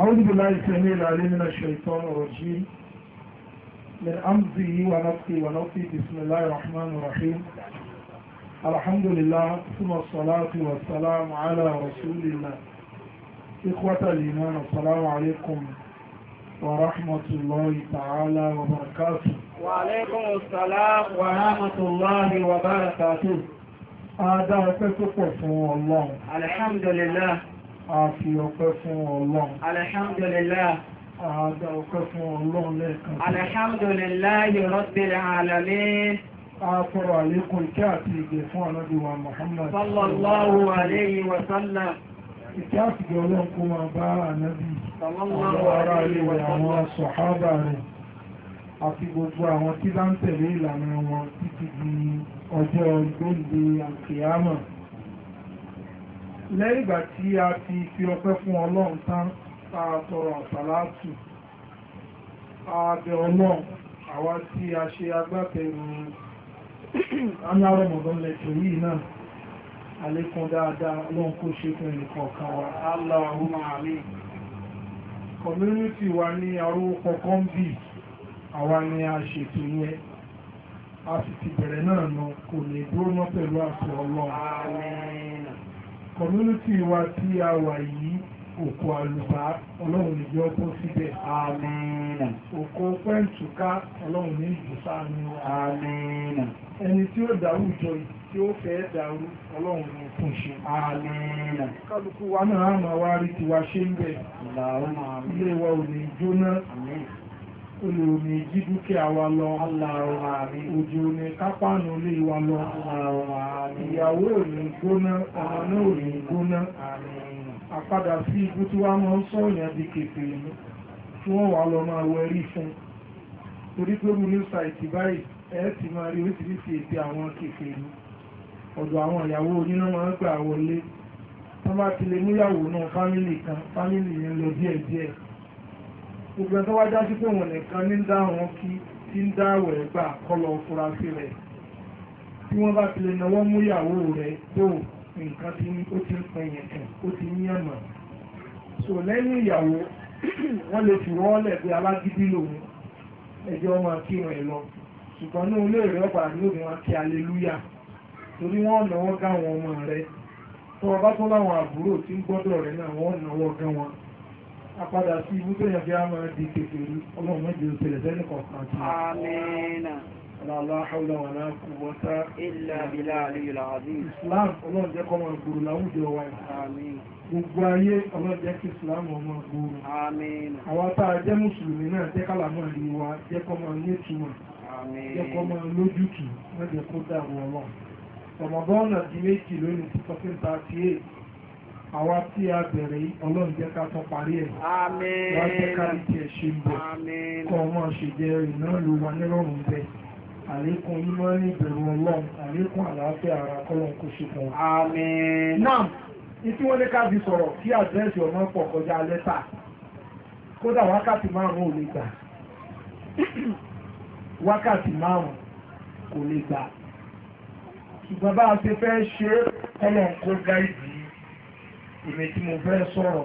أعوذ بالله السميع العليم من الشيطان الرجيم من أمزه ونفخه ونفخه بسم الله الرحمن الرحيم الحمد لله ثم الصلاة والسلام على رسول الله إخوة الإيمان السلام عليكم ورحمة الله تعالى وبركاته وعليكم السلام ورحمة الله وبركاته هذا تكفر الله الحمد لله a fi ọpẹ́ fún ọlọ́run. alhamdulillah. àádá ọpẹ́ fún ọlọ́run lẹ́ẹ̀kan. alhamdulillahi rabbil alamin. a tọrọ àlékún ìkẹ́ àti ìgbẹ́ fún ànábì wa muhammad. sallallahu alayhi wa sallam. ìkẹ́ àti ìgbẹ́ ọlọ́run kó máa bá ànábì. sallallahu alayhi wa sallam. àwọn sọ̀hábà rẹ̀ àti gbogbo àwọn tí bá ń tẹ̀lé ìlànà wọn títí di ọjọ́ gbòǹde àkìyámọ̀ lẹ́yìn ìgbà tí a ti fi ọpẹ́ fún ọlọ́run tán a tọrọ àsàlátù ààbẹ̀ ọlọ́run àwa tí a ṣe agbátẹrù àmì àrọ̀mọ̀dán lẹ́tọ̀ yìí náà àlékún dáadáa ọlọ́run kó ṣe fún ẹnìkọ̀ọ̀kan wa Allahumma amin community wa ní arúgbó kọ́ńbì àwa ni a ṣètò yẹn a sì ti bẹ̀rẹ̀ náà nù kò lè dúró mọ́ pẹ̀lú àṣẹ ọlọ́run. community wa tí a wà yìí òkú àlùbá ọlọ́run lè yọ kó síbẹ̀. òkú pẹ́ǹtùká ọlọ́run ní ìbùsà ni wa. ẹni tí ó dàrú ìjọ tí ó fẹ́ dàrú ọlọ́run ní fún ṣe. àmín. kálukú wa náà àmọ́ wa rí tiwa ṣe ń bẹ̀. ilé wa ò ní jóná. olùrùnì jí dúkìá wa lọ òjò ní kápánù lé wa lọ ìyàwó ò ní gbóná ọmọ náà ò ní gbóná àpadà sí ikú tí wọ́n máa ń sọ̀yàn di kèfè ní tí wọ́n wà lọ máa wẹ̀rí fún torí pé rú nípa ìtì báyìí ẹ̀ ti máa rí oríṣiríṣi èdè àwọn kèfè ní ọ̀dọ̀ àwọn ìyàwó oníná máa ń gbà wọlé wọ́n bá ti lè múyàwó náà fámìlì kan fámìlì yẹn lọ díẹ̀díẹ̀ gbogbo ẹ̀tọ́ wájá sí pé wọn nìkan ní ń dá wọn kí tí ń dá àwẹ̀ gbà kọlọ furasí rẹ̀ tí wọ́n bá tilẹ̀ náwó mú ìyàwó rẹ̀ tó nǹkan tí ó ti ń pẹ́ kàn ó ti ń yànnà so lẹ́yìn ìyàwó wọ́n lè fi wọ́n lẹ̀ bí alágídí lòun ẹjọ́ wọn kí wọn ẹ̀ lọ ṣùgbọ́n ní ilé rẹ̀ ọgbà ní òbí wọn kí aleluya torí wọ́n náwó gá àwọn ọmọ rẹ̀ tó ọba tó láwọn àbúrò tí ń gbọ́dọ̀ rẹ̀ náà wọ́n náwó gá wọn apadà sí ibú tó yẹn fi á máa di kékeré ọlọ́run méje ó ṣẹlẹ̀ sẹ́ni kọ̀ọ̀kan tó. amina. aláàlá haúlá wà náà kú wọ́tá. ilà ilà àlejò làwàdí. islam ọlọ́run jẹ́ kọ́ máa gbòòrò láwùjọ wa yìí. gbogbo ayé ọlọ́run jẹ́ kí islam ọmọ gbòòrò. amina. àwa tá a jẹ́ mùsùlùmí náà jẹ́ kálá máa rí wa jẹ́ kọ́ máa ní ìtumọ̀. amina. jẹ́ kọ́ máa lójútùú má jẹ́ kó dàrú ọlọ́run. ọmọbọ́n náà di méjì lónìí àwa tí a bẹ̀rẹ̀ ọlọ́run jẹ́ ká tán parí ẹ̀ àmín jẹ́ ká ní tiẹ̀ ṣe ń bọ̀ kọ́ ọmọ ṣèjẹ́ iná ló wà nírọ̀rùn bẹ̀ àlékún mímọ́ ní ìbẹ̀rù ọlọ́run àlékún àlàáfíà ara kọ́lọ́run kò ṣe fún wa. náà ìtí wọ́n ní ká fi sọ̀rọ̀ kí àdírẹ́sì ọmọ pọ̀ kọjá lẹ́tà kódà wákàtí márùn-ún ò lè gbà wákàtí márùn-ún kò lè gbà ṣùgbọ́n bá a ṣe èmi tí mo fẹ́ sọ̀rọ̀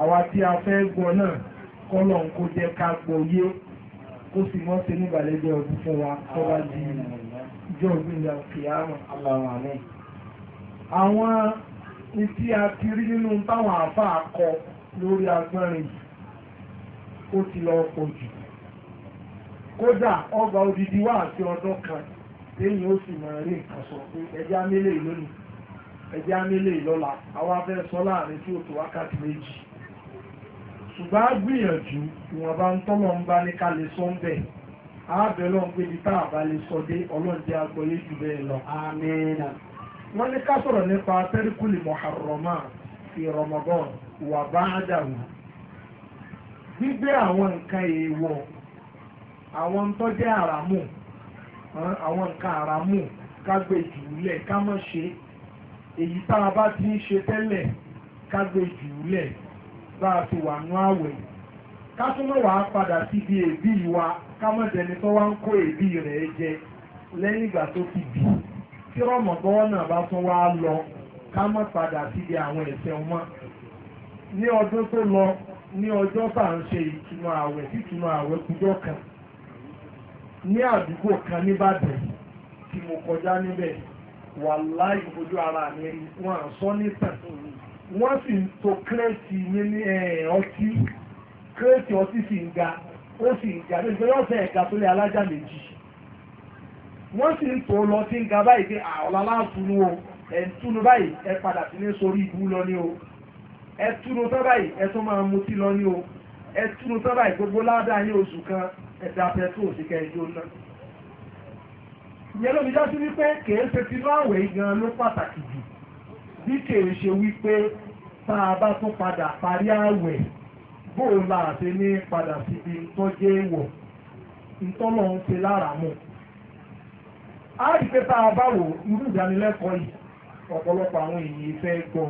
àwa tí a fẹ́ gbọ́ náà kọ́lọ̀ ń kó jẹ́ ká gbọ́ yé kó sì mọ́ ṣe ní ìbàlẹ́jẹ́ ọdún fún wa tó bá di ìjọ ìgbìyà kìámà. àwọn etí tí a ti rí nínú táwọn àfa akọ lórí agbọ́nrin yìí ó ti lọ pọ̀ jù kódà ọgbà odidi wà àti ọdún kan téèyàn ó sì mọ̀ rí nǹkan sọ pé ẹja mélòó lónìí. ẹ̀jẹ̀ amílé ìlọ́la àwọn afẹ́ sọ láàrin tí ó tó wákàtí méjì ṣùgbọ́n a gbìyànjú ìwọ̀nba ń tọ́lọ̀ ń bá ní ká lè sọ ń bẹ̀ ààbẹ̀ lọ́n pé ibi tá a bá lè sọ dé ọlọ́ọ̀dẹ́ agbọ́yé jù bẹ́ẹ̀ lọ. amínà wọ́n ní ká sọ̀rọ̀ nípa tẹ́ríkùlì mọ̀hàrọ̀mà fi rọmọbọ́n wà bá dàrú gbígbé àwọn nǹkan èèwọ̀ àwọn tó jẹ́ àràmù àwọn nǹkan àràmù ká gbé jùlẹ̀ ká má ṣe é èyí tá a bá ti ń ṣe tẹ́lẹ̀ ká gbé jù bá a wà nú àwẹ̀ ká tún mọ̀ wàá padà síbi wa ká mọ̀ dẹni wá ń kó èébì rẹ̀ jẹ lẹ́yìn ìgbà tó ti bì tí rọ̀mọ̀bọ́wọ́ náà bá tún wá lọ ká mọ̀ padà síbi àwọn ẹ̀ṣẹ̀ ní ọdún lọ ní ọjọ́ ń ṣe kújọ́ kan ní àdúgbò kan níbàdàn kọjá níbẹ̀ wàláì ojú ara mi rí wọn sọ nítàn wọ́n sì ń to kírẹ́ẹ̀tì ní ọtí kírẹ́ẹ̀tì ọtí sì ń ga ó sì ń ga lóṣù yóò fẹ́ ẹ̀ka tó lé alájà méjì wọ́n sì ń tò lọ sí ń ga báyìí pé àọ̀lá láàtúnú o ẹ̀ ń túnú báyìí ẹ padà sí ní sórí ìbú lọ ní o ẹ túnú tán báyìí ẹ tún máa mutí lọ ní o ẹ túnú tán báyìí gbogbo ládàá ní oṣù kan ẹ̀dá pẹ̀tù òsì kẹjọ náà ìyẹn ló fi já sí wípé kèé ṣe ti láwẹ̀ gan ló pàtàkì jù bí kèé ṣe wípé tá a bá tún padà parí àwẹ̀ bóun la àti ní padà síbi tọ́jẹ́ èèwọ̀ ìtọ́lọ̀ ń ṣe lára mọ́ a rí pé tá a bá wò irú ìdánilẹ́kọ̀ọ́ yìí ọ̀pọ̀lọpọ̀ àwọn èèyàn fẹ́ gbọ́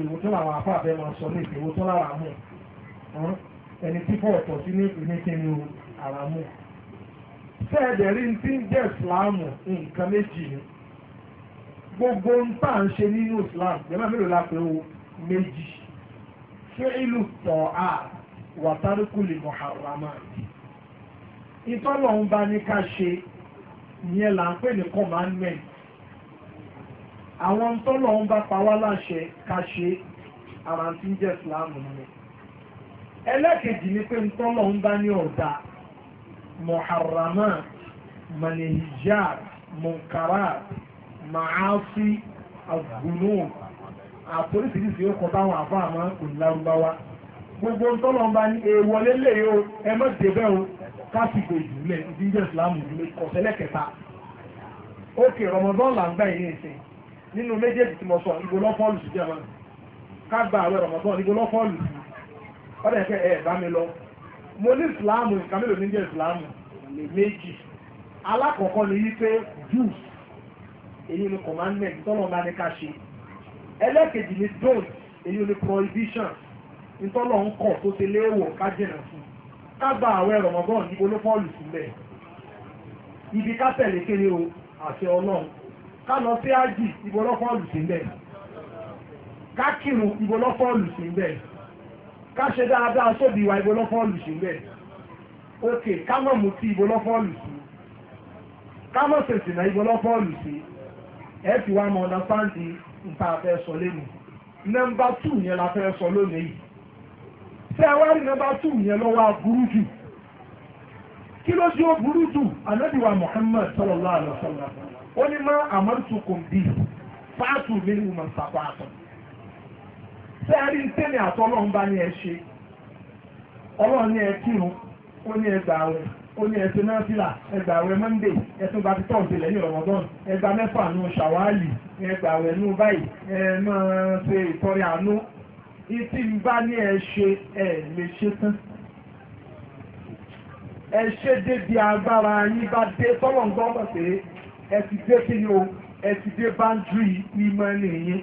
ìwò tó làwọn afá fẹ́ máa sọ ní ìpèwò tó lára mọ́ ẹni tí fọ́ọ̀tọ̀ sí ní ìpínlẹ̀ kí ni o àrà sẹ́ẹ̀dẹ̀rí ti ń jẹ́ ìsìláàmù nǹkan méjì gbogbo ń tà ń ṣe nínú ìsìláàmù jẹ́mọ́ mélòó la pé o méjì ṣé ìlú tọ̀ á wàtárùkùlì mọ̀hàrámà ìtọ́lọ̀ ṣe là ń pè ní commandment àwọn ìtọ́lọ̀ ń bá pa wá láṣẹ ká ṣe àrántí ń jẹ́ ìsìláàmù nìyẹn pé ìtọ́lọ̀ ń ní ọ̀dà muharramat manihijat munkarat maasi agbunu àpòlísìírísì ó kọ táwọn àfa àmọ́ kò lárúbáwá gbogbo ntọ́lọ́ bá ní èèwọlé lè o ẹ mọ̀ débẹ̀ o kásìkò ìdúlẹ̀ ìdíjẹ́ ìsìlámù ìdúlẹ̀ kọ̀sẹ́lẹ̀ kẹta ókè rọmọdán là ń gbà yín nìsín nínú méjèèjì tí mo sọ ìgò lọ́fọ́ọ̀lù sí jẹ́ wọn ká gba àwẹ̀ rọmọdán ìgò lọ́fọ́ọ̀lù sí ọ̀dẹ̀ kẹ́ ẹ̀ bá mi lọ mo ní ìsìláàmù nǹkan mélòó ní jẹ́ ìsìláàmù méjì alákọ̀ọ́kọ́ ni wípé Jews èyí ni commandment tọ́lọ̀ máa ní ká ṣe ẹlẹ́kejì ni don't èyí ni prohibition ntọ́lọ̀ ń kọ̀ tó ṣe léèwọ̀ ká jìnà sí ká gba àwẹ̀ rọ̀mọ́gán ní olófọ́ọ̀lù sílẹ̀ ibi ká tẹ̀lé kéré o àṣẹ ọlọ́run ká lọ sí ájì ìbọlọ́fọ́ọ̀lù sílẹ̀ ká kírun ìbọlọ́fọ́ọ̀lù sílẹ̀ ká ṣe dáadáa sóbi ìwà ìbò lọ́fọ́ọ̀lù sí bẹ́ẹ̀ òkè ká mọ̀ mú ti ìbò lọ́fọ́ọ̀lù sí ká mọ̀ sèṣì náà ìbò lọ́fọ́ọ̀lù sí ẹ ti wá mọ ọ̀dàfáǹdì nta fẹ́ sọ lẹ́nu nọ́mbà tù yẹn la fẹ́ sọ lónìí ṣé ẹ wá rí nọ́mbà tù yẹn lọ́wọ́ aburú jù kí ló ṣe ó burú jù ànábì wa Muhammad sallallahu alaihi wasallam ó ní má amartukum bíi fáàtù mi ni mo máa ń sapá àtọ̀ ṣé a rí tẹ́lẹ̀ àtọ́lọ́run bá ní ẹ ṣe ọlọ́run ní ẹ kírun ó ní ẹ gbà àwẹ̀ ó ní ẹ ṣe náfìlà ẹ gbà àwẹ̀ mọ́ndé ẹ tún bá ti tọ̀ ṣe lẹ́yìn rọ̀mọ́dọ́n ẹ gba mẹ́fà nù ṣàwálì ẹ gbà àwẹ̀ nù báyìí ẹ máa ṣe ìtọrẹ àánú ìtì ń bá ní ẹ ṣe ẹ lè ṣe tán ẹ ṣe débi agbára yín bá dé tọ́lọ̀ ń gbọ́ pẹ̀ ẹ ti dé kí ni o ẹ ti dé bá ìmọ̀ ẹni yín.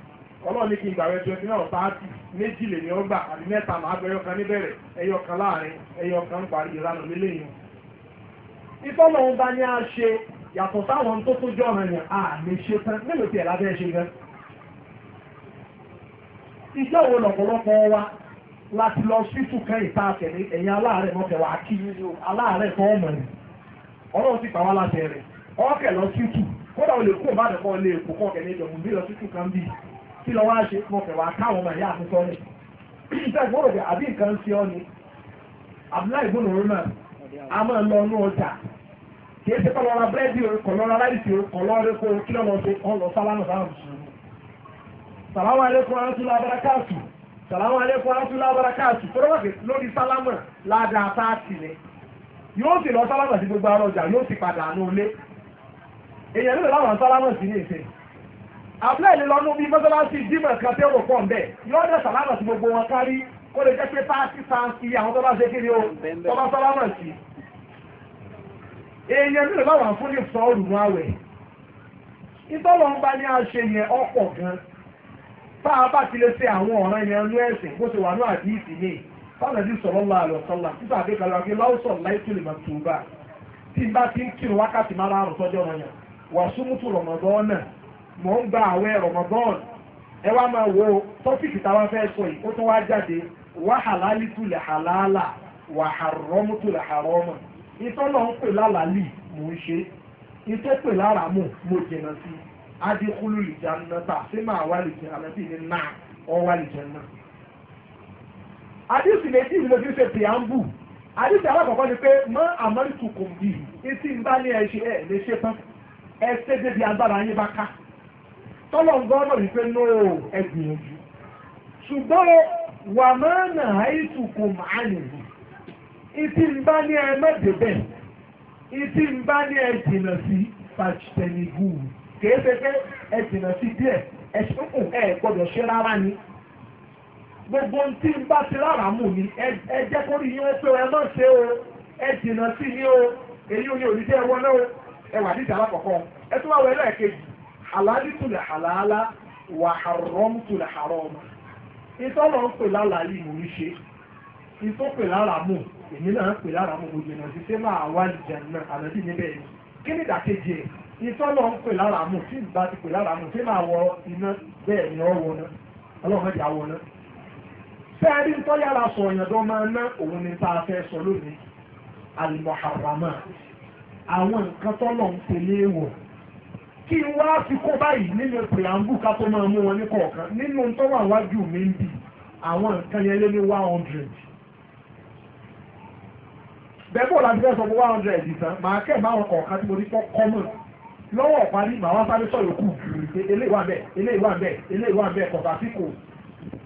ọlọ́run ní kí n gbàwẹ̀ twenty nine thirty méjì lèmi ọgbà àbí mẹ́ta màá gbẹ ẹyọkan níbẹ̀rẹ̀ ẹyọkan láàrin ẹyọkan parí ìlànà mi lẹ́yìn. ìtọ́lọ̀ bá ní a ṣe yàtọ̀ sáwọn tó tó jọ ọ̀ràn yẹn a lè ṣe tán mélòó tiẹ̀ lábẹ́ ṣe gan. iṣẹ́ wo lọ̀pọ̀lọpọ̀ wa láti lọ sísù kan ìta àtẹ̀lé mọ́tẹ̀ wá kí kí lọ wá ṣe mo fẹ́ wá káwọn ọmọ ìyá àtúntọ́ ni ìṣe ìgbọ́dọ̀ pé àbí nǹkan ṣe ọ ni Abdullahi gbọ́dọ̀ rẹ náà a máa lọ inú ọjà kì í ṣe kọ́ lọ́ra búrẹ́dì o kọ́ lọ́ra láìsí o kọ́ lọ́ra epo kí lọ́nà ọ̀sẹ̀ kọ́ lọ sálámù sálámù sàlámù alẹ́kùn arántúlá abarakáàtù sàlámù alẹ́kùn arántúlá abarakáàtù tó rọ́ọ̀kì lórí sálámù ládàá táàtì ni yóò sì lọ sálámù sí gbogbo arọjà yóò sì padà ní ilé èèyàn nílò láwọn sálámù sí ní ìsìn àbúlẹ̀ ìlú lọ́nú bíi mọ́sálásí dímọ̀ kan tẹ́ rò pọ̀ ń bẹ̀ yóò dẹ̀ sàlámà sí gbogbo wọn kárí ó lè jẹ́ pé táàtì sáǹsì àwọn tó bá ṣe kiri o tó bá sàlámà sí. èèyàn nílò bá wà fún ní sọ òrùn àwẹ̀ ìtọ́lọ̀ ń bá ní àṣẹ yẹn ọ̀pọ̀ gan tá a ti lè ṣe àwọn ọ̀ràn yẹn nú ẹ̀sìn bó ṣe wà ní sallallahu alaihi wasallam títà àbíkalẹ̀ àbí láwùsọ̀ láìpẹ́ lè máa tù bá tí bá ti ń kírun wákàtí mò ń gba àwẹ̀ Ramadan ẹ wá máa wo tọ́pìkì táwa fẹ́ sọ yìí ó tún wá jáde wa halalitu li halala wa harramtu ń pè lálàálì mò ń ṣe ìtọ́ pè lára mo sí lè sí máa wá lè ní náà ọ wá lè náà. mo ṣe alákọ̀ọ́kọ́ ni pé tí bá ní ṣe tọ́lọ̀ ń gbọ́dọ̀ wípé nó ẹgbìyànjú ṣùgbọ́n wà máa nà áìtù kò máa nìyí ìtì ń bá ní ẹ mẹ́tẹ̀ bẹ́ẹ̀ ìtì ń bá ní ẹ jìnà sí pàṣẹnìgù kìí ṣe pé ẹ jìnà sí díẹ̀ ẹ ṣùkùn ẹ gbọ́dọ̀ ṣe rárá ni gbogbo tí ń bá ti rárá mù ni ẹ jẹ́ kó rí yín ó pé ẹ má ṣe o ẹ jìnà sí ni o èyí ò ní òní jẹ́ ẹ wọlé o ẹ wà nídàá lákọ̀ọ́kọ́ ẹ tún wá wọ ẹlẹ́ẹ̀kejì halalitu lè halala wà haramtu lè harama ìtọ́lọ̀ ń pè lálàyé mò ń ṣe ìtọ́ pè lára mù èmi náà ń pè lára mù gbogbo ìnà títí máa wá ìjà náà àlọ́dí níbẹ̀ ni kí ni ìdàkejì ẹ̀ ìtọ́lọ̀ ń pè lára mù tí ìgbà ti pè lára mù tí máa wọ iná bẹ́ẹ̀ ni ọ̀ wọ náà ọlọ́run ẹ̀dá wọ náà fẹ́ẹ́rí tó yára sọ máa ná òun ni tá fẹ́ sọ lónìí alìmọ̀hàràmà àwọn nǹkan tọ́lọ̀ ń pè kí n wá fi kó báyìí nínú pìlàǹgù ká tó máa mú wọn ní kọ̀ọ̀kan nínú tó wà wájú mi ń bì àwọn nǹkan yẹn lé ní one hundred bẹ́ẹ̀ bọ́ọ̀lù àti bẹ́ẹ̀ sọ fún one hundred ìtàn màá kẹ́ máa wọn kọ̀ọ̀kan tí mo ní kọ́ kọ́mọ̀ lọ́wọ́ parí màá wá sáré sọ̀rọ̀ kù pé eléyìí wà bẹ́ẹ̀ eléyìí wà bẹ́ẹ̀ eléyìí wà bẹ́ẹ̀ kọ̀ọ̀kan sí kò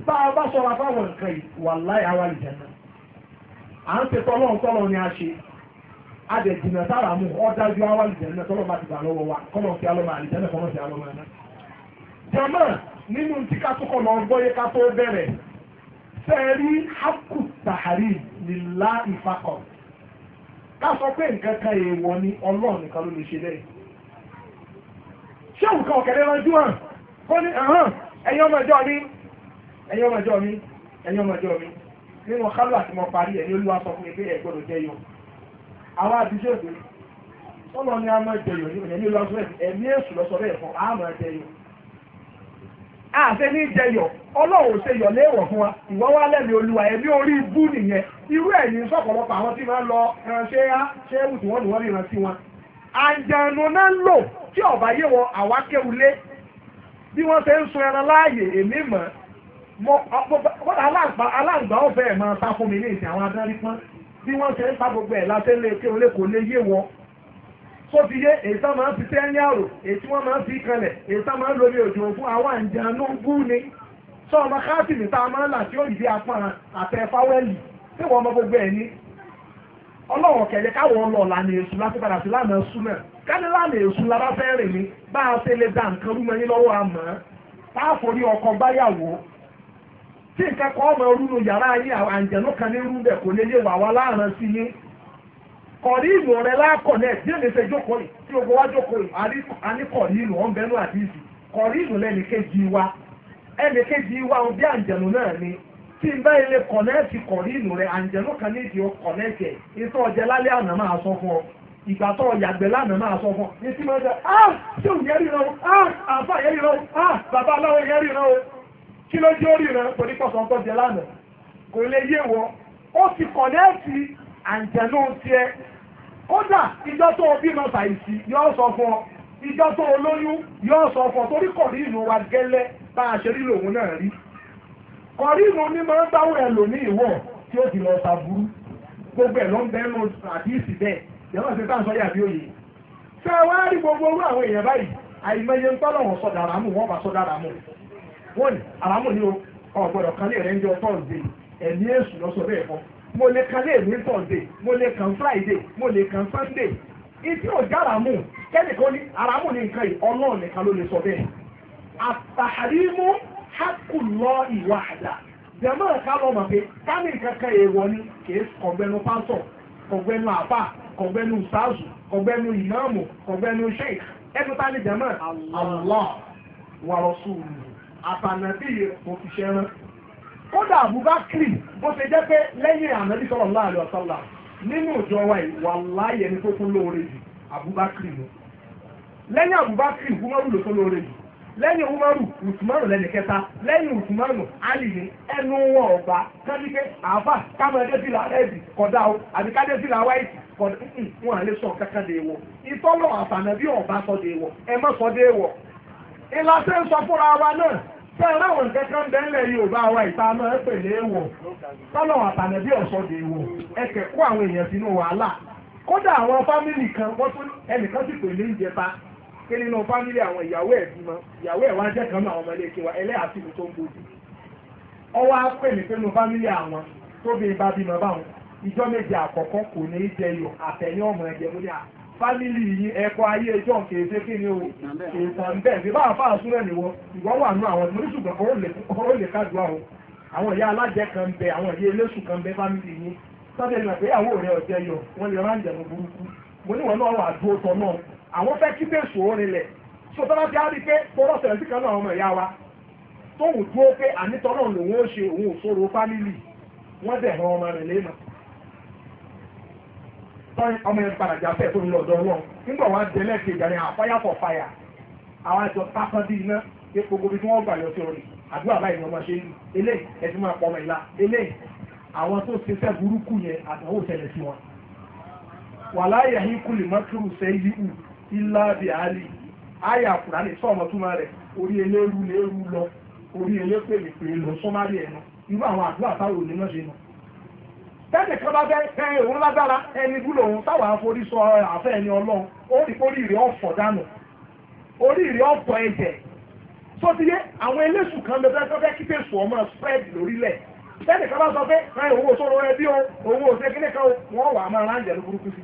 bá a bá sọ̀rọ̀ fáwọn nǹkan yìí wà láì àwa lè jẹun à ń ṣe adẹ̀jìnà sára mú ọ̀dájú awálì jẹ̀nà tọ́lọ́ bá ti gbà lọ́wọ́ wa kọ́mọ̀ sí alọ́mọ alọ́mọ jama nínú tí ká tó kọ́ lọ gbọ́yé tó bẹ̀rẹ̀ sẹ́ẹ̀rí hakù lila sọ pé nǹkan nìkan ló lè ṣe bẹ́ẹ̀. ṣé òǹkà hàn kó ní mi mi mi nínú àwọn àdíṣẹ́ òde tọ́lọ ni a máa jẹyọ ní ẹ̀mí lọ́sọ̀rẹ́ ẹ̀mí èṣù lọ́sọ̀rẹ́ ẹ̀fọ́ a máa jẹyọ. àṣẹ ní jẹyọ ọlọ́run ṣe yọ̀ léèwọ̀ fún wa ìwọ́ wá lẹ́mi olúwa ẹ̀mí orí ibú nìyẹn irú ẹ̀ ní sọ̀pọ̀lọpọ̀ àwọn tí máa ń lọ ṣé á ṣé é wùtù wọ́n ni wọ́n rí ìrántí wọn. àjànù náà ń lò tí ọ̀bà yé wọ àwa kéwulé bí wọ́n ṣe ń sun ẹran láàyè èmi mọ̀ aláǹgbá ọ̀fẹ́ ẹ̀ máa sá fún mi ní ìsìn àwọn adárípọ́n bí wọ́n ṣe ń pa gbogbo ẹ̀ látẹ́lẹ̀ kí olè kò lè yé wọn tó fi yé èyí tá máa ń fi tẹ́ni àrò èyí tí wọ́n máa ń fi kalẹ̀ èyí tá máa ń lo ní òjò fún àwọn àǹjànú bú ni sọ ọmọ káàtìmì tá a máa ń là tí ó yí apára àtẹ fáwẹ́lì tí wọ́n mọ gbogbo ẹ̀ ní ọlọ́wọ̀n kẹ̀lẹ́ káwọn lọ lànà èṣù láti padà sí lánàá èṣù náà káni lánàá èṣù lára fẹ́ rìn ní bá a ṣe lè dá nǹkan rú mọ́ yín lọ́wọ́ àmọ́ táàfòrí ọkọ̀ báyàwó tí nǹkan kan ọmọ orúnu yàrá yín àwọn àǹjẹ̀nú kan ní irú kò lè lè wà wá láàrán sí yín kọ̀rí ìlú rẹ̀ láàkọ̀ náà èmi jókòó yìí tí ogun wá jókòó yìí ìlú ìlú wa wa bí náà ni tí n kọ̀nẹ́ẹ̀tì ìlú rẹ̀ kan ní ìdí kọ̀nẹ́ẹ̀tì ẹ̀ ọjẹ́ lálẹ́ àná máa sọ fún ọ ìgbà tó yàgbẹ́ lánàá máa ah! kí ló jẹ́ orí rẹ̀ torí pọ̀sán tó jẹ lánàá kò lè yé wọ ó ti kọ̀nẹ́ẹ̀tì àǹtẹ̀nú tiẹ̀ kódà ìjọ tó o bímọ ṣàìsí yóò sọ fún ọ ìjọ tó o lóyún yóò sọ fún ọ torí kọ̀rí ìlú wa gẹ́lẹ́ bá a ṣe rí lòun náà rí kọ̀rí ìlú ni máa ń báwọ̀ ẹ̀ lò ní ìwọ̀ tí ó ti lọ ṣàbúrú gbogbo ẹ̀ ló ń bẹ́ẹ̀ lọ àdíìsì bẹ́ẹ̀ yàrá ṣe tá à ń sọ yàbí òye ṣé wàá rí gbogbo orú àwọn èèyàn báyìí àìmọye ń tọ́lọ̀ wọn sọ̀dà ràmù wọn bá sọ̀dà ràmù wọ́n ní àlámù ni o ọ̀gbọ̀dọ̀ kálẹ̀ rẹ̀ ń jọ tọ́sídẹ̀ ẹ̀mí èṣù lọ́sọ bẹ́ẹ̀ fọ́ mo lè kálẹ̀ èmi tọ́sídẹ̀ mo lè kàn friday mo lè kàn sunday ìdí òjá àlámù kẹ́nìkan ní àlámù ni nǹkan yìí ọlọ́run nìkan ló lè sọ bẹ́ẹ̀ àtàrímù hákùlọ ìwà àdá jẹ̀mọ́ ẹ̀ka lọ mọ̀ pé kámi kankan èèwọ̀ ni kìí kọ̀gbẹ́nu pásọ̀ kọ̀gbẹ́nu àbá kọ̀gbẹ́nu sáàzù kọ̀gbẹ́nu ìmáàmù kọ̀gbẹ́nu sheikh ẹnu tá ní jẹ̀mọ́ Allah wa rasuluhu àtànàbí kò fi ṣe rán kódà Abubakar bó ṣe jẹ́ pé lẹ́yìn ànábì sallallahu alaihi wasallam nínú ìjọ wa yìí wàláhì ẹni tó tún lóore jù Abubakar ni lẹ́yìn Abubakar Umaru ló tún lóore jù lẹ́yìn Umaru Usmanu lẹ́ni kẹta lẹ́yìn Usmanu Ali ni ẹnu wọn ọba kájí pé àáfà kámọ ẹdẹ́bìlà ẹ̀dì kọ̀dá o àbí kádẹ́bìlà wáìtì kọ̀dá wọn à lè sọ kankan dé wọ ìtọ́lọ̀ àtànàbí ọba sọ dé wọ ṣé ẹ láwọn nǹkan kan dẹ́lẹ̀ Yorùbá wa ìta náà ẹ pèlè èèwọ̀ tọ́lọ̀ ọ̀ṣọ́ ọ̀sọ́dẹ̀ èèwọ̀ ẹ kẹ̀ àwọn èèyàn sínú wàhálà kódà àwọn fámìlì kan wọ́n tún ẹnìkan sì pèlè ìjẹta pé nínú fámìlì àwọn ìyàwó ẹ̀ bímọ ìyàwó ẹ̀ wá jẹ́ kan náà ọmọ ilé kíwa ẹlẹ́yà tó ń gbòdì ọwọ́ nínú fámìlì àwọn fámílì yìí ẹ̀kọ́ ayé ẹjọ́ kèéfé kí ni o èèkàn bẹ́ẹ̀ bí báwa fáà súnrẹ̀ nìwọ ìwọ́n wà nú àwọn tó ní ṣùgbọ́n kọ́rọ́ lè kájú àwọn àwọn ìyá alájẹ kan bẹ àwọn ìyá eléṣù kan bẹ fámílì yìí sábẹ́ ní àgbéyàwó rẹ̀ ọ̀jẹ̀ yọ wọ́n lè rán ìjẹ̀mú burúkú mo ní wọn náà wà dúró tọ náà àwọn fẹ́ kí bẹ́ẹ̀sù orin lẹ̀ sọtọ́lá ti á rí pé kọ́rọ́ sẹ̀rẹ̀ sí kan náà ọmọ ìyá wa tóun dúró pé ànítọ́ náà lòun ó ṣe òun ò ọmọ yẹn padà jà fẹ́ẹ̀ tó ń lọ ọ̀dọ̀ ọlọ́run nígbà wọn jẹ lẹ́ẹ̀kejì àní àfáyà fọ̀ fàyà àwọn àjọ iná epo tí wọ́n gbà lọ sí orin àdúrà báyìí ni ọmọ ṣe eléyìí ẹtí máa ọmọ ìlà eléyìí àwọn tó ṣe fẹ́ burúkú yẹn àtàwọn òṣèlè sí wọn. ù ilá bí tẹ́nì kan bá fẹ́ fẹ́ òun lágbára ẹni bú lòun táwọn aforí sọ àfẹ́ ẹni ọlọ́run dànù ọ̀fọ̀ ẹ̀jẹ̀ tó ti yé àwọn eléṣù kan fẹ́ spread lórílẹ̀ bá sọ pé sọ̀rọ̀ o òṣè wọ́n wà máa ló burúkú sí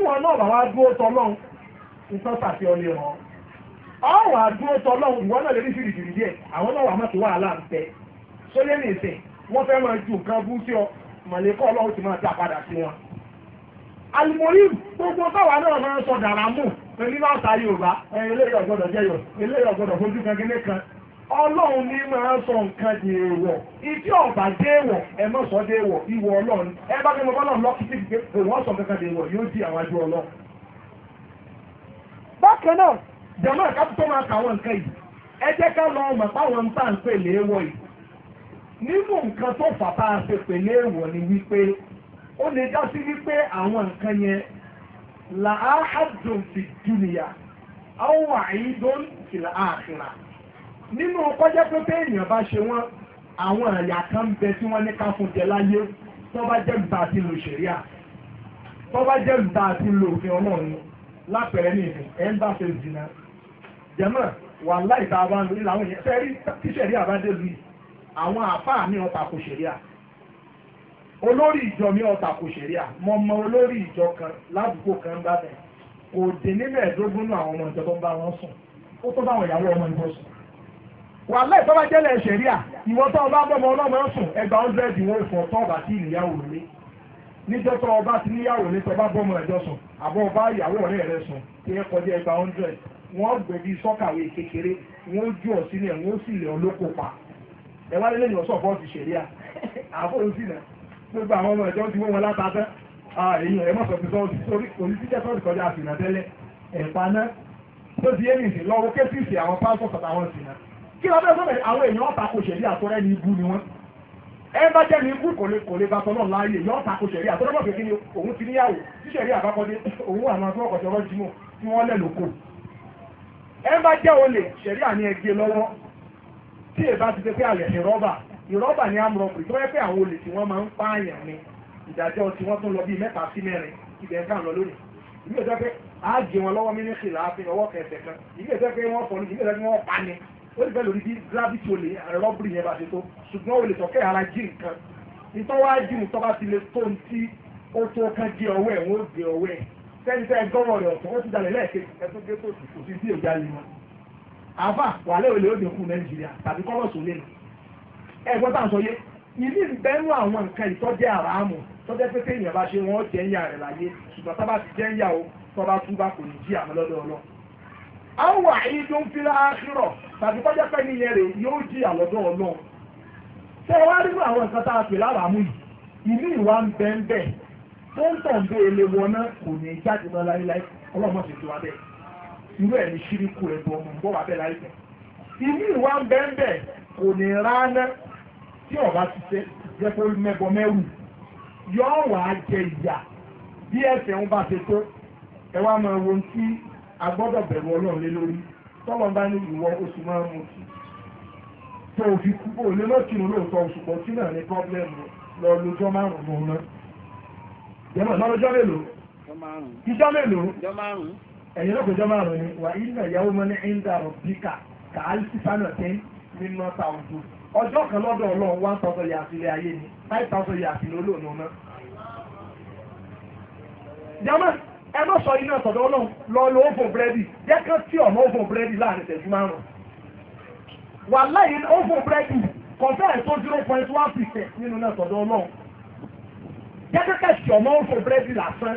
wọ́n ọ dúró ìwọ sóyè nìsín wọ́n fẹ́ máa ju nǹkan bú sí ọ mọ̀lẹ́kọ́ ọlọ́run ti máa dá padà sí wọn. àlùmọ́rí gbogbo táwa náà máa ń sọ dàrá mù nínú àṣà yorùbá eléyìí ọ̀gbọ́dọ̀ jẹ́ yọ eléyìí ọ̀gbọ́dọ̀ fojú kankéré kan ọlọ́run ni máa ń sọ nǹkan di èèwọ̀ ìdí ọ̀bà ẹ sọ ọlọ́run ẹ bá nínú nǹkan tó fàtà ṣe pèlè èèwọ̀ ni wípé ó lè dá sí wípé àwọn nǹkan yẹn làáhàdùn fi dúnìyà àwọn àìdùn fìlà àkìrà nínú kọjá pé pé èèyàn bá ṣe wọn àwọn àyà kan bẹ tí wọ́n ní ká fún jẹ láyé tó bá jẹ́ nǹkan àti lò ṣẹ̀ríà tó bá jẹ́ nǹkan àti lò òfin ọlọ́run lápẹ̀rẹ̀ ní ìfún ẹ̀ ń bá fẹ́ jìnnà jẹ́mọ̀ wàhálà ìta bá ń lò nílò àwọn èèyàn fẹ́ẹ́ rí tíṣẹ̀rí àbádé lu yìí àwọn àáfàá mi ọ̀tà kò ṣẹ̀ríà olórí ìjọ mi ọ̀tà kò ṣẹ̀ríà mo mọ olórí ìjọ kan ládùúgbò kan bá bẹ̀ kò dé níbẹ̀ dógún náà àwọn ọmọ ìjọ tó ń bá wọn sùn ó tó báwọn ìyàwó ọmọ ìjọ sùn wà láì tọ́ba jẹ́lẹ̀ ṣẹ̀ríà ìwọ tó ọba bọ́mọ ọlọ́mọ sùn ẹgbàá hundred wọn fọ tọ́ọ̀bà tí ìyàwó rẹ níjọ́ tó ọba ti níyàwó rẹ tọ́ba bọ́mọ ẹjọ́ sùn àbọ̀ ọba ìyàwó ọ̀rẹ́ rẹ sùn tí ẹ kọjá ẹgbàá hundred wọn gbẹ̀bí sọ́kàwé kékeré wọn ó jù ọ́ sílẹ̀ wọn ó sì lẹ̀ ọ́ lóko pa ẹ wá lélẹ́yìn ọ̀sán fọ́ọ̀tì ṣẹ̀ríà àfóòrò sí náà gbogbo àwọn ọmọ ìjọ ti wọ́n wọn látàtà èyí ẹ̀ mọ̀sán fi sọ́ọ̀tì torí kò ní síjẹ́ sọ́ọ̀tì kọjá àfìnà tẹ́lẹ̀ ẹ̀pá náà tó ti yé nìsín lọ́wọ́ kéṣìṣì àwọn pásọ̀ kọ̀tàwọn sí náà kí ló bẹ́ẹ̀ sọ́bẹ̀ àwọn èèyàn ọ̀tà kò ṣẹ̀rí àtọ́rẹ́ ní ibú ni wọ́n ẹ bá jẹ́ ní ibú kò lè kò lè bàtọ́ náà láàyè yọ ọ̀tà kò ṣẹ̀rí àtọ́rẹ́ bọ̀ pé kí ni òun ti níyàwó tí ṣẹ̀rí àbákọ́dé òun àwọn tí wọ́n kọ̀ ṣọ́rọ́ jimọ̀ tí wọ́n lẹ̀ lóko ẹ bá jẹ́ olè ṣẹ̀rí àní ẹgbẹ́ lọ́wọ́ tí èbá ti ṣe pé àlẹ́ ìrọ́bà ìrọ́bà ni amúrọ̀pù tó yẹ pé àwọn olè tí wọ́n máa ń pààyàn ni ìdájọ́ tí wọ́n tún lọ bíi mẹ́ta sí mẹ́rin ibẹ̀ ń kà lọ lónìí ìlú ìjọ pé àájẹ wọn lọ́wọ́ mínísì láàfin ọwọ́ kẹsẹ̀ kan ìlú ìjọ pé wọ́n fọ́ ìlú ìjọ pé wọ́n pa ni ó ti fẹ́ lórí bí gravity olè eh, rọ́bìrì yẹn bá ṣe tó ṣùgbọ́n olè sọ̀kẹ́ ara jí nǹkan ìtọ́wá jí nǹkan bá ti lè tó ń tí ó tó kán gé ọwọ́ ẹ̀ wọ́n gé ọwọ́ ẹ̀ sẹ́ni tẹ́ gbọ́rọ̀ rẹ̀ ọ̀tún ó ti dalẹ̀ lẹ́ẹ̀kejì ẹ àfà wàhálẹ̀ òlè ó dínkù nàìjíríà tàbí kọ́lọ̀sì òlè nù ẹ̀gbọ́n tá à ń sọ yé ìlú ìbẹ́nu àwọn nǹkan ìtọ́jẹ́ àràámù tọ́jẹ́ pé téèyàn bá ṣe wọ́n jẹ́ ń yà rẹ̀ láyé ṣùgbọ́n tá bá ti jẹ́ ń yà o tọ́ bá tún bá kò ní jí àmọ́ lọ́dọ̀ ọlọ́ àwọn àìdùn fílà áṣírọ̀ tàbí kọ́jẹ́ pé níyẹn rẹ̀ yóò jí àlọ́dọ̀ ọlọ́ ṣé wàá rí àwọn nǹkan tá a pè láràámù yìí ìlú ìwà ń bẹ́ẹ̀ bẹ́ẹ̀ tó ń tàn bí ele wọn náà kò ní jáde lọ láyé láyé ọlọ́mọ ṣètò abẹ́ẹ̀ irú ẹ̀ ní ṣíríkù ẹ̀dùn ọmọ ìgbọ́ wà bẹ́ẹ̀ láìpẹ́ inú ìwà ń bẹ́ẹ̀ bẹ́ẹ̀ kò ní rárá tí ọba ti ṣe jẹ́ pé mẹ́bọ mẹ́rù yóò wà á jẹ ìyà bí ẹsẹ̀ ń bá ṣe tó ẹ wá máa wo tí a gbọ́dọ̀ bẹ̀rù ọlọ́run lé lórí tọ́lọ́ bá ní ìwọ oṣù máa mú ti tó fi kú bò lé lọ́kìnrin lóòótọ́ oṣù pọ̀ tí náà ní pọ́blẹ́mù lọ lójọ́ márùn-ún lọ́nà jẹ́mọ̀ lọ́jọ́ mélòó ìjọ́ mélòó ẹ̀yìn lọ́kọ̀ọ́jọ́ márùn-ún ni wà ilà ìyàwó mọ́ ní indaro bíkà kà á sí sánà tẹ́ nínú ọ̀tà òjò ọjọ́ kan lọ́dọ̀ ọlọ́run one thousand yà sílẹ̀ ayé ni five thousand yà sílẹ̀ olóòna ọ̀nà. jama ẹ má sọ iná ọ̀tọ̀dọ̀ ọlọ́run lọ lo oven búrẹ́dì jẹ́ kán tí ọ̀nà oven búrẹ́dì láàrin ìṣẹ́jú márùn-ún. wà láyé oven búrẹ́dì kọ̀fẹ́ tó zero point one percent nínú ọ̀tọ̀dọ̀ ọlọ́run jẹ́ kán kẹ̀sì ọ̀nà oven búrẹ́dì lásán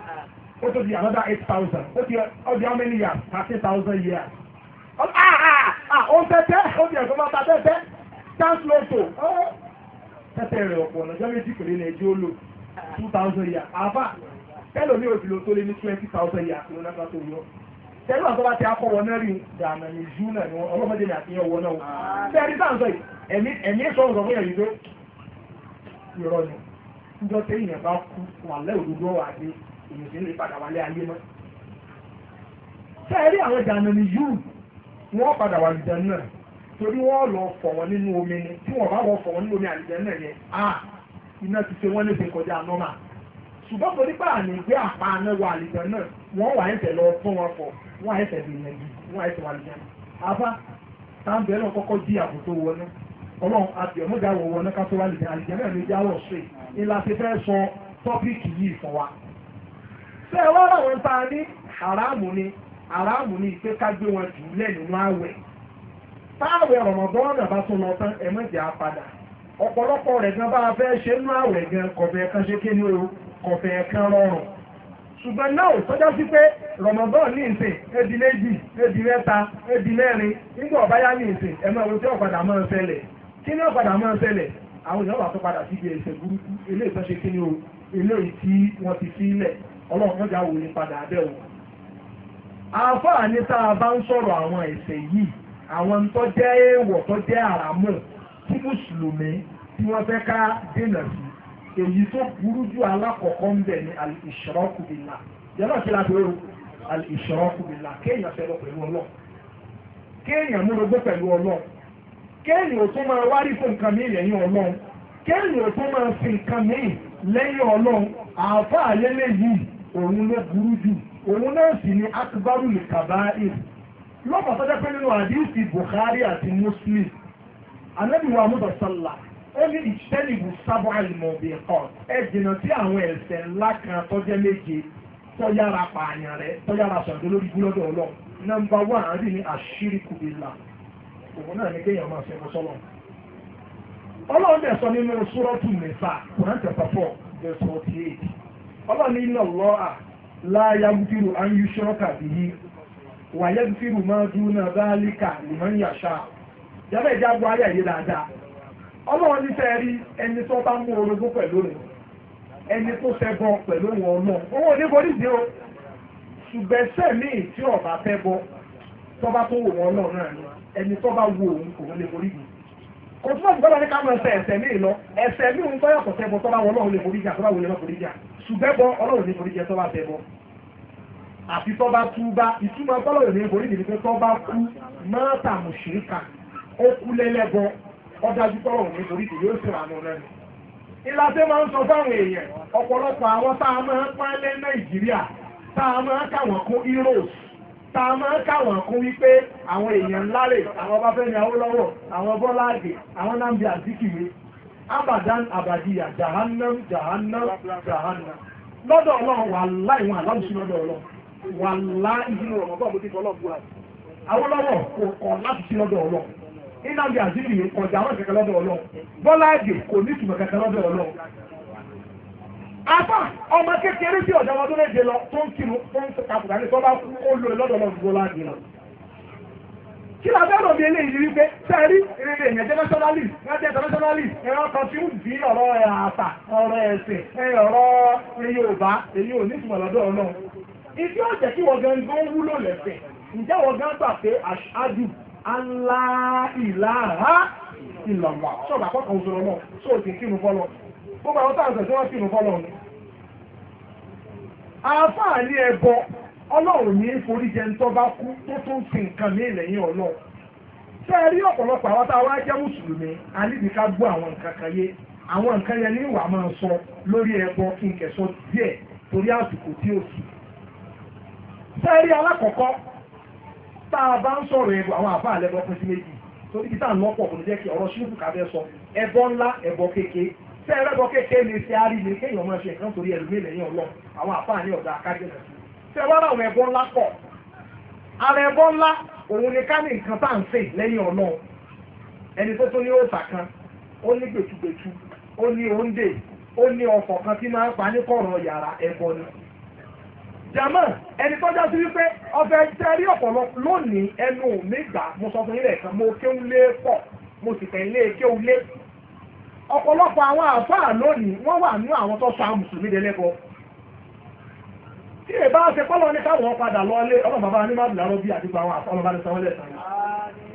ó tó the another eight thousand ó di ó how many years thirty thousand years. Ah ah, ah ah ó ń tẹ́tẹ́ ó di ẹ̀gbọ́n bàbá tẹ́tẹ́ dance lotto tẹ́tẹ́ rẹ̀ ọ̀pọ̀ ọ̀nà jẹ́ méjì pèlè ní ẹjọ́ lò two thousand years àbá tẹ́lọ̀ ní òfin tó lé ní twenty thousand years ló náà tó yọ tẹ́lọ̀ àti ọba tí a kọ́ wọn náà rí dànù ní jù náà ni ọlọ́mọdé ní àfihàn wọn náà wọ́n tẹ́lẹ̀ sáà ń sọ yìí ẹ̀mí sọ̀rọ̀ sọ̀rọ̀ yẹn yìí tó irọ́ ni níjọ́ tẹ́yìn yẹn bá kú wà lẹ́ òdodo wà dé èyí sì lè padà wálé ayé mọ́. ṣé ẹ rí àwọn ìdáná ni yóò wọ́n padà wà lùdán náà torí wọ́n lọ fọ̀ wọ́n nínú omi ni tí wọ́n bá wọ́n fọ̀ wọ́n nínú omi àlùdán náà yẹn a iná ti ṣe wọ́n léṣe kọjá nọ́mà ṣùgbọ́n torí pé àmì ìgbé àpá náà wà lùdán náà wọ́n wà ẹ̀sẹ̀ lọ fún wọn fọ̀ wọ́n ẹ̀sẹ̀ gbìyànjú wọ́n ẹ̀sẹ̀ wà lùdán àbá táǹbẹ̀ náà kọ́kọ́ jí àbùtó ọlọ́run àti ọmọdé wọn ká tó wà lùdán àlùdán náà ló jáwọ̀ ṣe ìlà ti fẹ́ sọ tọ́píìkì yìí fún wa ṣé ẹ wá ráwọn tá a ní haramu ni haramu ni pé ká gbé wọn jù lẹ̀ nínú àwẹ̀ táàwẹ̀ rọ̀mọ̀dọ́n náà bá tún lọ tán ẹ mọ̀ jẹ́ àpadà ọ̀pọ̀lọpọ̀ rẹ̀ gan bá a fẹ́ ṣe nínú àwẹ̀ gan kọ̀fẹ́ kan ṣe kí ni o kọ̀fẹ́ kan rọrùn ṣùgbọ́n náà tọ́jọ́ sí pé rọ̀mọ̀dọ́n ní ìsìn ebi méjì ebi mẹ́ta ebi mẹ́rin nígbà ọ̀báyá ní ìsìn ẹ máa tí ọ̀padà máa ń ṣẹlẹ̀ kí ni ọ̀padà máa ń ṣẹlẹ̀ àwọn èèyàn wà tó padà síbi ẹ̀ṣẹ̀ burúkú eléyìí tó ṣe kí ni o eléyìí tí wọ́n ti fi ilẹ̀ ọlọ́run mọ́jà wò ní padà abẹ́ òun. àáfàá ní tá a bá ń sọ̀rọ̀ àwọn ẹ̀ṣẹ̀ yìí àwọn ń tọ́ jẹ́ èèwọ̀ tó jẹ́ àràmọ̀ tí mùsùlùmí tí wọ́n fẹ́ ká dènà sí èyí tó burú jù alákọ̀ọ́kọ́ ń bẹ̀ ní al-ishraku billah yálà kí la bẹ̀rù al kéèyàn fẹ́ lọ pẹ̀lú ọlọ́run kéèyàn múrogbó pẹ̀lú ọlọ́run kéèyàn ò tún máa wárí fún nǹkan mí lẹ́yìn ọlọ́run kéèyàn ò tún máa fi nǹkan mí lẹ́yìn ọlọ́run àáfàá lélẹ́yìí òun ló burú jù òun náà sì ni akbaru lè kàbáyé lọ́pọ̀ tó jẹ́ pé nínú àdíìsì buhari àti Muslim anábìwá mọ́tòsálà ó ní ìṣẹ́nìbù sábà àlùmọ̀bì kan ẹ jìnnà àwọn ńlá kan tó méje tó pààyàn rẹ̀ tó yára lórí gúlọ́dọ̀ ọlọ́ nọ́mbà wà á rí ní àṣírí kùbìlà òun náà ní kéèyàn máa ṣe mọ́sọ́lọ́ ọlọ́run sọ nínú ọlọ́ni ilẹ̀ lọ́à láyà gúfìrù ayú ṣọ́ọ̀kà bìí wàyẹ̀ gúfìrù máa dúró náà báálíkà lùmọ́n yàṣà yàrá ìjà bu ayé àyè dáadáa ọlọ́run ní fẹ́ rí ẹni tó bá mú orogún pẹ̀lú rẹ̀ ẹni tó fẹ́ bọ́ pẹ̀lú wọn náà owó oníborí o ṣùgbọ́n ẹsẹ̀ míì tí ọba fẹ́ bọ́ tọ́ba tó wò wọn náà ẹni òun kò kò túmọ̀ sí gbọ́dọ̀ ní ká mọ ẹsẹ̀ ẹsẹ̀ míì lọ ẹsẹ̀ míì ń gbọ́dọ̀ kọ̀ sẹ́bọ̀ tọ́ba wọn ọlọ́run lè forí jà tọ́ba wọn lè má forí jà ṣùgbẹ́bọ ọlọ́run lè forí jẹ tọ́ba sẹ́bọ̀ àti tọ́ba túba ìtumọ̀ ọlọ́run lè forí jẹ tọ́ba kú mọ́tà mùsùlùkà ó kú lẹ́lẹ́bọ ọdájú tọ́lọ́run lè forí jẹ yóò sì rà nù lẹ́nu. máa ń sọ fáwọn èèyàn ọ̀pọ̀lọpọ̀ àwọn tá máa ń pálẹ́ ta a máa káwọn kún wípé àwọn èèyàn ńlá àwọn Ọbáfẹ́mi Awólọ́wọ̀ àwọn Bọ́lá àwọn Azikiwe abadan abadiya jahannam jahannam jahannam lọ́dọ̀ Ọlọ́run wà láì wọn àlọ́bùsùn lọ́dọ̀ wà láì kò kọ láti Azikiwe kọjá kẹkẹ apá ọmọ kékeré tí ọ̀dọ́ ọmọdún méje lọ tó ń kinu tó ń kàkùkà ní sọ́ba ó lò lọ́dọ̀ lọ dúró láàbì lọ. kí la fẹ́ rọ̀ mí eléyìí wípé sẹ́ẹ̀rí ìrìnrìn èèyàn jẹ́ nationalist wọ́n jẹ́ internationalist ẹ̀rọ kan tí ó di ọ̀rọ̀ àṣà ọ̀rọ̀ ẹ̀sìn ọ̀rọ̀ Yorùbá èyí ò ní ìtumọ̀ lọ́dọ̀ ọlọ́run. ìdí ọ̀jẹ̀ kí wọ́n gan gan wúlò lẹ́sẹ̀ ǹjẹ́ wọ́n gan gbà pé aṣáájú aláìláha ìlànà sọ̀rọ̀ àkọ́kọ́ òṣèlú náà sóòtì kínú fọ́lọ́ gbogbo àwọn táwọn tí wọ́n sì rún fọ́lọ́ ni. àfáàní ẹbọ ọlọ́run ní forí jẹ ń tọ́ba kú tó tún fi nǹkan ní ìlẹ́yìn ọlọ́run. ṣé ẹ rí ọ̀pọ̀lọpọ̀ àwọn táwọn mùsùlùmí ká gbọ́ àwọn nǹkan kan yé àwọn nǹkan yẹn ní ìwà sọ lórí ẹbọ kí n kẹsọ torí àsìkò tí ó sì. alákọ̀ọ́kọ́ tá a bá ń sọ̀rọ̀ ẹbọ àwọn àbá pín sí méjì torí kí sọ ẹbọ ńlá ẹbọ ṣé ẹ rẹ́gbọ́n kékeré lè ṣe àárí ni kéèyàn ṣe nǹkan torí ẹlòmíì lẹ́yìn ọlọ́ àwọn àfáàní ara ńlá òun ni ká ní nǹkan ọlọ́ ẹni tó tún ní òòsà kan ó ní gbètúgbètú ó ní òǹdè ó ní kan ni ẹni tó já sí wípé ọpọlọ lónìí ẹnu mi gbà mo sọ fún yín mo ọ̀pọ̀lọpọ̀ àwọn àfáà lónìí wọ́n wà ní àwọn tó fa mùsùlùmí délẹ́bọ tí èbá ṣe pọ́lọ́ ní káwọn padà lọ́lé ọlọ́mọ bàbá ní máàbù lárọ́ bí àdúgbò àwọn àfọlọ́ bá ní sanwó lẹ́sàn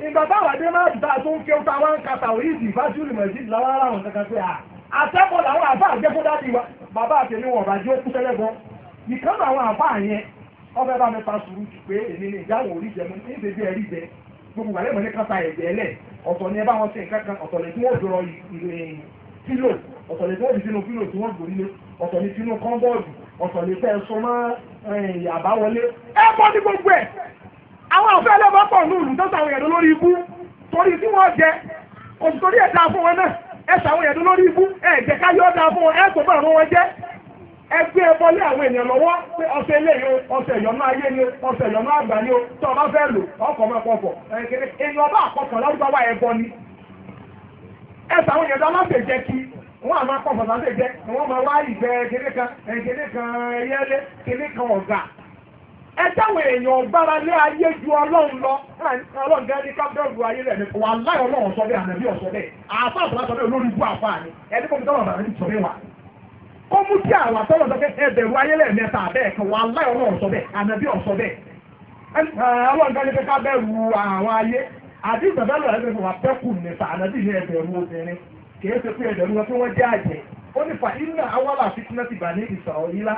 ìgbà táwọn adé máa dùn táà tó ń kéwú táwọn ń kata òyìn ìdì ìbájú ìmọ̀ ìdí ìlàwọ́ aláwọ̀ kankan pé à àtẹ́kọ̀ọ́ làwọn àfáà jẹ́ kó dáàbì wa bàbá àtẹ̀mí wọn bàjẹ́ ó kú tẹ́lẹ́gbọ́n ìkànnì àwọn àfáà yẹn ọbẹ̀ bá mi pa sùúrù jù pé èmi ni ìyáwó orí jẹ mọ́ ní ìbèbí ẹ̀rí jẹ gbogbo gbàlẹ́ mọ̀ ní kan ta ẹ̀jẹ̀ ẹlẹ̀ ọ̀tọ̀ ni ẹ bá wọn ṣe nǹkan kan ọ̀tọ̀ ni tí wọ́n dọ̀rọ̀ kílò ọ̀tọ̀ ni tí wọ́n fi sínú kílò tí wọ́n gbòrí lé ọ̀tọ̀ ni sínú kọ́ńbọ́ọ̀dù ọ̀tọ̀ ni tẹ́ ẹ sọ mọ́ àbáwọlé. ẹ bọ́ ní gbogbo ẹ̀ àwọn àfẹ́ ẹlẹ́bọ̀ pọ̀ lóòlù tó sàwọn èèyàn lórí ibú torí tí wọ́n jẹ òṣìṣẹ́ orí ẹ̀dá fún wọn náà ẹ sàwọn èèyàn lórí ibú ẹ̀ jẹ́ ká yọ ọ́ dáa fún wọn ẹ̀ kò bá àwọn wọn jẹ́ ẹgbẹ́ ẹbọ àwọn èèyàn lọ́wọ́ pé ọ̀sẹ̀ ilé yìí ọ̀sẹ̀ ìyọ̀nà ayé ni ọ̀sẹ̀ ìyọ̀nà àgbà ni ó tó ọba fẹ́ lò ọkọ̀ ọmọ ẹ̀kọ́ ọkọ̀ èèyàn ọba àkọkàn lárúbáwá ẹbọ ni ẹsẹ̀ àwọn èèyàn dáná ṣe jẹ́ kí wọ́n àmọ́ akọ̀kọ̀ náà ṣe jẹ́ wọ́n máa wá ìgbẹ́ kéde kan ó mú kí àwọn àtọ́lọ̀ sọ pé ẹbẹ̀rù ayélẹ̀ mẹ́ta bẹ́ẹ̀ kan wà láì ọlọ́run sọ bẹ́ẹ̀ ànábì ọ̀sọ bẹ́ẹ̀ ọlọ́run kan ní pé ká bẹ̀rù àwọn ayé àti ìgbàgbọ́lọ̀ ẹgbẹ́ fún wa pẹ́kù mẹ́ta ànábì ní ẹbẹ̀rù obìnrin kì í ṣe pé ẹbẹ̀rù wọn tí wọ́n jẹ́ àjẹ́ ó ní fa iná awọ́lá fitinẹ́ ti ní ìsọ̀rọ̀ yìí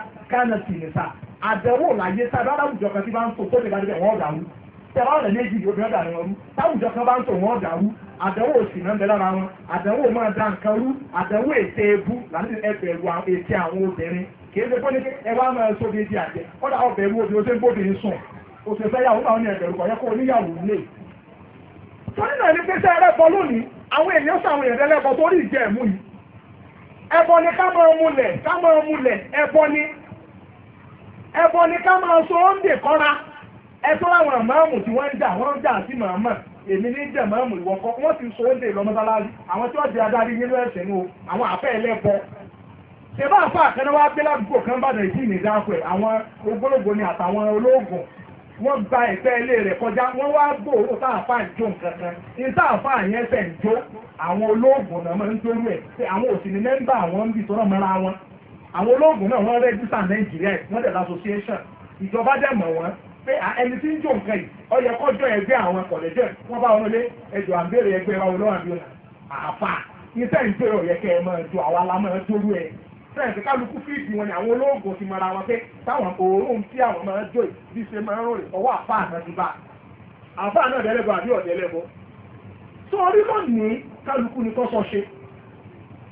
nìta láyé àdánwò òsìnà ń bẹ lára wọn àdánwò máa dá nǹkan rú àdánwò ètè ebu láti ẹbẹ̀rù ètè àwọn obìnrin kì í ṣe pé ẹ wá máa sóbi àjẹ kọ́dà ọbẹ̀rù obìnrin tó ń bóbìnrin sùn oṣù fẹ́yàwó kó lè. náà ní pẹ́sẹ́ ẹlẹ́bọ lónìí àwọn èèyàn sàwọn èèyàn ẹlẹ́bọ ìjẹ́ ẹ̀mú yìí ẹbọ ni ká máa ká máa ẹbọ ni ẹbọ ni ká èmi ní jẹ̀mọ́ọ̀mù ìwọ̀kọ́ wọ́n ti oúnjẹ àwọn tí wọ́n di adarí nínú ẹ̀sìn ní o àwọn àfẹ́ ẹlẹ́bọ ṣèbá àfa wá gbé ládùúgbò kan bàdàn ìdí àwọn ni àtàwọn wọ́n gba ìfẹ́ ilé rẹ̀ kọjá wọ́n wá ìjó nǹkan kan ní yẹn fẹ́ àwọn olóògùn náà máa ń dórú ẹ̀ pé àwọn òsì ní mẹ́ńbà àwọn ń bì tọ́rọ̀ mọ́ra wọn pé ẹni tí ń jò nǹkan yìí ó yẹ kọjọ ẹgbẹ́ àwọn kọlẹjọ wọn bá wọn lé ẹjọ à ẹgbẹ́ wa olóhùn àbí ọlà àfà iṣẹ́ ń béèrè ọyẹ kẹ ẹ máa jọ àwa la máa dóró ẹ fẹẹsì kálukú fíìdì wọn ni àwọn olóògùn ti mara wọn pé táwọn òórùn tí àwọn máa jò bí ṣe máa ń rò ọwọ́ àfà náà ti bá àfà náà dẹlẹbọ àbí ọdẹlẹbọ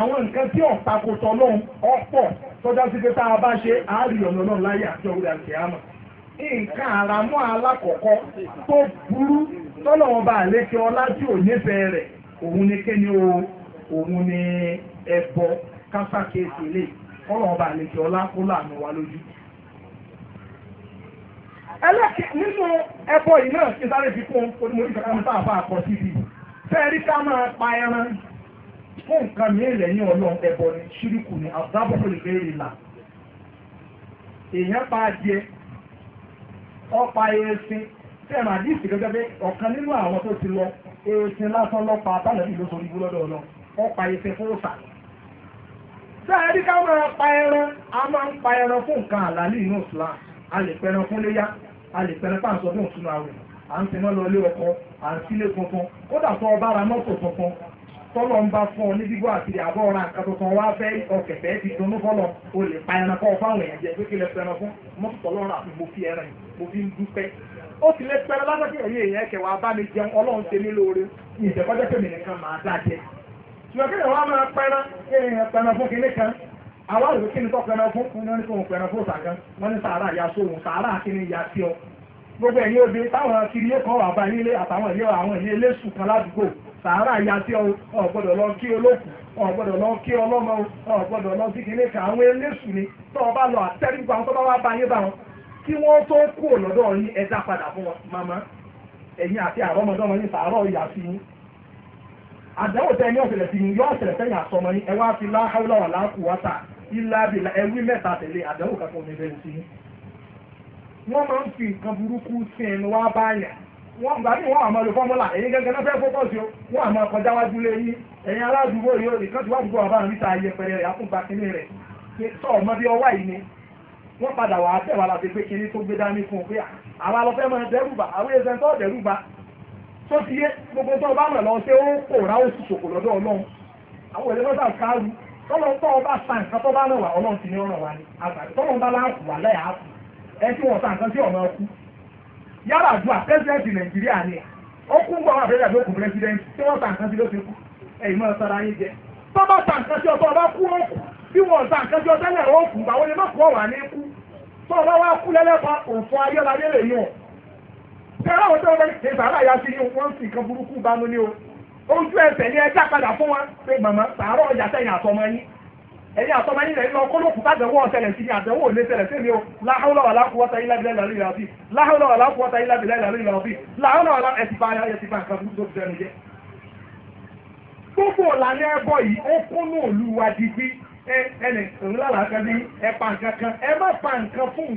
àwọn nǹkan tí ọ̀takòtọ̀ lọ́hùn ọ̀pọ̀ tọ́já sí pé tá a bá ṣe àárí ọ̀nà náà láyé àti ọ̀rẹ́ àti àmọ̀ nǹkan àràmọ́ alákọ̀ọ́kọ́ tó burú tọ́lọ́wọ́n bá àlékè ọlá tí ò nífẹ̀ẹ́ rẹ̀ òun ni kéni o òun ni ẹbọ kásákèsì lè tọ́lọ́wọ́n bá àlékè ọlá kó láàánú wa lójú. ẹlẹ́kẹ̀ nínú ẹbọ yìí náà ti sáré fi kún onímọ̀ ìfẹ́ ká fún nǹkan mìíràn lẹ́yìn ọlọ́run ẹbọ ni ṣíríkù ni àbúrábọ̀kọ̀ lè bẹ́ẹ̀ rìlà èèyàn pa adìẹ ọpa eesin fẹ́ẹ̀mà díìsì gẹ́gẹ́ bí ọ̀kan nínú àwọn tó ti lọ eesin lásán lọ́pa abálẹ̀ ìlú sọ ibú lọ́dọ̀ ọlọ́ ọpa eesin fún òòsà sáà rí ká máa pa ẹran a máa ń pa ẹran fún nǹkan àlàlí inú ìsìlá a lè pẹran fún léyá a lè pẹran pàǹsọ fún òtún àwẹ̀ à ń sinmi lọ ilé ọkọ à ń sílé tuntun kódà tó ọba ara mọ́tò tuntun tọ́lọ̀ ń bá fún ọ ní bíbọ́ àti àbọ̀ ọ̀rọ̀ àkàtọ̀ kan wá fẹ́ ọkẹ̀ fẹ́ ti dunnú fọlọ̀ o lè pa ẹran kọ́ fáwọn èèyàn jẹ pé kí lè fẹ́ràn fún mọ́tò tọ́lọ́rọ̀ àti mo fi ẹran yìí mo fi ń dúpẹ́ ó ti lè fẹ́ràn lásìkò ẹ̀yìn èèyàn ẹ̀kẹ́ wàá bá mi jẹun ọlọ́run ṣe mí lóore ìjẹ́kọ́jẹ́ pèmí nìkan máa dá jẹ ṣùgbọ́n kí ni wọ́n máa pẹ́ràn èèyàn pẹ́ràn fún kinní kan àwọn sàárà ya tí ọ̀gbọ́dọ̀ lọ kí olókùn ọgbọdọ lọ kí ọlọ́mọ ọgbọdọ lọ sí kìíní kan àwọn eléṣù ni tó o lọ àtẹ́rìgbà àwọn tó bá wá bá yín bá wọn kí wọ́n tó kú lọ́dọ̀ yín padà fún wọn màmá àti sí yín àdáwò tẹ sí yín fi láhàúlà wà ilá abìlà ẹwí àdáwò kankan wọ́n gbà ní wọ́n àmọ́ lo fọ́múlà èyí gẹ́gẹ́ náà fẹ́ fókọ̀sì o wọ́n àmọ́ kọjá wájú lé yín ẹ̀yin aládùúgbò yìí ó lè kán tí wọ́n gbọ́ ọ̀bá níta ayẹpẹrẹ rẹ̀ àkúgba kínní rẹ̀ sọ ọmọ bí ọwá yìí ni wọ́n padà wà á tẹ̀ wà láti pé kínní tó gbé dání fún un pé àwọn alọ́fẹ́ mọ dẹ́rùbà àwọn ẹ̀sẹ̀ tó dẹ́rùbà tó ti yé gbogbo tó bá mọ̀ lọ sí ó kò rá ó sì sòkò lọ́dọ̀ ọlọ́run àwọn èdè mọ́tà kárù tọ́lọ́n tó ọba sa nǹkan tó bá náà wà ọlọ́run ti ní ọ̀ràn wa ni àgbàdo tọ́lọ́n bá láàkù wà láyà á kù ẹ tí wọ́n yàrá àdúrà pẹ́sidẹ́ǹtì nàìjíríà ni ó kún bọ́ àwọn àbẹ́rẹ́ àdókù pẹ́sidẹ́ǹtì tí wọ́n ta nǹkan sí ló ti kú ẹ̀yìn mọ́ ọ̀sára yín jẹ tọ́ba ta nǹkan sí ọba ọba kú ó kú bí wọ́n ta nǹkan sí ọba náà ó kú báwo ni mọ́kù ọ̀wà ní kú tó ọba wa kú lẹ́lẹ́kọ̀ọ́ òfò ayọ́ladé lè yàn tẹ́lá wọn tó wọn ṣe sàárà ya sí yín wọ́n sì kan burúkú bámu ní o ojú ẹsẹ̀ ni ẹja padà fún wa pé màmá sàárọ̀ ọjà sẹ́yìn àtọmọ yín ẹ̀yin àtọ́mọ yín lẹ́yìn lọ kólókù tàdánwò ọ̀sẹ̀lẹ̀ sí ni àdánwò òlé ṣẹlẹ̀ sí ni o láhùn lọ́wọ́ aláàkúwọ́ta ilá bílẹ̀ ìlàlú ìlà ọ̀bí láhùn lọ́wọ́ aláàkúwọ́ta ilá bílẹ̀ ìlàlú ìlà ọ̀bí láhùn lọ́wọ́ ẹ̀sìnbá ẹ̀sìnbá nǹkan tó ti dẹnu jẹ. gbogbo ìlànà ẹbọ yìí ó kún ní òlu wa di bí ẹnì ńlá làákan ní ẹ pa nǹkan kan ẹ má pa nǹkan fún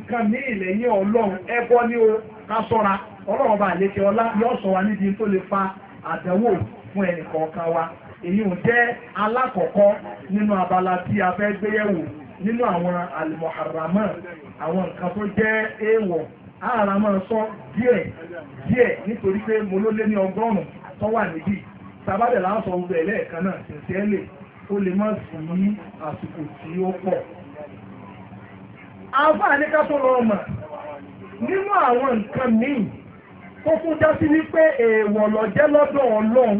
nǹkan wa èyí ń jẹ́ alákọ̀ọ́kọ́ nínú abala tí a fẹ́ gbéyẹ̀wò nínú àwọn alìmọ̀hàràmọ́ àwọn nǹkan tó jẹ́ èèwọ̀ ààrà máa sọ díẹ̀ díẹ̀ nítorí pé mo ló lé ní ọgọ́rùn-ún tó wà níbí tàbádẹ̀ láàsọ gbogbo ẹ̀ lẹ́ẹ̀kan náà tẹ̀síẹ́lẹ̀ ó lè má sí àsìkò tí ó pọ̀. àfáà ní ká tó lọ mọ̀ nínú àwọn nǹkan míì tó tún já sí wípé èèwọ̀ ló jẹ́ lọ́dọ̀ Ọlọ́run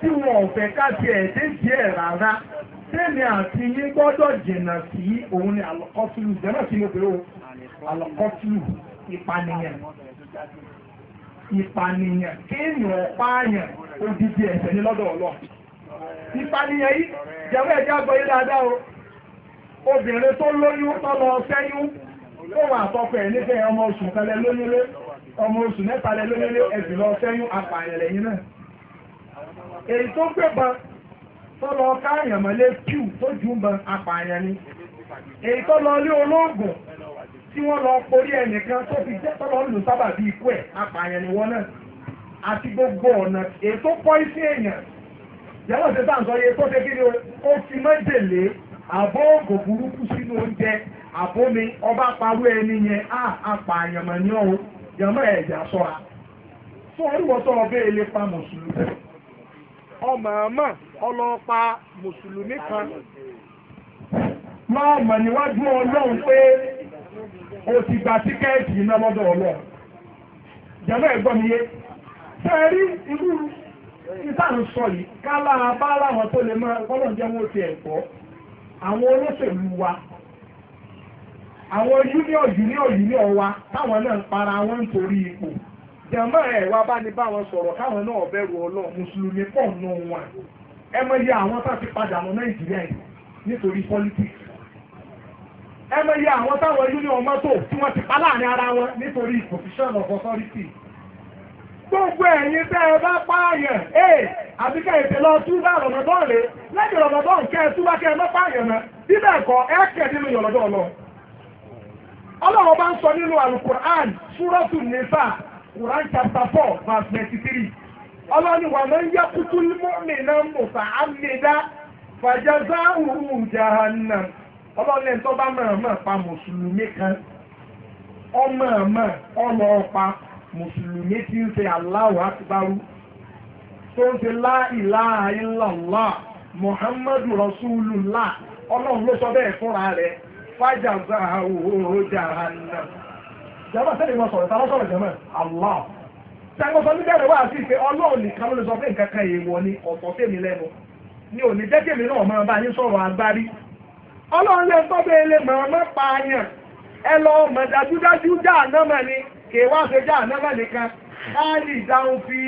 tí wọn ò fẹ́ ká ti ẹ̀dẹ́ díẹ̀ rárá tẹ́mi àti yín gbọ́dọ̀ jìnnà sí òun ni àlọ́kọ́sílù jẹ́nà sí o àlọ́kọ́sílù ìpànìyàn ìpànìyàn kéèyàn pààyàn odidi ní lọ́dọ̀ ọlọ́ ìpànìyàn yìí jẹ́wọ́ ẹ̀jẹ̀ dáadáa o obìnrin tó lóyún tó lọ sẹ́yún fóun àtọkọ ẹ̀ ọmọ oṣù kan lẹ lóyún ọmọ oṣù mẹ́ta lẹ lóyún lé ẹ̀sìn lọ sẹ́yún apààyàn lẹ́yìn èyí tó gbẹ̀bọ tó lọ káàyàn mọ́lẹ̀ pew tó jù ń ni èyí tó lọ lé olóògùn tí wọ́n lọ porí ẹnìkan tó fi jẹ́ tó lọ lò sábà ikú ẹ̀ apààyàn ni náà àti gbogbo ọ̀nà èyí tó pọ́ sí èèyàn yàrá ṣe sáà ń sọ ni ó fi mọ́jèlé àbọ̀ burúkú sínú oúnjẹ àbómi ọba parú ẹni yẹn á ní ọ̀hún sọ́ra fún ọbẹ̀ ilé ọmọọmọ ọlọ́pàá mùsùlùmí kan máa mọ̀ níwájú ọlọ́run pé o ti gba tíkẹ́ẹ̀tì iná lọ́dọ̀ ọlọ́run jẹ́lọ́ ẹ̀gbọ́n mi yé fẹ́ rí irú ìtàn sọ yìí kálá bá láwọn tó lè máa gbọ́dọ̀ jẹ́ wọ́n ti ẹ̀kọ́ àwọn olóṣèlú wa àwọn union union union wa táwọn náà para wọn nítorí ipò jàmá ẹ̀ bá ní báwọn sọ̀rọ̀ káwọn náà bẹ̀rù ọlọ́ mùsùlùmí pọ̀ nù wọn ẹ iye àwọn tá a ti padà nàìjíríà yìí nítorí politics ẹ iye àwọn táwọn union mọ́tò tí wọ́n ti pa láàrin ara wọn nítorí position of authority gbogbo ẹ̀yin tẹ́ ẹ bá pààyàn eh, àbí ká ètè lọ bá lẹ́yìn kẹ́ ẹ bá kẹ́ ẹ pààyàn bí Quran chapter four verse twenty three ọlọ́ni wà máa ń yẹ kútú mọ́mìnà mùsà ámìdá fàjàzá òru jahannam ọlọ́ni ẹ̀ńtọ́ bá mọ̀ọ́mọ̀ pa mùsùlùmí kan ọmọọ̀mọ̀ ọlọ́ọ̀pa mùsùlùmí ti ń ṣe Allahu akbaru tó ń ṣe la ilaha illallah muhammadu rasulullah ọlọ́run jama sẹ́ni wọn sọ̀rọ̀ tàbá sọ̀rọ̀ jama allah sẹ́ni sọ níbẹ̀rẹ̀ wá sí pé ọlọ́run nìkan ló lè sọ pé nǹkan yìí wọ ni ọ̀tọ̀ tèmi lẹ́nu ni ò jẹ́ tèmi náà máa bá yín sọ̀rọ̀ agbárí ọlọ́run lè má pa àyàn ẹ lọ já ni kì í wá ṣe já nìkan fi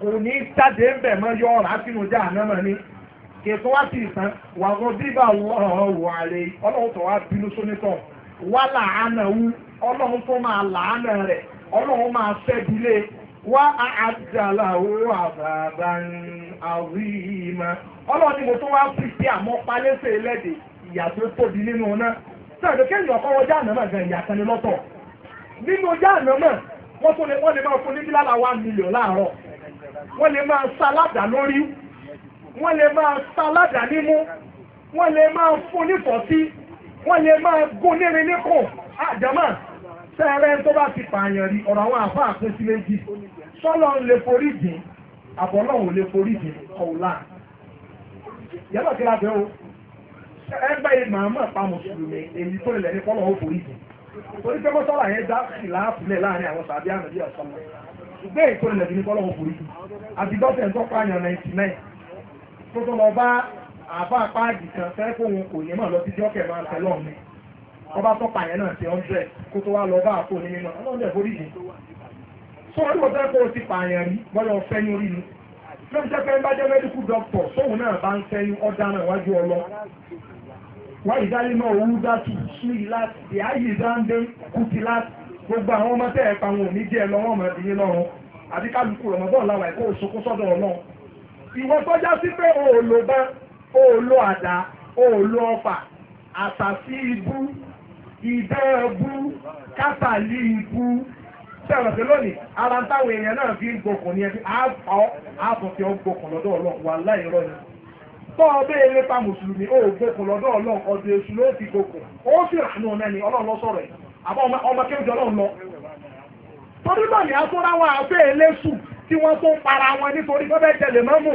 kò ní jáde ń bẹ̀ mọ́ yọ ọ̀rá sínú já ni kì wà láàánà wú ọlọ́run tó máa láàánà rẹ̀ ọlọ́run máa ṣẹ́dílé wá àjàlá owó àbàbà àwíìmá ọlọ́run ni mo tó wá fi sí àmọ́ palẹ́sẹ̀ ẹlẹ́dẹ̀ ìyà tó tóbi nínú náà sọ̀rọ̀ kéèyàn ọkọ̀ wọ́n jáàmù náà gan ìyà kan ní lọ́tọ̀ nínú jáàmù náà wọ́n tún lè wọ́n lè máa fún ní bílálà one million láàárọ̀ wọ́n lè máa sáládà lórí wọ́n lè máa sáládà nímú wọ́n lè máa fún ní fọ́tí wọ́n lè máa gún lérí lẹ́kọ̀ọ́ àjàmọ́ ah, sẹ́rẹ́ tó bá ti pààyàn rí ọ̀rọ̀ àwọn àfáà pín sí méjì sọ́lọ́ ń lè forí jìn àbọ̀ náà ò lè forí jìn ọ̀la yàtọ̀ kí lábẹ́ o ẹgbẹ́ ìmàmù pa mùsùlùmí èyí tó lẹ̀ ní kọ́lọ̀ ó forí jìn torí pé mọ́sálà yẹn dá ìlàáfùlẹ̀ láàrin àwọn sàbí àmì bí ọ̀sán lọ ṣùgbọ́n èyí tó lẹ̀ ní kọ́lọ̀ ó forí jìn àti dọ́sẹ̀ ń tọ́pọ̀ àyàn 99 tó tó lọ bá àbá páàdì kan sẹ́fóun kò ní mọ̀ lọ sí jọ́kẹ̀ máa tẹ̀ lọ́ọ̀ mi ọba tó pààyàn náà ti hundred kó tó wá lọ bá àpò ní mímọ́ hundred forí yìí tó wọ́n tó fẹ́ kó o ti pààyàn rí bọ́yọ̀ ọ̀fẹ́ ní orí ni lóun jẹ́ pé ń bá jẹ́ medical doctor tóun náà bá ń fẹ́yìn ọ̀dà náà wájú ọlọ́ wáyé dálé náà owó dátù sí i láti di ayé dáńdé kùtì láti gbogbo àwọn ọmọ tẹ́ ẹ̀ pa wọn ò ní jẹ́ lọ́wọ́ ọmọ ẹ̀dínyìn lọ́rùn àbí kálukú rọ̀mọ́bọ́ọ̀ làwọn ẹ̀kọ́ òṣokú sọ́dọ̀ ọlọ́run ìwọ tọ́já sí pé òòlò bá o àdá ada o àtàsí ibú ìdẹ́ ẹbú kátàlí ibu sẹ́wọ̀n sí lónìí ara táwọn èèyàn náà fi ń gbokùn ní ẹbí àbọ̀fẹ́ ọgbokùn lọ́dọ̀ ọlọ́run wà láìrọ́ ni tọ́ ọbẹ̀ eré pa mùsùlùmí ó gbokùn lọ́dọ̀ ọlọ́run ọdún èṣù ló ti gbokùn ó sì ràánú ni ọlọ́run lọ sọ̀rọ̀ yìí àbọ̀ ọmọ kéwìjọ ọlọ́run lọ. torí náà ni tí wọ́n tó para wọn nítorí bọ́bẹ̀ tẹ̀lé mọ́mù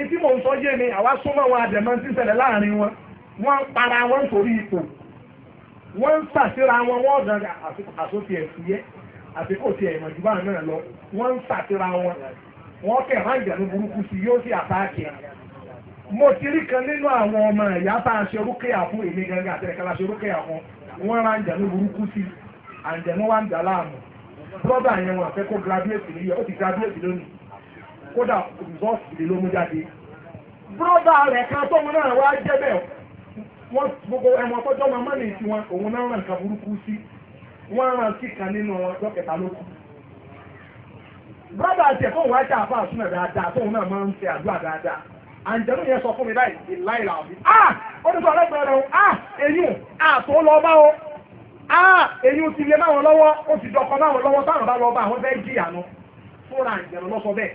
etí mò ń sọ yé mi àwa súnmọ́ wọn àdẹ̀mọ́ ti ṣẹlẹ̀ láàrin wọn wọ́n ń para wọn nítorí ipò wọ́n ń sàṣíra wọn wọ́n gan ẹ̀fúyẹ́ àsìkò tí ẹ̀mọ̀ jù bá náà lọ wọ́n ń sàṣíra wọn wọ́n kẹ̀ ní burúkú sí yóò sì àtàkì mo ti rí kan nínú àwọn ọmọ ẹ̀yà tá a ṣe rúkẹ́yà fún èmi gangan àtẹ̀kẹ́lá ṣe rúkẹ́yà fún wọ́n ra ǹjẹ̀ ní burúkú sí àǹjẹ̀ ní wàǹdà láàmú brọ́dà yẹn wọn àfẹ́ kó graduate nìyẹn ó ti graduate lónìí kódà rìsọ́ọ̀sì lè ló mú jáde bróda rẹ̀ kan tó wọn náà wá jẹ́ bẹ́ẹ̀ wọ́n gbogbo ẹ̀wọ̀n tọ́jọ́ máa mọ́ni tí wọn òun náà ràn nǹkan burúkú sí wọ́n ràn sí kan nínú wọn lọ́kẹ̀ta ló kù bróda tiẹ̀ fóun wá jẹ́ àfa àsúnà dáadáa tóun náà máa ń ṣe àdúrà dáadáa àǹjẹ̀lú yẹn sọ fún mi báyìí ìláìlà ọ̀bí ah ó ní sọ ọlẹ́gbẹ̀rẹ̀ rẹ̀ ah eyín àtó ah, lọ bá o ah eyín ti lé máwọn lọ́wọ́ ó ti dọkọ máwọn lọ́wọ́ táwọn bá lọ bá àwọn fẹ́ jìyà nu fúnra àǹjẹ̀lú lọ́sọ bẹ́ẹ̀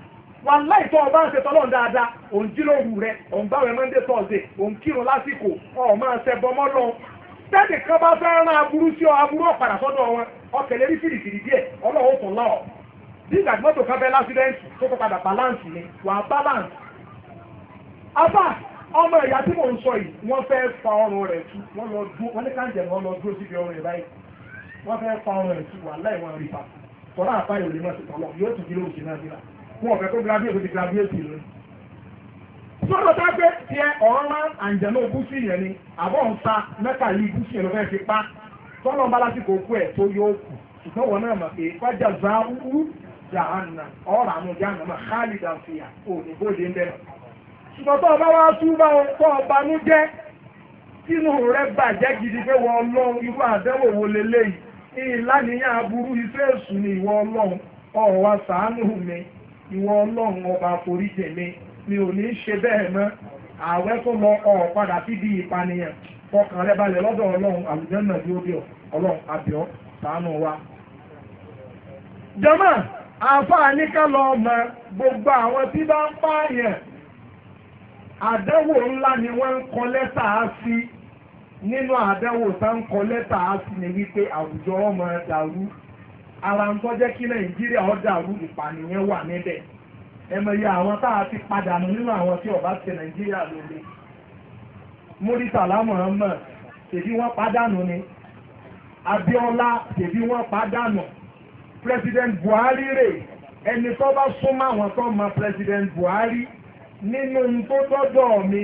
wọn láì tọ́ ọba ń ṣe tọ́lọ́ dáadáa òun jíròrò rẹ òun gbàwẹ̀ mọ́ndé tọ́sídẹ̀ òun kírun lásìkò ọ̀ máa ṣẹ bọmọ́ lọ. tẹ́lẹ̀ kan bá fẹ́ rán aburú sí ọ aburú ọ̀padà sọ́dọ̀ wọn ọkẹ̀lẹ́ rí fìrìfìrì díẹ̀ ọlọ́wọ́ tó lọ́ọ̀. bí ìgbàgbọ́tò kan bẹ́ẹ̀ lásìdẹ́ǹtì tó kọ́ padà balance ni wà á balance. afá ọmọ ìyá tí mò ń sọ yìí wọ́n fẹ́ fa ọrùn rẹ̀ tú wọ́n lọ dúró wọ́n ní káńjẹ̀ wọn lọ dúró síbi ọrùn rẹ̀ báyìí wọ́n fẹ́ fa ọrùn rẹ̀ tú wà láì wọn rí pa tọ́lá àfáyọ̀ lè mọ̀ sí tọ́lọ́ yóò tún kí lóògì náà nílà wọn ọ̀fẹ́ tó graduate ó ti graduate lọ. sọ́dọ̀ tá pé tiẹ̀ ọ̀rọ̀ máa ń àǹjẹ̀ náà gúúsù yẹn ni àbọ̀ ń ta mẹ́ta yìí gúúsù yẹn ló fẹ́ fi pa tọ́lọ́ bá lásìkò kú ẹ̀ tó yóò kù ṣùgbọ́n wọn náà mọ̀ pé fájà záwú jahanna ọ̀rọ̀ àánú jahanna káàlì dànfìyà òyìnbó lè ń bẹ̀rẹ̀. ṣùgbọ́n tó o bá wá túbọ̀ tó o bá nú jẹ́ sínú rẹ bàjẹ́ gidi pé wọ́n ọlọ́run irú àdẹ́wò wo leléyìí ìlànìyàn aburú iṣẹ́ èṣù ni ìwọ ọlọ́run ọ̀wá ṣàánú mi ìwọ ọlọ́run ọba forí jẹ̀mí mi ò ní ṣe bẹ́ẹ̀ mọ́ ààwẹ́ tó lọ ọ̀ padà síbi ìpànìyàn fọkàn rẹ balẹ̀ lọ́dọ̀ ọlọ́run àlùjànnà bí ó bí ọ ọlọ́run àbíọ́ ṣàánú wa. jọ́mọ̀ àfáà ní ká lọ mọ gbogbo àwọn tí bá ń pààyàn àdánwò ńlá ni wọ́n ń kọ lẹ́tà á sí nínú àdánwò tá ń kọ lẹ́tà á sí ni wípé àwùjọ ọmọ dàrú ara ń tọ́jẹ́ kí nàìjíríà ọ̀dà àrùn ìpànìyàn wà níbẹ̀ ẹ mọ iye àwọn tá a ti padà nù nínú àwọn tí ọba ti nàìjíríà lóore Muritala Muhammad tèbí wọ́n pàdánù ni Abíọ́lá tèbí wọ́n pàdánù President Buhari rè ẹni tó bá súnmọ́ àwọn tó mọ President Buhari nínú tó dọ́dọ̀ mi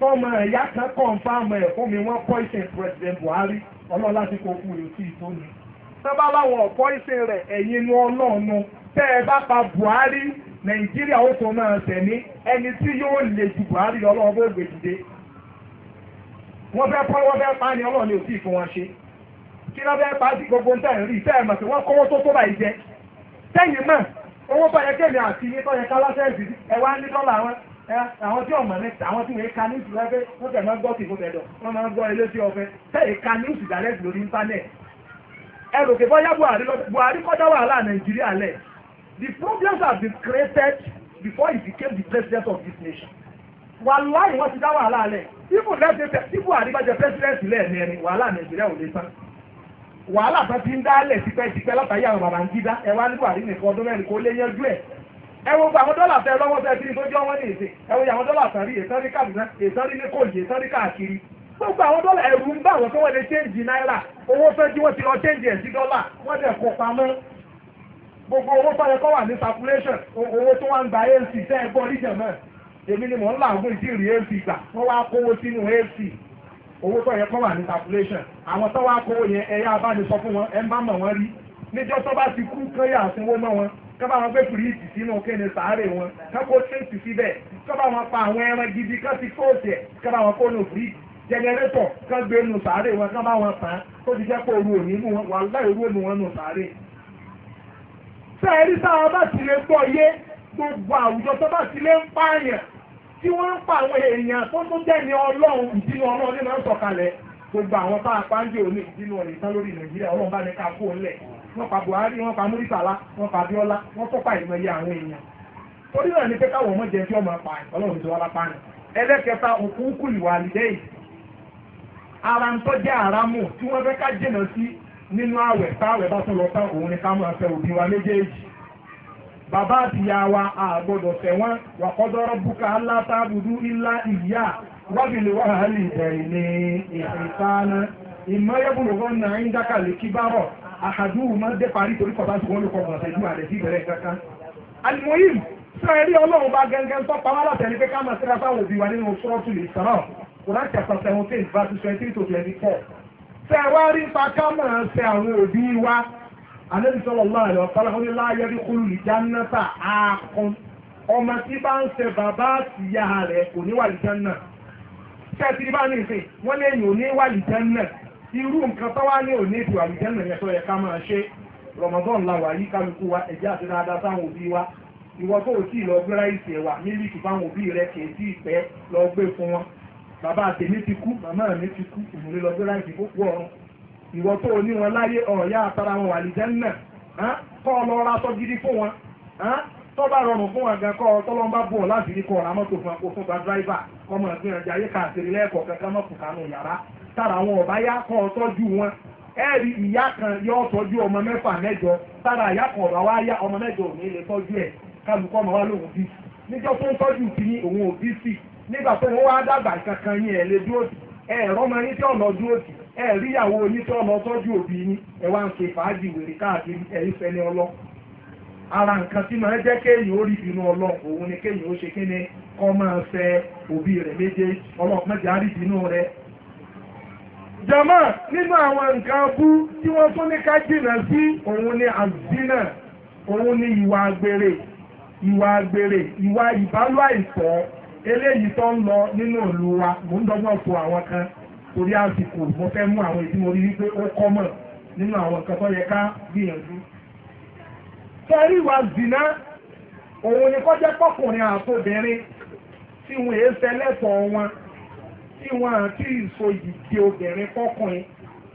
tọ́mọ ẹ̀yà kan kọ̀ǹfàmù ẹ̀ fún mi wọ́n poison President Buhari ọlọ́lá ti kó kú yòókì tó ni sábà láwọn ọ̀pọ̀ ìṣe rẹ̀ ẹ̀yin inú ọlọ́ọ̀nù tẹ́ ẹ bá pa Buhari Nàìjíríà ó tó máa tẹ̀ ní ẹni tí yóò lè ju Buhari ọlọ́run bó gbé dìde wọ́n fẹ́ pọ́ wọ́n fẹ́ pa ni ọlọ́run ní òsì fún wọn ṣe kí lọ́ fẹ́ pa sí gbogbo nǹkan ìrí tẹ́ ẹ mọ̀ sí wọ́n kọ́wọ́ tó tó báyìí jẹ tẹ́yìn mọ̀ owó báyẹn kéèmì àti iye tó yẹ ká lásẹ̀sì ẹ wá ní dọ́là wọn àwọn tí ọmọ níta àwọn tí wọn ká ní ìsúlẹ́fẹ́ wọ́n tẹ̀ máa gbọ́ sí ìfowópẹ́dọ̀ wọ́n máa gbọ́ ilé sí ọfẹ́ tẹ́yìn ká ní ìsúdálẹ́sì ẹrù kí bọ́yá Buhari kọjá wàhálà Nàìjíríà lẹ̀ the problems have been created before he became the president of this nation wàláì wọ́n ti dá wàhálà lẹ̀ ibù lẹ́sẹ̀ tí Buhari bá jẹ pẹ́sidẹ́ǹtì lẹ́ẹ̀mẹrin wàhálà Nàìjíríà ò lè tán wàhálà tó ti ń dálẹ̀ tipẹ́tipẹ́ látàrí àwọn Babangida ẹ wá ní Buhari nìkan ọdún mẹ́rin kó lé yanjú ẹ̀ ẹ wo àwọn dọ́là tẹ lọ́wọ́ tẹ kiri tó jọ́ wọ́n ní èsè ẹ wo àwọn dọ́là tán rí èsán rí kàdúná èsán rí ní kòyí èsán rí káàkiri gbogbo àwọn dọ́là ẹ̀rù ń bá àwọn tó wọ́n lè náírà owó fẹ́ jí wọ́n ti lọ ṣéǹjì ẹ̀ sí dọ́là wọ́n dẹ̀ kó pamọ́ gbogbo owó fẹ́ kọ́ wà ní circulation owó tó wọ́n ń gba anc tẹ́ ẹ gbọ́ níjẹ̀ mọ́ èmi ni mò ń làágùn ìdí anc gbà wọ́n wá kówó sínú anc owó tó yẹ kọ́ wà ní circulation àwọn tó wá kówó yẹn ẹ yá sọ fún wọn ẹ má mọ̀ wọ́n rí níjọ́ tó bá ti kú kán yà fún mọ́ wọn kán wọn gbé fìríìtì sínú kéde sàárè wọn kán wọn pa àwọn ẹran gidi kán ti fóòtì ẹ̀ kán wọn kó nù fìríìtì jẹnẹrétọ̀ kán gbé nu sàárè wọn kán bá wọn tàn án ó ti jẹ́ pé òru òní wọn wà láì rú wọn nu sàárè. sẹ́ẹ̀rí sáà bá ti lè gbọ́ yé gbogbo àwùjọ tó bá ti lè ń pa àwọn èèyàn tó tún jẹ́ ní ọlọ́run ìdínú ọlọ́run gbogbo àwọn a pàǹdé òní ìdínú ọ̀nà ìtàn lórí nàìjíríà ọlọ́run bá ní ká abiola wọ́n tó pa àwọn èèyàn torí náà pé káwọn ọmọ jẹ ọmọ pa ọlọ́run ti ara ń dị àrámù tí wọ́n fẹ́ ká jìnà sí nínú àwẹ̀ táwẹ̀ bá tún lọ tán òun ni ká máa fẹ́ òbí wa méjèèjì bàbá àtìyá wa àgbọ́dọ̀ tẹ̀wọ́n wàkọ́dọ́rọ́ búkà alátàbùdú ilá ìyá wábìlì wàhálì ìbẹ̀rẹ̀ ní ìfìsánà ìmọ̀yẹ́bùrùwọ́n náà ń dákàlẹ̀ máa dé parí torí kọ̀ Quran chapter seventeen verse twenty to twenty four. Ṣé ẹ wá rí ipa ká máa ṣe àwọn òbí wa? Ànábì sallallahu alaihi wasallam ó ní la yadkhulul jannata àákún. Ọmọ tí bá ń ṣe bàbá àtìyá rẹ̀ kò ní wà ní Jannah. Ṣé ẹ ti rí bá ní ìsìn? Wọ́n lè yìn ò ní wà ní Jannah. Irú nǹkan tó wá ní òní ìdù àlùjànnà yẹn tó yẹ ká máa ṣe. Ramadan la wà yí kálukú wa ẹ̀jẹ̀ àti dáadáa sáwọn òbí wa ìwọ tó o tí ì lọ gbéra ìsìn mílíkì fáwọn òbí rẹ kì í tí ì pẹ́ lọ gbé fún wọn bàbá tèmi ti kú màmá mi ti kú ìmùlẹ̀ lọ́gbẹ́ láìsí kókó ọ̀run ìwọ tó ní wọn láyé ọ̀rọ̀ yá àtàrà wọn wà lè jẹ́ náà kọ́ ọ lọ ra aṣọ gidi fún wọn tó bá rọrùn fún wọn gan kọ́ ọ tọ́lọ́ ń bá bù ọ láti rí kọ́ ọ̀rá mọ́tò fún akó fún gba dráìvà kọ́mọ ẹ̀gbìn ọjà ayé káàkiri lẹ́ẹ̀kọ́ kankan mọ́ fùkánù yàrá tára àwọn ọ̀bá yá kọ́ ọ tọ́jú wọn ẹ̀rí ìyá kan yọ tọ́jú ọmọ mẹ́fà mẹ́jọ tára ìyá kan ọ̀rọ̀ wá yá ọmọ mẹ́jọ òní lè tọ́jú ẹ̀ kálukọ́ ọmọ wa lòun bí níjọ́ tó ń tọ́jú kìíní òun òbí sì nígbà tó wọ́n wá dàgbà kankan yín ẹ̀ lè dúró tì ẹ̀rọ ọmọ yín tí ọ̀nà dúró tì ẹ̀ríyàwó yín tí ọ̀nà tọ́jú òbí yín ẹ̀ wá ń ṣe fàájì wèrè ara nǹkan tí máa ń jẹ́ kéèyàn ó rí ìbínú òun ni kéèyàn ó ṣe kí ni kọ́ máa fẹ́ òbí rẹ̀ méjèèjì ọlọ́pàá ni ìwà ìwà ìwà eléyìí tó ń lọ nínú ìlú wa mò ń dọ́gbọ́n tó àwọn kan torí àsìkò mo fẹ́ mú àwọn ìdí mo rí wípé ó kọ́mọ̀ nínú àwọn nǹkan tó yẹ ká gbìyànjú. wa zina òun ni kọ́jẹ́ pọ́kùnrin àtòbìnrin tí wọ́n èé sẹ́lẹ̀tọ̀ wọn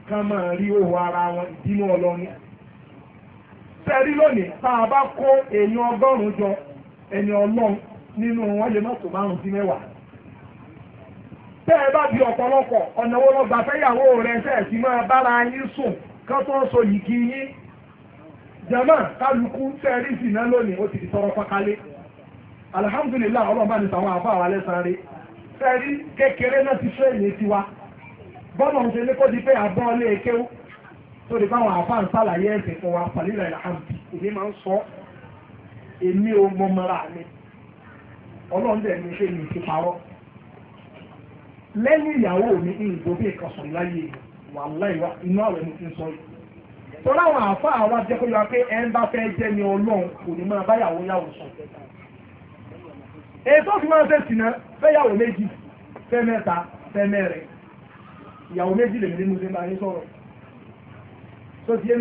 kan máa rí òwò ara wọn ìdínú ọlọ́ni. sẹ́rí lónìí tá a bá kó èèyàn ọgọ́rùn-ún jọ nínú wọn lè mọ́tò márùn-ún sí mẹ́wàá. tẹ́ ẹ bá bí ọ̀pọ̀lọpọ̀ ọ̀nà wo lọ́gbà fẹ́yàwó rẹ̀ ṣe ti máa bára yín sùn kán tó ń so yìgì yín. jama kálukú sẹ́ẹ̀rì sì náà lónìí ó ti di tọrọ pákálé. alihamudulilayi ọlọ́run bá ní sàwọn àbá àwọn alẹ́ sáré. sẹ́ẹ̀rì kékeré náà ti fẹ́ ìyẹn tiwa. bọ́ọ̀mù ọ̀hún ṣe ní kó di pé àbọ̀ ọlé ekéw tó di báwọn àbá ń sàlàyé ẹ̀sìn fún wa pàlílà ìlàhàmù èmi máa ń sọ èmi ò mọ mọ́ra mi ọlọ́run dẹ̀ ní ṣe ní ìfipáwọ́ lẹ́yìn ìyàwó mi ní ìgbòbí ìkànsán láyé wà wá inú àwẹ̀ ń sọ yìí tọ́lá àwọn àáfà àwọn jẹ́ kó yọ pé ẹ ń bá fẹ́ jẹ́ ni ọlọ́run kò ní máa báyàwó yàwó sọ méjì fẹ́ mẹ́ta fẹ́ sọ̀rọ̀ tó ti yé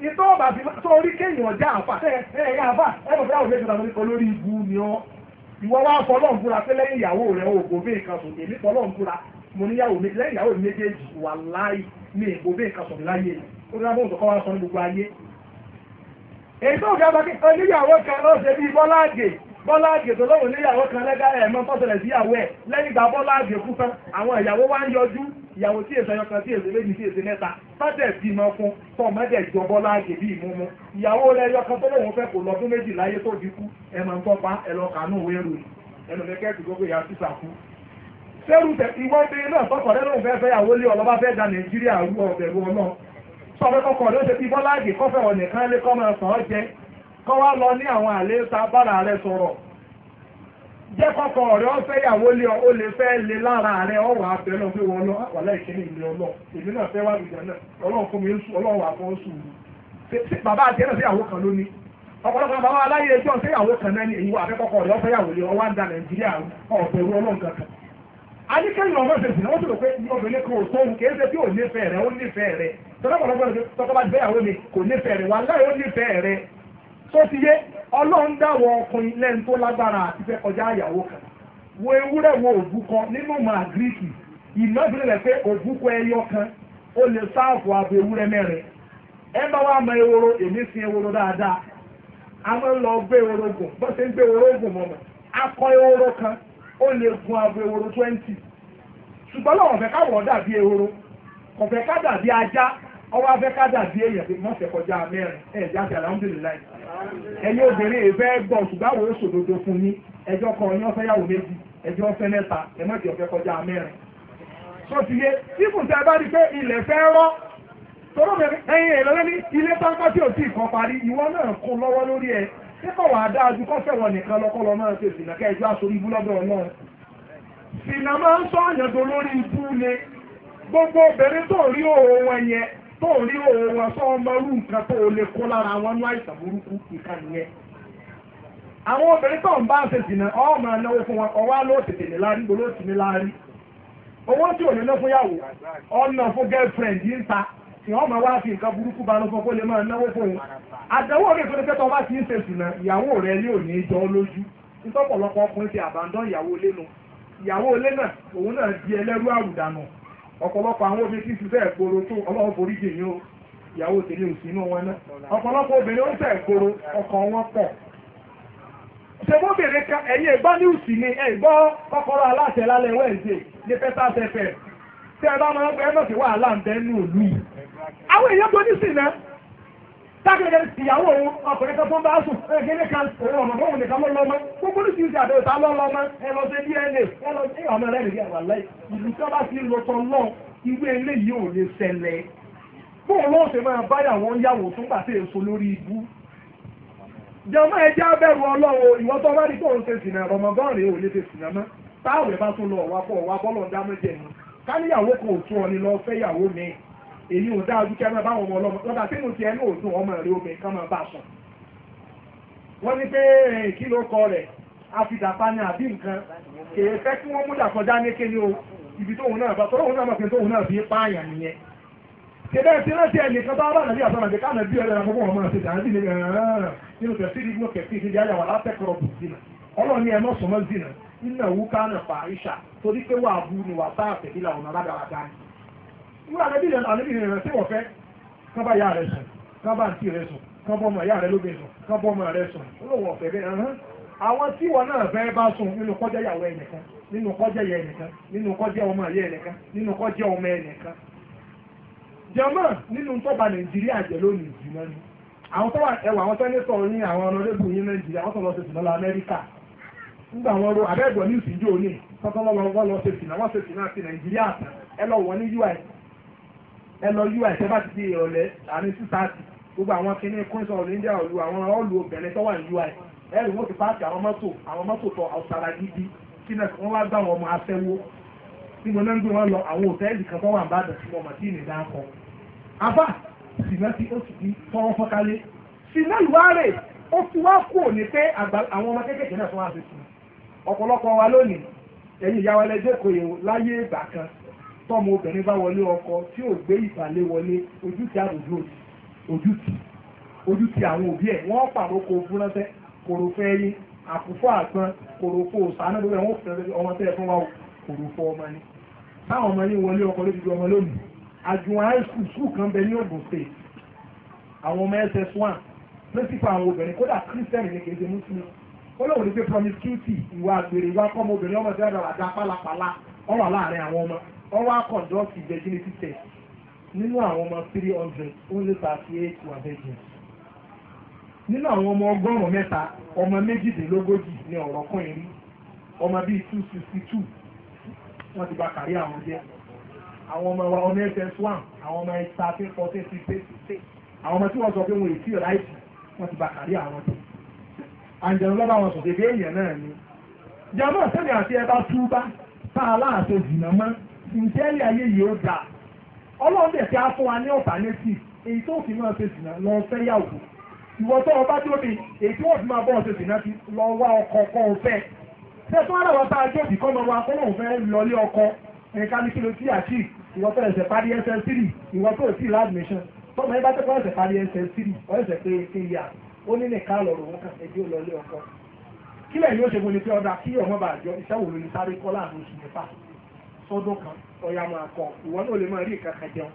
ìtọ́ ọ̀bà fi tó orí kéèyàn já àfà ẹ̀yà àfà ẹ̀mọ̀ fẹ́ àwọn ìgbésọ̀dà lórí olórí ibu ni ọ́ ìwọ wá fọlọ́n fúra pé lẹ́yìn ìyàwó rẹ̀ ò gòbé nǹkan sùn èmi fọlọ́n fúra mo níyàwó mi lẹ́yìn ìyàwó mi méjèèjì wà láì mi gòbé nǹkan sùn láyé ó dáná bóun tó kọ́ wá sọ ní gbogbo ayé. èyí tó ga bàkí oníyàwó kan ló ṣe bíi bọ́láàgè bọ́láàgè tó lóun níyàwó kan lẹ́gà ẹ̀mọ́ tọ́sẹ̀lẹ̀ síyàwó ẹ̀ lẹ́yìn ìgbà bọ́láàgè kú tán àwọn ìyàwó wá ń yọjú ìyàwó tí èso ẹyọkan tí èso méjì tí èso mẹ́ta bàtẹ̀ bí mọ fún tọmọ ẹ̀dẹ̀ jọbọ láàyè bí ìmúmú ìyàwó rẹ ẹyọkan tó lóun fẹ́ kó lọ́dún méjì láyé tó dínkù ẹ máa ń tọ́pa ẹ lọ kàánú òwe rò ẹnu kẹ́kẹ́ ti gbogbo ìyá sísà kú. sẹ́rù tẹ ìwọ bí náà tọkọ rẹ lóun fẹ́ fẹ́ yàwó lé ọlọ́ba fẹ́ da Nàìjíríà rú ọ̀bẹ̀rù ọlọ́run sọfẹ́ kọkọ rẹ ó ṣe bí bọ́lá àgbẹ̀ kọfẹ́ wọn nìkan lé kọ́ máa sàn ọ́ jẹ kọ́ wá lọ ní àwọn àlè ta bára rẹ sọ̀rọ̀ jẹ́ kọ́kọ́ rẹ̀ ọ́ fẹ́yàwó lé ọ ó lè fẹ́ lé lára rẹ̀ ọ wà á fẹ́ lọ pé wọ́n lọ àwàlá ah, ìkíní ìlú ọlọ́ èmi náà fẹ́ wá ìjà náà ọlọ́run fún mi ń sùn ọlọ́run wà fún sùn mi bàbá àti ẹ̀rọ fẹ́yàwó kan ló ní ọ̀pọ̀lọpọ̀ bàbá aláyé ẹjọ́ fẹ́yàwó kan náà ní èyí wà akẹ́kọ̀ọ́ rẹ̀ ọ fẹ́yàwó lé ọwá da nàìjíríà ọ̀bẹ̀rù ọlọ́run kankan anikẹ́yìn ọmọ ìfẹ̀sì náà wọ́n ti rò pé obìnrin kan ò tóun kì í ṣe tí ò nífẹ̀ẹ́ rẹ̀ ó nífẹ̀ẹ́ rẹ̀ tọ́lọ́pọ̀lọpọ̀ tọ́kọ́ bá gbéyàwó mi kò nífẹ̀ẹ́ rẹ̀ wà láì ó nífẹ̀ẹ́ rẹ̀ tó ti yé ọlọ́run dáwọ̀ ọkùnrin lẹ́nu tó lágbára àti fẹ́ kọjá àyàwó kan wo ewúrẹ́ wo n'ime nínú màá gíríkì ìmọ̀ ìbílẹ̀ rẹ̀ pé ẹyọ kan ó lè sáàfù ààbò ewúrẹ́ mẹ́rin ẹ bá wá mọ ehoro èmi sin dáadáa a máa ń lọ gbé gùn bó ṣe ń akọ ewuru kan ó lè gun twenty ṣùgbọ́n lọ́wọ́ fẹ́ ká dàbí ká dàbí ajá ọwọ́ afẹ́ ká dàbí èèyàn bí mẹ́rin ẹ̀yin obìnrin ìfẹ́ gbọ́ ṣùgbọ́n àwọn oṣòdodo fún yín ẹjọ́ kan ọyàn fẹ́yàwó méjì ẹjọ́ fẹ́ mẹ́ta ẹ má jẹ́ ọ̀fẹ́ kọjá mẹ́rin. tó ti yé ibùn tẹ bá rí pé ilẹ̀ fẹ́ rọ́ toró mẹ́rin ẹ̀yin lẹ́ni ilé pápá tí parí ìwọ náà lọ́wọ́ lórí ẹ wà á kọ́fẹ́ wọn nìkan kẹjọ́ aṣọ ibú lọ́dọ̀ tó rí òun wọn sọ ọmọ irú nǹkan tó lè kó lára wọn ní àìsàn burúkú nǹkan nìyẹn àwọn obìnrin tó ń bá ṣe jìnnà ọmọ ẹnáwó fún wọn ọwọ́ ló tètè ní lárí gbogbo ló ní nọ owó tí ò ní ná fún yàwó ọ̀nà fún girlfriend yìí ń ta tí wọ́n máa wá fi nǹkan burúkú bá lọ́fọ́ kó lè máa náwó fún un àdánwò rẹ̀ fún ẹgbẹ́tọ̀ bá ti ń ṣe ìyàwó ọ̀pọ̀lọpọ̀ àwọn obìnrin tí ń ṣiṣẹ́ ìgboro tó ọlọ́run forí jì ní o ìyàwó tèmi ò sí inú wọn náà ọ̀pọ̀lọpọ̀ obìnrin ó ń ṣe ìgboro ọkọ̀ wọn pọ̀ ṣebóbìnrin kan ẹ̀yìn ẹ̀gbọ́n ní ùsì ni ẹ̀gbọ́ kọ́kọ́rọ́ aláṣẹ lálẹ́ wẹ́ẹ̀dẹ̀ ní pẹ́sà fẹ́fẹ́ tẹ́ ẹ bá máa ń gbẹ́ mọ̀ sí wàhálà ń bẹ́ẹ̀ ní òlú yìí àwọn èèyàn tó ní sí náà tákìlẹ̀ ìyàwó òun ọkùnrin kan tó ń bá sùn ẹgbẹ́ kan òun ọmọ fóun nìkan mọ́ lọ́mọ gbogbo ní ṣíṣe àbẹ̀wò ta lọ́ lọ́mọ ẹ lọ sí DNA ẹ lọ sí ọmọ rẹ nìyẹn wà láì ìlú tí wọ́n bá ti lọ tán lọ ìwé eléyìí ò lè ṣẹlẹ̀ bóun lọ́wọ́ ṣe máa bá yàwó yàwó tó ń gbà sí èso lórí ibú jọmọ ẹ jẹ́ abẹ̀rù Ọlọ́run ìwọ tó bá rí tóun ṣe sìnà rọmọgán rèé ò lè ṣe sìnà mọ́ táwọn ẹ bá tún lọ ọwà pọ ọwà bọlọ dámẹjẹ ni káníyàwó kò tún ọ ni lọ fẹ́ yàwó mi èyí ò dáa ojú kí a ọmọ bá àwọn ọmọ ọlọ́mọ lọ́dà sínú tiẹ̀ ní òdùn ọmọ rẹ obìnrin kan máa bá sùn. wọ́n ní pé kí ló kọ rẹ̀ afidàpá ni àbí nǹkan kèé fẹ́ kí wọ́n mú dàkọjá ní kéde o ibi tóun náà bá náà máa fi náà fi pààyàn nìyẹn ẹnì kan bá wà káàmì bí ọ̀rẹ́ ṣe wúrà lẹ́bí ìrẹ̀nà àlébí ìrẹ̀nà tí wọ́n fẹ́ kán bá yá rẹ̀ sùn kán bá ntí rẹ̀ sùn kán ọmọ ìyá rẹ̀ lóbi sùn kán ọmọ rẹ̀ sùn olówó ọ̀fẹ́ bẹ́ẹ̀ hàn àwọn tí wọn náà fẹ́ bá sùn nínú ìyàwó nínú nínú ọmọ nínú ọmọ nínú nàìjíríà jẹ ni ro ní ìsìnjú òní tọ́tọ́ ẹ lọ ui tẹ bá ti di ìrọ̀lẹ́ àní two thirty gbogbo àwọn kinní queens of india ọ̀lù àwọn ọ̀lù obìnrin tó wà ní ui ẹ rí wọ́n ti páàkì àwọn mọ́tò àwọn mọ́tò tó àwùsàrà gidi kí náà wọ́n wá gbà wọn ọmọ afẹ́wó tí mo náà ń gbé wọn lọ àwọn òtẹ́ẹ̀lì kan tó wà ń bàdàn sí ọmọ tí ì àbá sìnà tí ó sì di tọrọ fọkalé sìnà ìwárè ó fi wá kú òní pé àwọn ọmọ kéékèèké náà fún wa fi sùn ọ̀pọ̀lọpọ̀ wa lónìí ẹ̀yin ìyá wa lẹ́jọ́ kò yẹ̀wò láyé ìgbà kan tọ́mọ obìnrin bá wọlé ọkọ tí ò gbé ìbàlẹ̀ wọlé ojútì àdúgbò ojútì ojútì àwọn òbí ẹ̀ wọ́n pàrókò fúnránṣẹ́ kòròfẹ́ yín àkùfọ́ àgbọn kòròfò sànú gbogbo ẹ̀wọ̀n fún ọmọ tẹ́ ẹ fún wa kòròfò ọmọ ni táwọn ọmọ yín wọlé ọkọ lójú ọmọ lónìí àjùwọ̀n high school school kan bẹ ní Ògùn state àwọn ọmọ ss1 principal àwọn obìnrin kódà christian ní kèéjẹ muslim olóòwò ní pé promiscuity ìwà àgbèrè ìwà kọ́mọ obìnrin ọmọ tí wọ́n dàgbà dá pálapàla wọ́n wá conduct virginity test nínú àwọn ọmọ three hundred only thirty eight were virgins nínú àwọn ọmọ ọgọ́rùn-ún mẹ́ta ọmọ méjìdínlógójì ni ọ̀rọ̀ kan yìí rí ọmọ bíi two sixty two wọ́n ti gba kárí àwọn jẹ́ àwọn ọmọ wa ọmọ ss one àwọn ọmọ thirteen fourteen fifteen àwọn ọmọ tí wọ́n sọ pé wọn èsì ráìtì wọ́n ti gba kárí àwọn jẹ́ àǹjẹ̀nu lọ́ba wọn sọ̀tẹ̀ bí èèyàn náà ni jẹ́mọ́ sẹ́ni àti ẹ bá túbá tá a láàṣẹ jìnnà mọ́ ǹjẹ́ ayé yìí ó dáa ọlọ́run dẹ̀ fi á fún wa ní alternative èyí tó fi máa ṣe sìnà lọ fẹ́ yàwó ìwọ tó ọba tó mi èyí tí wọ́n fi máa bọ́ ọ ṣe sìnà ti lọ wá ọkọ ọkọ ọ̀fẹ́ ṣé tó ara wa bá a jóòdì kọ́ lọ́wọ́ akọ́lọ́hún fẹ́ lọlé ọkọ ẹ̀ka ní kíló tí àṣì ìwọ tó ẹsẹ̀ parí ẹsẹ̀ sírì ìwọ tó sì láàdìmíṣàn tọ́mọ ẹ bá tẹ́kọ̀ ẹsẹ̀ parí ẹsẹ̀ sírì ọ̀ẹ́sẹ̀ pé ké ya ó ní nìka lọ̀rọ̀ wọn kà ẹjọ́ lọlé ọkọ kílẹ̀ yóò ṣe mo ní pé ọ̀dà kí ọmọ bàjọ́ ìṣẹ́wò lórí sáré kọ́ láàrin oṣù mẹ́fà sọ́dún kan ọ̀yà máa kọ ìwọ náà lè máa rí ìkàkà jẹun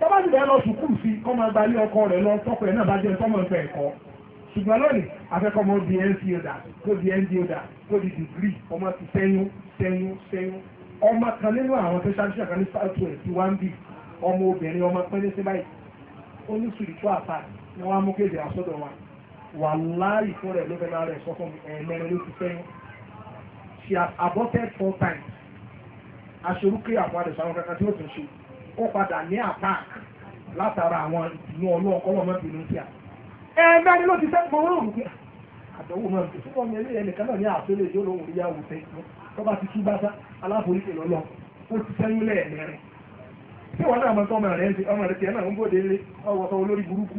tọ́ba ti bẹ́ẹ̀ lọ sùkúù sí kọ́ máa gbalé ọkọ rẹ̀ lọ tọ́kọ náà bá jẹun tọ́mọ̀ nǹkan ẹ̀kọ́ ṣùgbọ́n lónìí afẹ́kọ́ ọmọ di nc oda di nd oda di dìgírì ọmọ ti sẹ́yún sẹ́yún sẹ́yún ọmọ kan nínú àwọn tó ṣáájú àkàn ní south west one b ọmọ obìnrin ọmọ pẹ́lẹ́ sí báyìí ó ní she has aborted four times aṣerúkẹ́ àwọn àdìsàwọn kankan tí ó tún ṣe ó padà ní àpáàk látara àwọn ìdùnnú ọlọ́ọ̀kọ́ lọ́mọ ìbínú sí à ẹ̀ẹ́mẹ́rin ló ti sẹ́ mo rò wípé àdánwò máa ń bẹ̀ fún ọmọ ilé ẹnìkan náà ní àtúnlẹ̀ yóò lóun rí yàwó tẹ́ tó bá ti tú bá sá aláforíṣẹ́ lọ́lọ́ ó ti sẹ́yìn lẹ́ẹ̀mẹ́rin tí wọ́n náà mọ tọ́ ọmọ rẹ̀ ń ṣe ọmọ rẹ̀ tiẹ̀ náà ń bòde lé ọwọ́ sọ olórí burúkú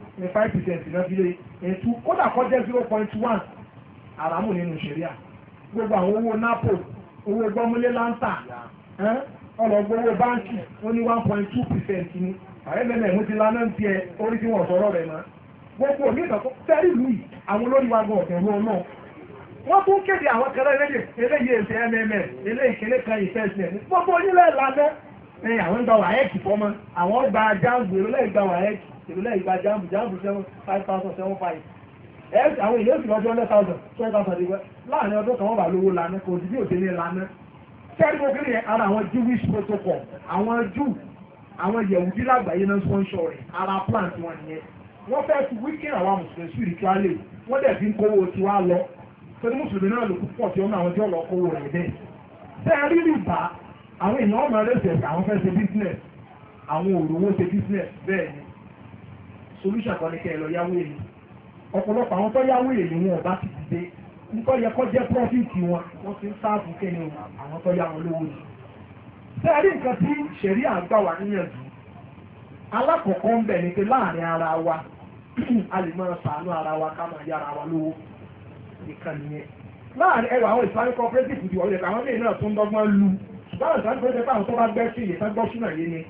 ní five percent náà fi lé ètú kódà kọ́ jẹ́ zero point one àràmù nínú ṣẹ̀ríà gbogbo àwọn owó napo owó gbọ́múlé láńtà ọlọ́gbọ́ owó báńkì ó ní one point two percent ni àrẹ́bẹ̀lẹ̀ mú ti lánà ń tiẹ̀ orí tí wọ́n sọ̀rọ̀ rẹ̀ mọ́ gbogbo òní ìtọ́kọ́ fẹ́rí ìlú yìí àwọn olórí wa gan ọ̀tẹ̀ wọn náà wọ́n tún kéde àwọn kẹrẹ́ lẹ́yìn eléyìí èsì mmm eléyìí kẹlẹ́ kan ìfẹ́sẹ̀ gbogbo onílẹ̀ lánà ẹ̀yìn àwọn gba wàhẹ́ẹ̀kì fọ́mọ àwọn gba jáàgbé lẹ́yìn gba wàhẹ́ẹ̀kì èlò lẹ́yìn gba jáàmù jáàmù seven five thousand seven five ẹ àwọn èlé òsì lọ́jọ́ hundred thousand twenty thousand ìwẹ́ láàrin ọdún kan wọ́n bá lówó lana kò sí bí òde ní lana sẹ́ẹ̀dì gbogbo yẹn ara àwọn Jewish protocol àwọn Jew àwọn yẹ̀wùdí lágbàáyé náà sponsor rẹ̀ ara plan tiwọn nìyẹn wọ́n fẹ́ fi wíkìn àwọn mùsùlùmí spiritually wọ́n dẹ̀ fi ń kówó tiwa lọ torí mùsùlùmí náà ló púpọ̀ tí ọmọ àwọn tí ọlọ́ kówó rẹ̀ dẹ̀ bẹ́ẹ̀ rí rìbá àwọn èèyàn ọmọ rẹ̀ sẹ̀ àwọn fẹ́ ṣe business àwọn òrówó ṣe business bẹ́ẹ̀ ni solution kan ní kẹ́ ẹ lọ yáwó èlé ọ̀pọ̀lọpọ̀ àwọn tó yáwó èlé wọn ọba ti dìde nítorí ẹ̀kọ́ jẹ́ profit wọn wọ́n ti ń sáàbù kẹ́ni àwọn tó yá wọn lówó yìí. sẹ́ẹ̀rí nǹkan tí ṣẹ̀rí àgbà wà níyànjú alákọ̀ọ́kọ́ ń bẹ̀ ni pé láàrin ara wa a lè máa sàánú ara wa ká máa yára wa lówó nìkan nìyẹn láàrin ẹwà àwọn islamic cooperative ti wọlé àwọn míì náà tó ń dọ́gbọ́n lu ṣùgbọ́n àti àwọn tó ń bá gbẹ́ sí ìyẹn tó gbọ́ sínú àyè ni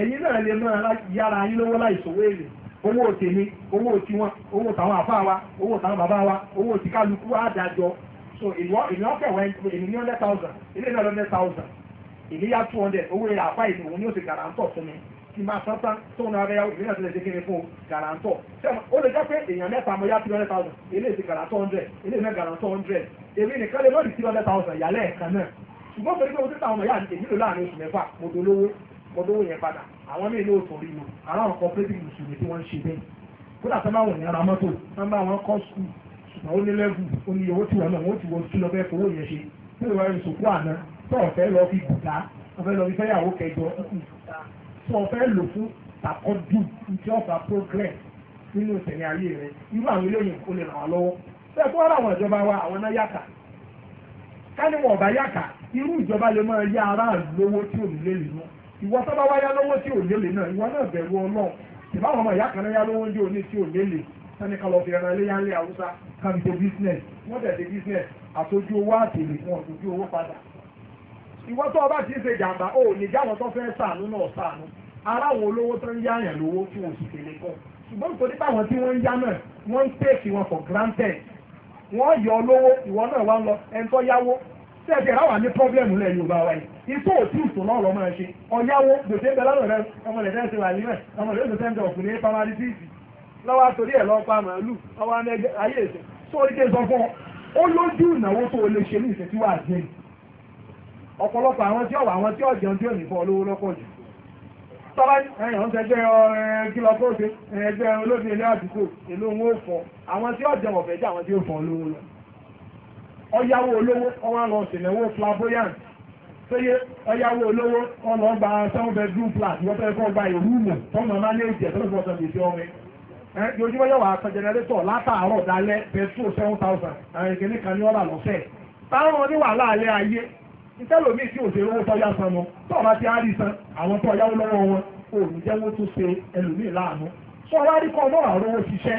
ẹ̀yin náà lè máa yára yín lówó láìsòwò èrè owó òtè mi owó òtí wọn owó tàwọn àfáà wa owó tàwọn bàbá wa owó òtí kálukú àdájọ so ènìyàn kẹwàá èmi ní hundred thousand ilé náà hundred thousand èmi yá two hundred owó ìyá àfáà ìlú òun ni ó ti gàràǹtọ̀ fún mi ti máa san san tóun náà rẹ ìlú náà ti lè ṣe kíni fún gàràǹtọ̀ sẹ́wọ̀n ó lè jẹ́ pé èèyàn mẹ́ta mo yá three hundred thousand ilé ti gàràǹtọ̀ hundred ilé náà gàràǹtọ̀ hundred èmi nìkan lè lọ́ọ̀dì thousand ìyálẹ̀ ẹ̀kan náà ṣùgbọ́n pẹ̀lú pé mo ti ta àwọn ọmọ mo lówó yẹn padà àwọn míì yóò tún rí lò àwọn cooperative mùsùlùmí tí wọ́n ń ṣe bẹ́ẹ̀ kódà tó bá wọn yẹn ra mọ́tò tó bá wọn kọ́ skul ṣùgbọ́n ó ní lẹ́vù ó ní owó tí wọn náà wọ́n ti wọ kí lọ bẹ́ẹ̀ fowó yẹn ṣe tí ìwà ìsòkú àná tó ọ̀fẹ́ lọ fi bùdá ọ̀fẹ́ lọ fi fẹ́yàwó kẹjọ tó ọ̀fẹ́ lò fún tàkọ́dù tí ọ̀fà progress nínú ìtẹ̀lé ayé rẹ̀ irú àwọn eléyìí kò lè ràn án lọ́wọ́ bẹ́ẹ̀ tó wá láwọn ìjọba wa àwọn náà yàtà ká ní wọn ọ̀bá yàtà irú ìjọba lè máa yá aráàlú lówó tí òmìnir ìwọ sábà wá yá lọ́wọ́ tí ò lélẹ̀ náà ìwọ náà bẹ̀rù ọlọ́run ìbáwọn ọmọ ìyá kan náà yá lọ́wọ́ ní òní tí ò lélẹ̀ sani kalọ̀ fi ẹran iléyà ńlẹ̀ haúsá kan ṣe business wọ́n tẹ̀ ṣe business àtọ́jú owó àtẹ̀lé fún ọ̀tọ́jú owó padà. ìwọ tó ọba ti ń ṣe jàǹbá ó ní jáwọn tó fẹ́ ṣàánú náà ṣàánú ara àwọn olówó tó ń yáyàn lówó tí wọn sì tẹ̀lé kọ́ ṣùgbọ́n nítorí báwọn tí wọ́n ń yá náà wọ́n ń tèkì wọn for granted wọ́n yọ olówó ìwọ náà wá ń lọ ẹni tó yáwó tẹ́ẹ̀tẹ̀ ráwà ní pọ́blẹ́mù lẹ̀ yorùbá wa yìí ìtò òtí ìtò náà lọ́ máa ṣe ọ̀yáwó gbèsè bẹ lọ́rọ̀ rẹ ọmọ rẹ̀ tẹ́sí wà nílẹ̀ ọmọ rẹ̀ tẹ́sí tẹ́sí ọkùnrin pamari tíìsì lọ́wọ́ torí ẹ̀ lọ́ọ́ pa màálù ọwọ́ ayé ẹ̀sẹ̀ sọ ike sọ fún ọ ó lójú ìnáwó tó o lè ṣe ní ìṣẹ́tí wà jẹ́ ọ̀pọ̀lọpọ̀ àwọn tí ọ̀wọ̀ àwọn tí ọ̀jẹ̀ tí ò ní fọ́ olówó lọ́pọ̀ jù tọ́lá ẹ̀yàn ń tẹ́jẹ́ kílọ̀ kóòtù ẹgbẹ́ olóbi ilé àdúgbò èlò owó fọ́ àwọn tí ọ̀jẹ̀ wọ̀fẹ́ jẹ́ àwọn tí ó fọ́ olówó lọ́pọ̀ ọyáwó olówó ọwọ́ lọ ṣèlẹ̀wó flamboyant péye ọyáwó olówó ọlọ́ gba seven bedroom flat wọ́n fẹ́ kọ́ gba ìrúùmù tọ́mọ máa ní èjì ẹ̀tọ́ fọ́ sọ̀rọ̀ èsì ọmọ ẹ̀ yojúmọ́ yóò wà sọ jẹnẹrétọ̀ látàárọ̀ dalẹ́ petrol seven thousand àwọn ìkíní kan ní ọ̀là lọ́sẹ̀ táwọn oníwàhálà alẹ́ ayé ìtẹ́lómi tí ò ṣe owó tọ́já san mu tọ́ ọba ti á rí san àwọn tó ọyáwó lọ́wọ́ wọn òòrùn jẹ́wọ́ tó ṣe ẹlòmíì láàánú sọ wá rí kọ́ ọmọ àrówó ṣiṣẹ́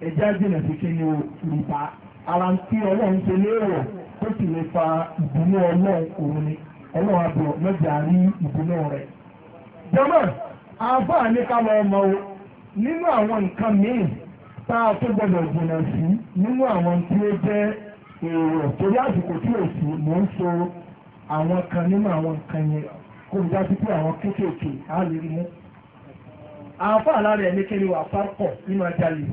ẹja jìnà sí kí ni rìbá ara ń tí ọlọ́run ṣe léèrò tó sì lè fa ìbínú ọlọ́run òun ni ọlọ́run àbọ̀ lọ́jà rí ìbínú rẹ̀. jọmọ àáfàá ní ká lọ ọmọ o nínú àwọn nǹkan míì tá a tó gbọdọ̀ jìnà sí nínú àwọn tí ó jẹ́ èrò torí àsìkò tí ò sí mò ń so àwọn kan nínú àwọn nǹkan yẹn kó o dájú pé àwọn kéékèèké á lè mú. àáfàá lára ẹ̀ ní kí ni wàá fárúkọ̀ nínú ajalè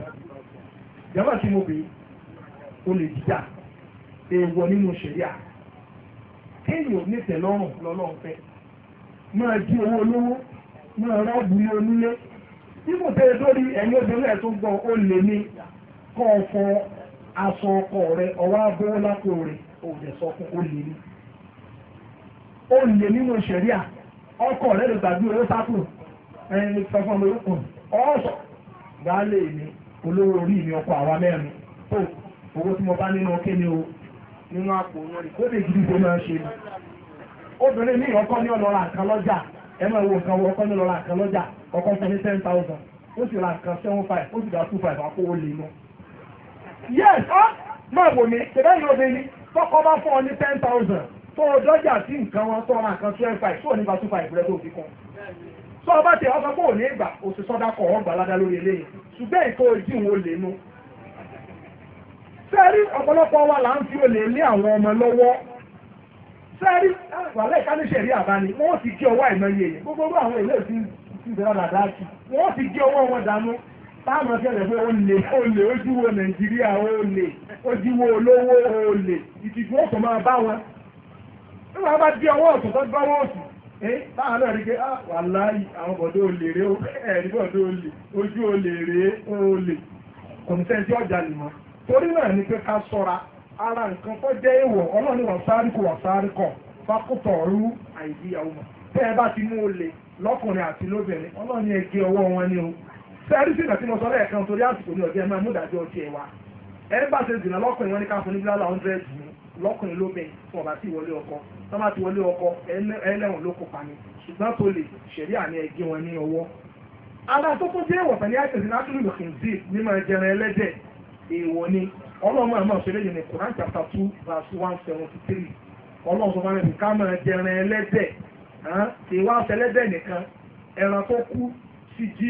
jàmbá tí mo bè o lè jíjà èèwọ̀ nínú ṣẹ̀ríà kéèyàn nítẹ̀ lọ́rùn lọ́lọ́run fẹ́ máa jí owó olówó máa rọ́ọ̀bù ní onílé ibò tẹ́lẹ̀ lórí ẹ̀yìn obìnrin ẹ̀ tó gbọ́ ó lè ní kọ́ ọ fọ aṣọ ọkọ rẹ ọwọ́ abọ́wọ́ lápò rẹ òjò sọ fún ó lè ní ó lè nínú ṣẹ̀ríà ọkọ rẹ lè gbàgbé owó sápò ẹni sọ fún ọmọ yòókù mi olówó orí mi ọkọ̀ àwa mẹ́rin tó owó tí mo bá nínú kéde o nínú àpò wọn ni kó lè gidi tó máa ṣe obìnrin ní ọkọ ní ọlọ́ra nǹkan lọ́jà ẹ máa wo nǹkan ọkọ ní ọlọ́ra nǹkan lọ́jà ọkọ sọ ten thousand ó sì ra nǹkan seven five ó sì dá two five àpò olè mọ́. yes ọ́ ah, máa wò mí ṣẹ̀dá yìí obìnrin tọkọ bá fún ọ ní ten thousand tó o dọ́jà sí nǹkan wọn tó ra nǹkan twelve five tó o ní five sọ ọba tẹ ọsọ pé òní ìgbà òsì sọdá kọ ọ gbà ládá lórí eléyìí ṣùgbọ́n ètò ojú wo lè nu. sẹ́ẹ̀rí ọ̀pọ̀lọpọ̀ wa là ń fi olè lé àwọn ọmọ lọ́wọ́ sẹ́ẹ̀rí wàhálà ìkáníṣẹ́ rí àbáni wọ́n ti gé ọwọ́ àìmọye yẹn gbogbo àwọn èlé òsì ìbẹ̀rẹ̀ dàda kì wọ́n ti gé ọwọ́ wọn dànù táwọn akẹ́lẹ̀ fún olè olè ojúwo nàìjíríà olè ojúwo olówó olè ìtìjú ọ̀sán máa bá wọn. nígbà wọn bá dé ọwọ́ ọ̀sán tó gbọ́ wọn òsì táwọn náà rí pé ah, wà láàyè àwọn bọ̀dọ̀ olè rẹ ẹ̀rí bọ̀dọ̀ olè ojú olè rẹ olè kò ọjà lè torí náà ni pé ká sọ́ra ara nǹkan tó jẹ́ èèwọ̀ ọlọ́run ni wà sáré kò wà sáré kọ̀ fákòtò ọ̀rú àìdíyàwó mọ̀ tẹ́ ẹ bá ti mú olè lọ́kùnrin àti lóbìnrin ọlọ́run ni ẹgbẹ́ ọwọ́ wọn o sí ìdàtí mo sọ lẹ́ẹ̀kan torí àsìkò ní ọ̀dẹ́ ẹ máa mú ìdájọ́ wá ẹ bá lọ́kùnrin lóbẹ̀ tí wọ́n bá ti wọlé ọkọ tí wọ́n bá ti wọlé ọkọ ẹlẹ́wọ̀n ló kópa ni ṣùgbọ́n tó lè ṣẹ̀rí àní ẹgbẹ́ wọn ní ọwọ́. ara tó kún jẹ́ ìwọ̀sán ní àìsàn ìsìn látúrú ìlú kìnzí ní máa jẹran ẹlẹ́dẹ̀ èèwọ̀ ni ọlọ́run àmọ́ ṣe léyìn ní Quran chapter two verse one seventy three ọlọ́run sọ fún mi ká máa jẹran ẹlẹ́dẹ̀ ìwà ọ̀sẹ̀lẹ́dẹ̀ nìkan ẹran tó kú sí jí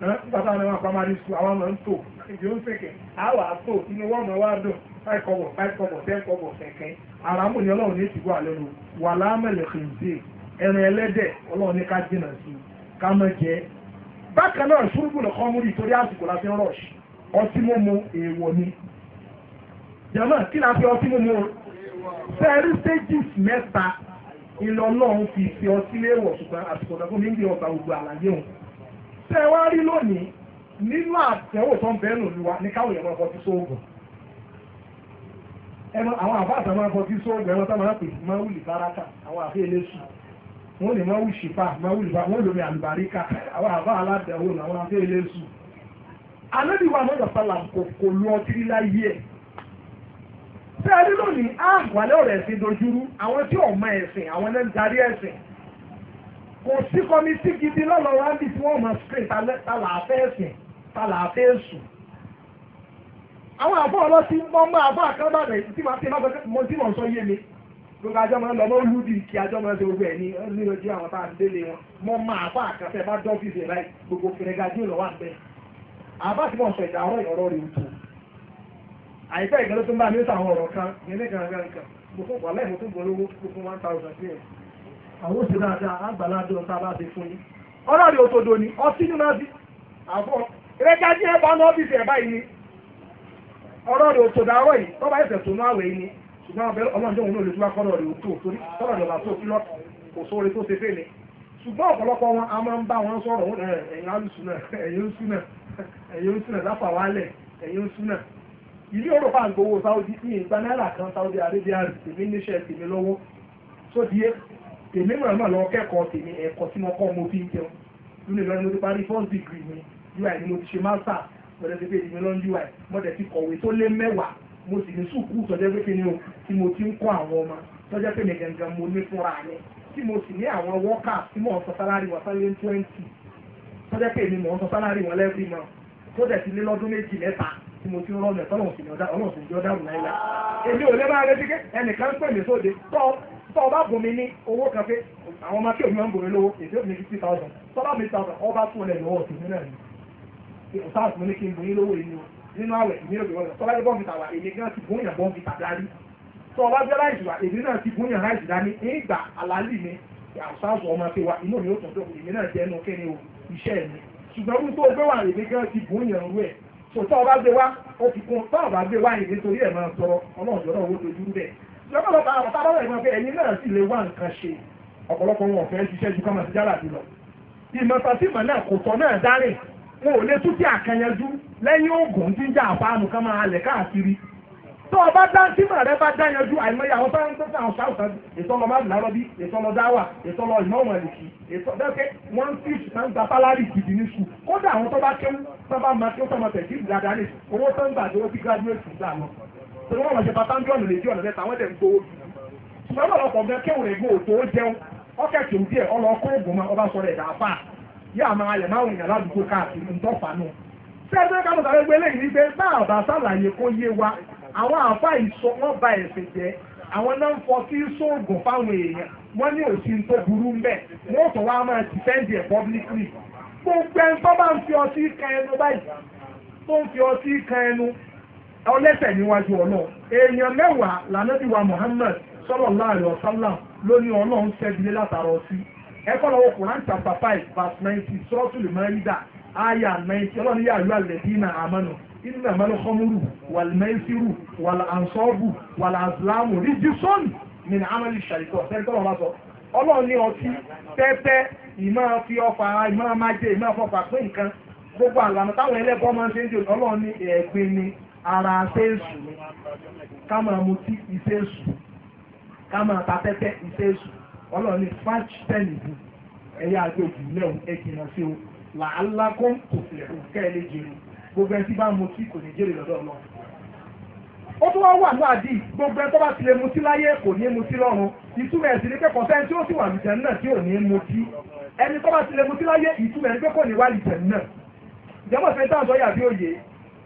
bàbá mi wà primary school àwọn ọmọ ń tò ìdí ó ń sèké àwà àtò inú wọn mọ wá dùn five kọ́bọ̀ five kọ́bọ̀ ten kọ́bọ̀ kẹ̀kẹ́ àràmù ni ọlọ́run ní ìtìgbọ́ àlẹ́ nu wà láàmẹ̀lẹ̀ kìrìsì ẹran ẹlẹ́dẹ̀ ọlọ́run ní ká jìnà sí i ká mọ̀ jẹ́ bákan náà ṣùgbọ́n ní kọ́múrì torí àsìkò láti ń rọ̀ṣì ọtí mímu èèwọ̀ ni jẹ́mọ̀ kí la fi ọtí mímu fẹ́ẹ́rí stages mẹ́ta ìlọ́lọ́run fi fi ọtí léèwọ̀ ṣùgbọ́n àsìkò tẹ́ ẹ wá rí lónìí nínú àtẹ̀wò tó ń bẹ́ẹ̀ nù lùwà ní káwọn èèyàn máa fọtí sóògùn ẹnu àwọn àbá àtàwọn máa fọtí sóògùn ẹnu tó máa pè máa wùlì báràkà àwọn àfi eléṣù wọn lè máa wù ṣìpá máa wùlì bá wọn lòmì àlùbáríkà àwọn àbá aládẹ̀wò làwọn àfi eléṣù alẹ́bí wa náà dọ̀sálà kò lu ọtí láyé ẹ̀ tẹ́ ẹ rí lónìí á ah, wàlẹ́ ọ̀rẹ́ ẹ̀sìn dojúrú àwọn tí ò kò sí kọmitì gidi lọ́lọ́ rábì tí wọ́n máa screen tala àfẹ́ẹ̀sìn tala àfẹ́ẹ̀sùn. àwọn àbọ̀ ọlọ́sí ń bọ́ mọ́ àbọ̀ àkàbàdàn tí màá ti lọ́gbẹ́ mo tí mò ń sọ yé mi gbogbo àjọ máa ń lọ mọ́ lúdì kí àjọ máa ń ṣe gbogbo ẹ̀ ní ní ojú àwọn tá à ń délé wọn mọ́ máa àbọ̀ àkàfẹ́ bá dọ́fíìsì rẹ̀ báyìí gbogbo fìrẹ́gàjì lọ́wọ́ àgbẹ̀ àbá tí mò ń sọ ìdá ọ̀rọ̀ ìrọ̀rọ̀ rẹ̀ òtò àìpẹ́ ìgbẹ́lẹ́ tó ń bá mi sàwọn ọ̀rọ̀ kan yẹn ní kan kan kan mo fún àwọn òṣèré dáadáa àgbàládùn ọ̀tá bá ti fún yín ọlọ́ọ̀rẹ́ òtòdó ni ọtí nínú ọtí àbọ̀ ìrẹ́jà jẹ́ ẹ̀bá ní ọ́fíìsì ẹ̀bá yìí ni ọlọ́ọ̀rẹ́ òtòdó àwọ̀ yìí tó bá ẹ̀sẹ̀ tó náà wẹ̀ yìí ni ṣùgbọ́n ọbẹ̀ ọlọ́ọ̀jọ́ òun ló lè túbá kọ́lọ̀ òtò tó ṣùgbọ́n ọ̀pọ̀lọpọ̀ a tèmi màá mà lọ kẹ́kọ̀ọ́ tèmi ẹ̀kọ́ tí mo kọ́ mo fi ń jẹun nínú ìlọrin mo ti parí first degree mi ui ni mo ti ṣe master pẹ̀lú ti pé èmi lọ ui mo dẹ̀ ti kọ̀wé tó lé mẹ́wàá mo sì ní sùkúù tọ́jọ́ pé kíni o tí mo ti ń kọ́ àwọn ọmọ tọ́jọ́ pé mi gangan mo ní fúnra mi tí mo sì ní àwọn workers tí mò ń sọ sálárì wọn sálẹ̀ twenty tọ́jọ́ pé èmi mò ń sọ sálárì wọn every month tó dẹ̀ ti lé lọ́dún méjì mẹ́ta tí mo ti ń rọ́ọ̀lẹ̀ tọ́lọ̀ sì ní ọ̀dà ọlọ́ọ̀sìn ní ọ̀dà èmi ò lè máa retí pé ẹnìkan pè mí sóde tọ́ tọ́ ọba bùn mi ní owó kan pé àwọn ọmọ akéwì máa ń bòrè lówó èdè òbí fifty thousand tọ́ba mi thousand ọba tún ọlẹ̀ lọ́wọ́ tèmi náà ni ọ̀sáàsì mo ní kí n bùn yín lówó yìí nínú àwẹ̀ ìmí òbí wọn tọ́ba dé bọ́ǹfìtà wà èmi gan ti bùn yàn bọ́ǹfìtà darí tọ́ba dé láìsí wà èmi náà ti bùn yàn láìsí dání ìgbà àlálì mi ọ̀sáàsì ọmọ akéwà inú mi ó tún dọ̀kọ̀ èmi náà jẹ́ ẹnu kẹ́ni o iṣẹ́ mi ṣùgbọ́n wípé ó gbé wà èmi gan ti bùn yàn rú ẹ̀ tòótọ́ ọba gbé wá ó fi kún tọ́ ọba gbé wá èmi torí ẹ̀ máa sọ ọlọ́ọ̀dọ́rọ̀ owó dojú bẹ́ẹ̀ lọ́pọ̀lọpọ̀ àwọn tábàlọ̀ ìmọ̀ pé ẹ̀yin náà sì lè wá nǹkan ṣe ọ̀pọ̀lọpọ̀ wọn ọ̀fẹ́ ṣiṣẹ́ ju kọ́mọ̀ sí jálà bí lọ. ìmọ̀ta sí ìmọ̀ náà kò tọ́ náà dárè wọn ò lè túbí àkànyanjú lẹ́yìn oògùn jíjà àfáànù kan máa halẹ̀ káàkiri. tó o bá dá tí màá rẹ bá dá yanjú àìmọye àwọn sáà ń tẹ́tẹ́ àwọn sáà ìtọ́lọ má bìlá rọ́bí ìtọ́lọ dáwà ìtọ́lọ ìmọ̀ọ́mọ̀ ẹ̀lìkì ìtọ́lọ́kẹ́ wọ́n ń tíì máa ń gba sálárì gidi ní sùn kódà àwọn tó bá kéwú tó bá máa kéwú tó máa tẹ̀sí ìgbàdánì owó tó ń gbà tó ó ti gíráduwétì gbà lọ. torí wọ́n wọ́n ṣe bàtà ń dọ́ọ̀nù lèjì ọ̀nà mẹ́ta wọ́n dẹ̀ ń gbowó ṣùgbọ́n ọ̀pọ̀lọpọ̀ kéwòn ègbò òtò ó jẹun ògùn ọba sọ̀rọ̀ ẹ̀dá apá alẹ̀ máa ládùúgbò káàkiri ká gbé pé bá àbá wọn ba jẹ́ àwọn náà ń fọ sóògùn fáwọn èèyàn wọn ní òsì tó burú ń bẹ̀ tó wá máa ẹ̀ gbogbo ọlẹ́sẹ̀ níwájú ọlọ́run èèyàn mẹ́wàá lànàbí wa Muhammad sallallahu alaihi lórí ọlọ́run ṣẹ́bílé látara ọtí ẹ̀kọ́ lọ́wọ́ Quran chapter five verse ninety suratul dà aya ọlọ́run yà yọ alẹ́ dínà àmọ́nà inna mẹ́lẹ́ khamru wal maisiru lọ́wọ́ sọ ọlọ́run ní ọtí ìmọ̀ fi ìmọ̀ ara ṣéèṣù ni ká máa mutí ìṣéèṣù ká máa ta tẹ́tẹ́ ìṣéèṣù ọlọ́run ní fáj tẹ́lifù ẹ̀yà àgbèjì lẹ́hùn ẹ̀jìnà sí o làálàá kó kò fìlẹ̀ kò kẹ́ ẹ lè jèrè gbogbo ẹtí bá mutí kò ní jèrè lọ́dọ̀ lọ. ó tún wá wà ní àdì gbogbo ẹ tó bá tilẹ̀ mutí láyé kò ní mutí lọ́run ìtumọ̀ ẹ̀sìn ni pé kọ̀ọ̀sẹ́ tí ó sì wà lùtẹ̀ náà tí ò ní mutí ẹni tó bá tilẹ̀ mutí láyé ìtumọ̀ ẹni pé kò ní wà lùtẹ̀ náà. ìjọba ìfẹ́ tá à ń sọ yàrá bí òye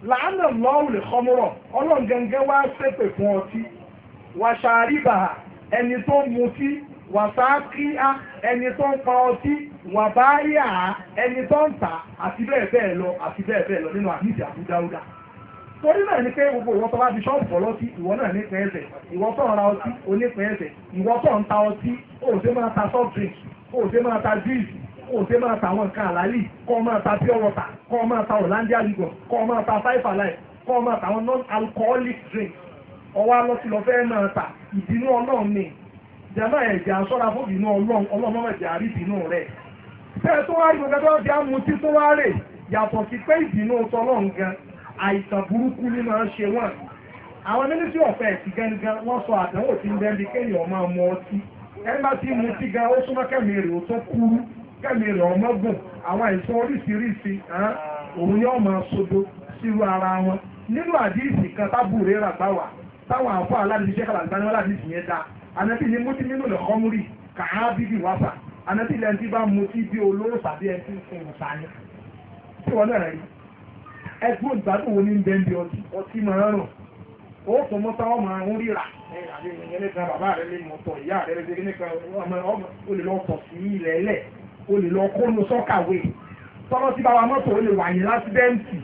làánà lọ́wọ́ lè kọ́múrọ̀ ọlọ́run gẹ́gẹ́ wá ṣépè fún ọtí wàṣàríbà ẹni tó ń mutí wàṣákíá ẹni tó ń pa ọtí wàbáyà ẹni tó ń tà àti bẹ́ẹ̀ bẹ́ẹ̀ lọ àti bẹ́ẹ̀ bẹ́ẹ̀ lọ nínú àdìsí àbúdáúdá torí náà ni pé gbogbo ìwọ tó bá fi ṣọ́ọ̀bù ọlọ́tí ìwọ náà nípa ẹsẹ̀ ìwọ tó ń ra ọtí onípa ẹsẹ̀ ìwọ tó ń ta ọtí òòṣe máa ta soft drink òòṣe máa ta juice òǹtẹ́ máa ta àwọn nǹkan àlálì kọ́ máa ta pure water kọ́ máa ta Hollandia ligon kọ́ máa ta five alive kọ́ máa ta non-alcoholic drink ọwọ́ alọ́sílọ́ fẹ́ máa ta ìdínú ọlọ́run ni jama ẹ̀jẹ̀ asọ́ra fún ìdínú ọlọ́run ọlọ́run máa jẹ́ àrí ìdínú rẹ̀ bẹ́ẹ̀ tó wá gbogbo tó wá rè yàtọ̀ sí pé ìdínú tọ́lọ́run gan àìsàn burúkú ni máa ṣe wọ́n àwọn ọ̀fẹ́ kẹ́mi rẹ̀ ọmọgùn àwọn àìsàn oríṣiríṣi òun yóò máa sojo sírú ara wọn nínú àdíìsì kan tábù rẹ̀ wà táwọn àfọ aládìsíṣẹ́ kàlàgbá ni wọ́n ládìsí yẹn dáa ànábì ní mú ti nínú lọ kọ́múrì kàá bíbí wáfà ànábì lẹ́yìn tí bá bí ẹ ti fún un sáyé tí wọ́n wo ń o lè lọ kónú sọ́kàwé tọ́lọ́ ti bá wa mọ́tò o lè wà yín lásìdẹ́ǹtì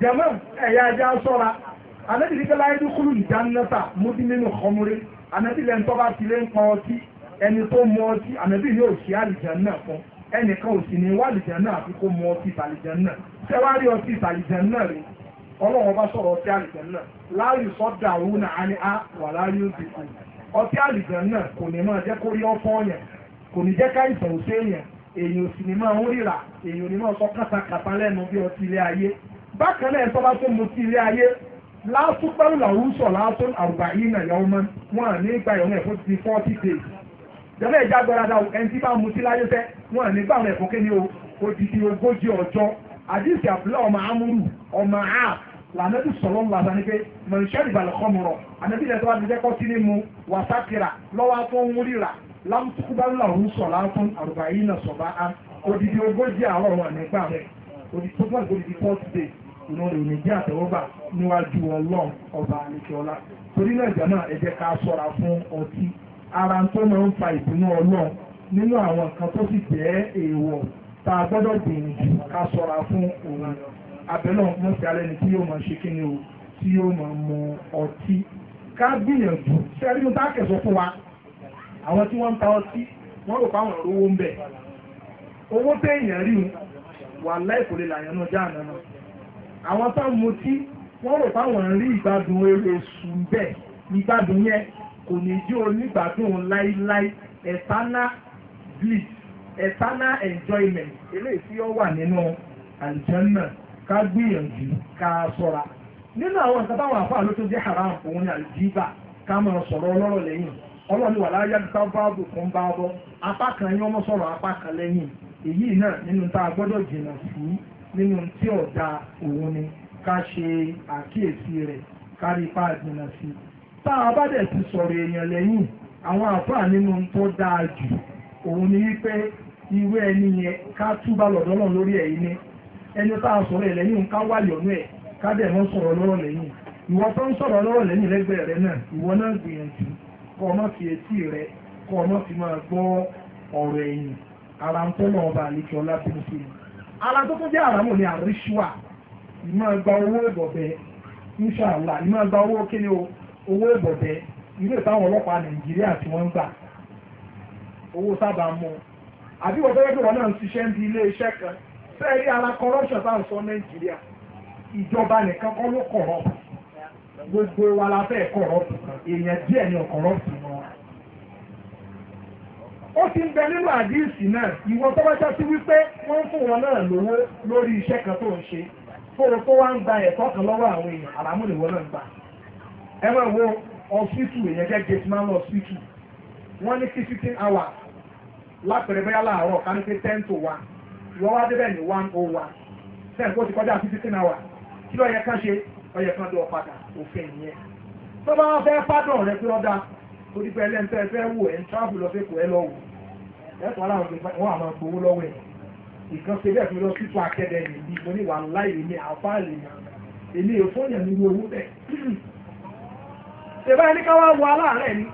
jẹ́mọ́ ẹ̀yà ajá sọ́ra anábìrì kí láyé dúkúrú ìdánilẹ́ta múdí nínú kọ́múrí anábìrì ẹni tó bá ti lé ń pa ọtí ẹni tó mu ọtí anábìrì yóò ṣe àlìjẹ́ náà fún ẹnìkan ò sì ní wá àlìjẹ́ náà àfi kó mu ọtí ìtàlìjẹ́ náà tẹ́wárí ọtí ìtàlìjẹ́ náà rèé ọlọ́run bá sọ̀rọ̀ ọtí àlìjẹ́nnà láàyè sọ́dà òun náà á ní á wà láàyè òbí kù ọtí àlìjẹ́nnà kò ní máa jẹ́ kó yọ fọ́ọ̀yàn kò ní jẹ́ ká ìfẹ́ ò séèyàn èyàn ò sì ní máa ń ríra èyàn ò ní máa sọ kátàkátà lẹ́nu bí ọtí ilé ayé bákan náà tó bá tó mu ti ilé ayé láásù pẹ́lú làwùsọ̀ láásù àrùbá yìí nà yàwó mọ́ wọn à ní gba ìrún ẹ̀fọ́ ti fọ́ọ̀tì days jẹ́fẹ́ ìjà gbọ́dọ̀ dá ẹni tí bá mu ti láyé fẹ́ wọn à ní gba àwọn ẹ̀fọ́ kéde odidi ogójì ọjọ́ àdìsí àbúlé ọmọ amúrù ọmọ a lànàbí sọ̀rọ̀ ń làtà ní pé mọ̀nsẹ́rì balẹ̀ kọ́mọ̀rọ̀ ànàbí lẹ́tọ́ àti jẹ́kọ́ sí ni mu wàsákìrà lọ́wọ́ tó ń ríra lámùtúkúbálà òun sọ̀rọ̀ àtún àrùbá yìí náà sọ̀bá á odidi ogójì àárọ̀ wọn nígbà rẹ̀ odidi tó fún odidi forty days ìná rẹ̀ òní jẹ́ àtẹ̀wọ́gbà níwájú ọlọ́run ọba àlekèọlá torí náà ìjà náà ẹ jẹ́ ká sọ̀ra fún ọtí ara tó máa ń fa ìbínú ọlọ́run nínú àwọn nǹkan tó sì jẹ́ èèwọ̀ tá a gbọ́dọ̀ gbìyànjú ká sọ̀ra fún òun abẹ́lẹ̀ wọn fi alẹ́ ni tí yóò máa ṣe kí o tí yóò máa mu ọtí ká gbìyànjú sẹ́rí àwọn tí wọ́n ń ta ọtí wọ́n rò fáwọn owó ń bẹ̀ owó téèyàn rí wà láìkò lè làyàn náà já àná náà àwọn tó ń mutí wọ́n rò fáwọn rí ìgbádùn eré sùn bẹ̀ ìgbádùn yẹn kò ní jí onígbádùn láíláí eternal bliss eternal enjoyment eléyìí tí ó wà nínú àlùjànnà ká gbìyànjú ká ṣọ́ra nínú àwọn nǹkan táwọn àfáà ló tó jẹ́ haram òun ni àlùjíbà ká máa sọ̀rọ̀ ọlọ́rọ̀ lẹ́yìn ọlọ́run wà láyé gbá báàbò fún báàbò apá kan yín ọmọ sọ̀rọ̀ apá kan lẹ́yìn èyí náà nínú tá a gbọ́dọ̀ jìnnà sí nínú tí ọ̀dà òun ni ká ṣe àkíyèsí rẹ̀ kárí ipá jìnnà sí. tá a bá sọ̀rọ̀ èèyàn lẹ́yìn àwọn nínú tó dáa jù òun ni wípé ẹni yẹn ká túbà náà lórí ni ẹni tá sọ̀rọ̀ lẹ́yìn kọ́ ọmọ fi etí rẹ kọ́ ọmọ fi máa gbọ ọ̀rọ̀ ẹ̀yìn ara ń ọba àlejò ọlábìnrin sí i ara tó tún jẹ́ ni àríṣùà ìmọ̀ gba owó ìmọ̀ gba owó kíni owó ìbọ̀bẹ̀ ilé ìtàwọn ọlọ́pàá nàìjíríà tí wọ́n ń gbà owó sábà náà ń ṣiṣẹ́ ń di ilé iṣẹ́ kan sọ nàìjíríà ìjọba gbogbo wa la fẹ́ kọ̀rọ̀pù èèyàn díẹ̀ ni ọ̀kọ̀rọ̀pù wọn. ó ti ń bẹ nínú àdíìsì náà ìwọ tó wájá sí wípé wọ́n ń fún wọn náà lówó lórí iṣẹ́ kan tó ń ṣe fóònù tó wá ń gba ẹ̀tọ́ kan lọ́wọ́ àwọn èèyàn àlámúnìwọ́ náà ń gbà. ẹ máa wo ọ̀sítù èèyàn jẹ́ gate man ọ̀sítù wọ́n ní kí fifteen hours lápẹ̀rẹ̀ bẹ́yà láàárọ̀ ká ní pé ten to one ìwọ́n wá débẹ̀ ní one oh one ten kó ti kọjá fifteen hours kí ló yẹ ká ṣe ọyẹ kan dọ̀ padà òfin ìyẹn tó bá wọn fẹ́ pádọ̀ rẹ pé ọ̀dà onígbà ẹlẹ́ntẹ́ fẹ́ wò ẹ̀ ń tábù lọ fẹ́kọ̀ọ́ ẹ lọ wò ẹ̀kọ́ aláwọn tó àwọn gbowó lọ́wọ́ ẹ̀ ìkan ṣe bẹ́ẹ̀ fi lọ sípò akẹ́dẹ̀ nìyí mo ní wà láì èmi àfáàlì èmi èfóyàn nínú owó bẹ́ẹ̀. ṣèbá ẹni ká wá wọ aláàárẹ̀ ni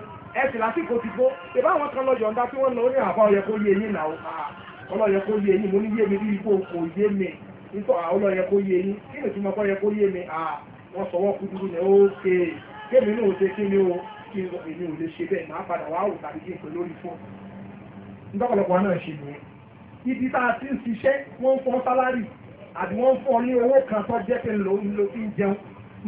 ẹ lásìkò ti gbó ṣèbá àwọn kan lọ yọ̀ǹda tí wọ́n lọ ní àbá ọyẹ kó yé yín nà ó ah, ọlọ́yẹ kó yé yín mo ní yé mi bí ipò kò yé mi nítorí ah, ọlọ́yẹ kó yé yín kí ni kọ́ yẹ kó yé mi ah, wọ́n sọ wọ́n kú dúró ní ókè kéèmì náà ṣe kí ni o kí èmi ò lè ṣe bẹ́ẹ̀ máa padà wá wò tàbí kí n pè lórí fóònù ntọ́pọ̀lọpọ̀ náà ṣe nìyẹn ibi tá a ti ń ṣiṣẹ́ wọ́n ń fọ́ sálárì àbí wọ́n ń fọ́ ní owó kan tó jẹ́ pé ńlò ńlò fi ń jẹun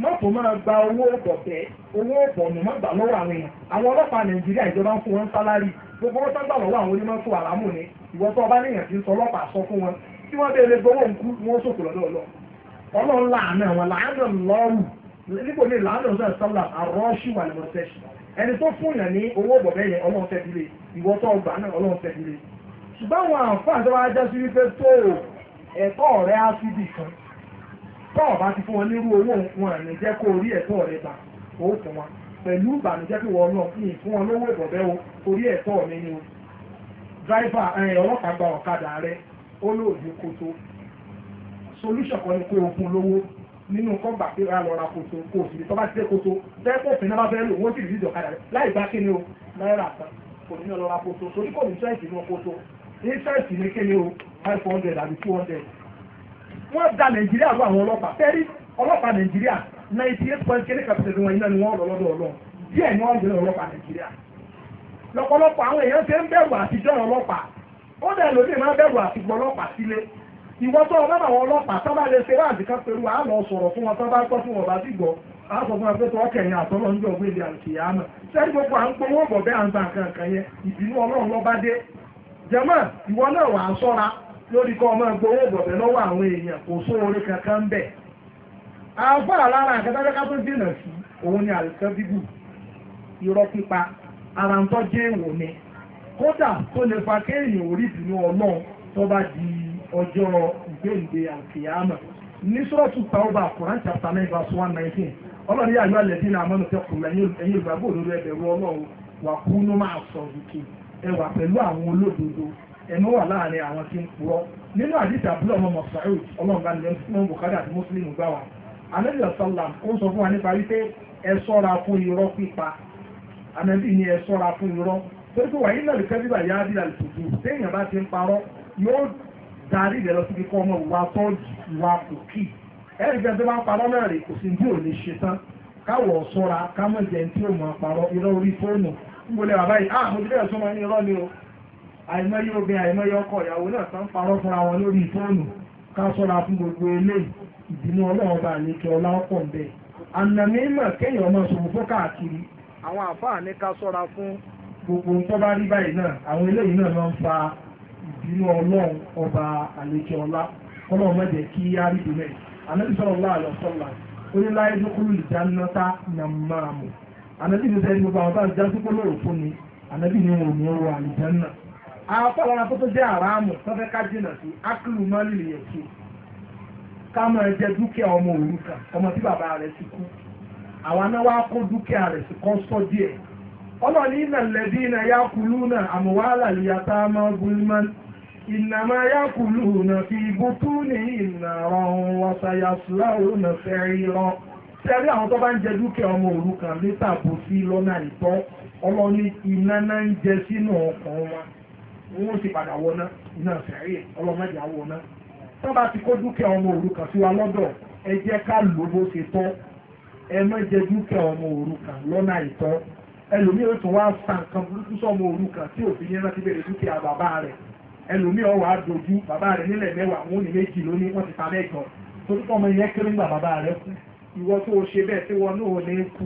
mọ́tò máa gba owó bọ̀bẹ́ owó bọ̀nù má gbà lọ́wọ́ àwọn èèyàn àwọn ọlọ́pàá nàìjíríà ìjọba ń fún wọn sálárì gbogbo wọn sábà lọ́wọ́ àwọn onímọ́tò àlámù ni ìwọ tó ọba níyàn sọ ọlọ́pàá sọ fún wọn tí wọ́n bẹ̀rẹ̀ gbowó nkú wọn sòkò lọ́dọ̀ ọlọ́pàá ọlọ́run láàánú àwọn láàánú lọ́rù níbo ni láàánú sọ̀rọ̀ sọ́lá àrọ́ṣì wà lọ́wọ́ sẹ́ṣì ẹni tó fún yàn ní owó bọ̀bẹ́ yẹn ọlọ́run fẹ́ dilé ìwọ tó ọgbà náà ọlọ́run fẹ́ dilé ṣùgbọ́n àwọn àǹfààní tó wáá já sí wípé tó ẹ̀tọ́ rẹ á sí bì kan tó ọba ti fún wọn nírú owó wọn àmì jẹ́ kó rí ẹ̀tọ́ rẹ gbà ó fún wọn pẹ̀lú ìbànújẹ́ pé wọn náà fún ìfún wọn lówó ìbọ̀bẹ́ o torí ẹ̀tọ́ mi ni o dráìfà ọlọ́pàá ọ̀kadà rẹ ó lóòdì kótó solution kan ni kó o fún lówó nínú kọ́gbà pé a lọ ra koto kó o sì lè tọ́ba ti dé koto tẹ́kọ̀ òfin náà bá fẹ́ lò wọ́n sì rí ìdọ̀kadà rẹ̀ láì bá kí ni o náírà kan kò ní lọ ra koto torí kò ní sẹ́ẹ̀sì ní koto interest ní kí ni o five hundred àbí two hundred. wọ́n da nàìjíríà lọ àwọn ọlọ́pàá fẹ́rí ọlọ́pàá nàìjíríà ninety eight point kéde kàpẹ́tẹ̀ wọn iná ni wọ́n lọ lọ́dọ̀ ọlọ́run díẹ̀ ni wọ́n jẹ́ ọlọ́pàá nàìjíríà lọ́pọ̀lọpọ̀ àwọn èèyàn ṣe ń bẹ̀rù àtijọ́ ọlọ́pàá ó dẹ̀ lóde máa bẹ̀rù àtìgbọ́ ọlọ́pàá sílé ìwọ tó ọba àwọn ọlọ́pàá tó lè ṣe láti ká pẹ̀lú àlọ́ sọ̀rọ̀ fún wọn fún dìgbọ́ a sọ fún apẹ́tọ́ ọkẹ̀yìn àtọ́lọ́ ń jọ ògbé ìdí àlùkìyàmà sẹ́ni gbogbo à ń polówó bọ̀ bẹ́ẹ̀ à ń ta nǹkan kan yẹn ìbínú ọlọ́run lọ́ba dé jẹ́mọ́ ìwọ náà wà á sọ́ra lórí kọ́ ọmọ gbowó bọ̀bẹ̀ lọ́wọ́ àwọn èèyàn kò sóore kankan bẹ̀. àfọ́ ara ń tọ́jú èèwọ̀ ni kódà tó lè ọjọ́ ìgbéǹde àkìyàmà ní sọ́ọ̀tù tàwọ́bà Quran chapter nine verse one nineteen ọlọ́run yà yọ àlẹ́dí náà mọ́nù tẹ́kùn lẹ́yìn olùgbàgbọ́ òdodo ẹ̀bẹ̀rù ọlọ́run wà kú ló máa sọ òkè ẹ wà pẹ̀lú àwọn olódodo ẹnu wà láàrin àwọn tí ń purọ́ nínú àdìsí àbúlọ̀ ọmọ Mas'ud ọlọ́run bá nílẹ̀ fún bukari àti Muslim gbà wá asalam ó sọ fún wa nípa wípé ẹ ni ẹ sọ́ra fún irọ́ torí pé wàyí náà lè kẹ́ bíbà yá bí darí rẹ̀ lọ síbi kọ́ ọmọ ìwà tọ́jú ìwà kòkì ẹ̀rí jẹ́ tó bá ń parọ́ náà rè kò sí bí ò lè ṣe tán káwọ̀ ụmụ kámọ̀ jẹ́ tí ò mọ̀ parọ́ irọ́ orí fóònù ń bàbá yìí ah ni o àìmọye obìnrin àìmọye ọkọ ìyàwó náà tán parọ́ fúnra wọn lórí fóònù ká fún gbogbo ọlọ́run bá ìbínú ọlọ́run ọba àlejò ọlá ọlọ́run mẹ́jẹ̀ kí á rí ìdílé ànábì sọ̀rọ̀ ọlá àlọ́ sọ̀lá oníláyé dúkúrú ìdánilọ́ta nà máa mọ̀ ànábì ní sẹ́yìn gbogbo àwọn bá ń sí kólóró fún ni ànábì ní wọn ò jẹ́ àràmù tọ́fẹ́ ká sí mọ́lì lè dúkìá ọmọ ọmọ tí bàbá rẹ̀ ti kú àwọn dúkìá rẹ̀ sí ọlọ́ọ̀ni ìnàmà yákùlù nà fi bùtú ní ìnàrọ̀ wọ́sàyàsùláwò nà fẹ́rí lọ. Sẹ́rí àwọn tó bá ń jẹ dúkìá ọmọ òrukàn ní tàbùsí lọ́nà ìtọ́ ọlọ́ni iná náà ń jẹ sínú ọkàn wa. Wọ́n ti padà wọná iná fẹ́rí ẹ̀ ọlọ́mọdé àwọná. Tó bá ti kó dúkìá ọmọ òrukàn sí wa lọ́dọ̀ ẹ jẹ́ ká lò bó ṣe tọ́. Ẹ má jẹ dúkìá ọmọ òrukàn lọ́nà ìtọ́. Ẹlòmíràn tún wá sàǹkan burúkú sọ́mọ òrukàn tí òfin yẹn láti bẹ̀rẹ̀ dúkìá bàbá rẹ̀ ẹlòmí ọwọ́ àdójú bàbá rẹ̀ nílẹ̀ mẹ́wàá wọn ò ní méjì lónìí wọ́n ti ta mẹ́jọ torí pé ọmọ yẹn kéré ńgbà bàbá rẹ̀ kú ìwọ tó o ṣe bẹ́ẹ̀ tí wọn náà lè kú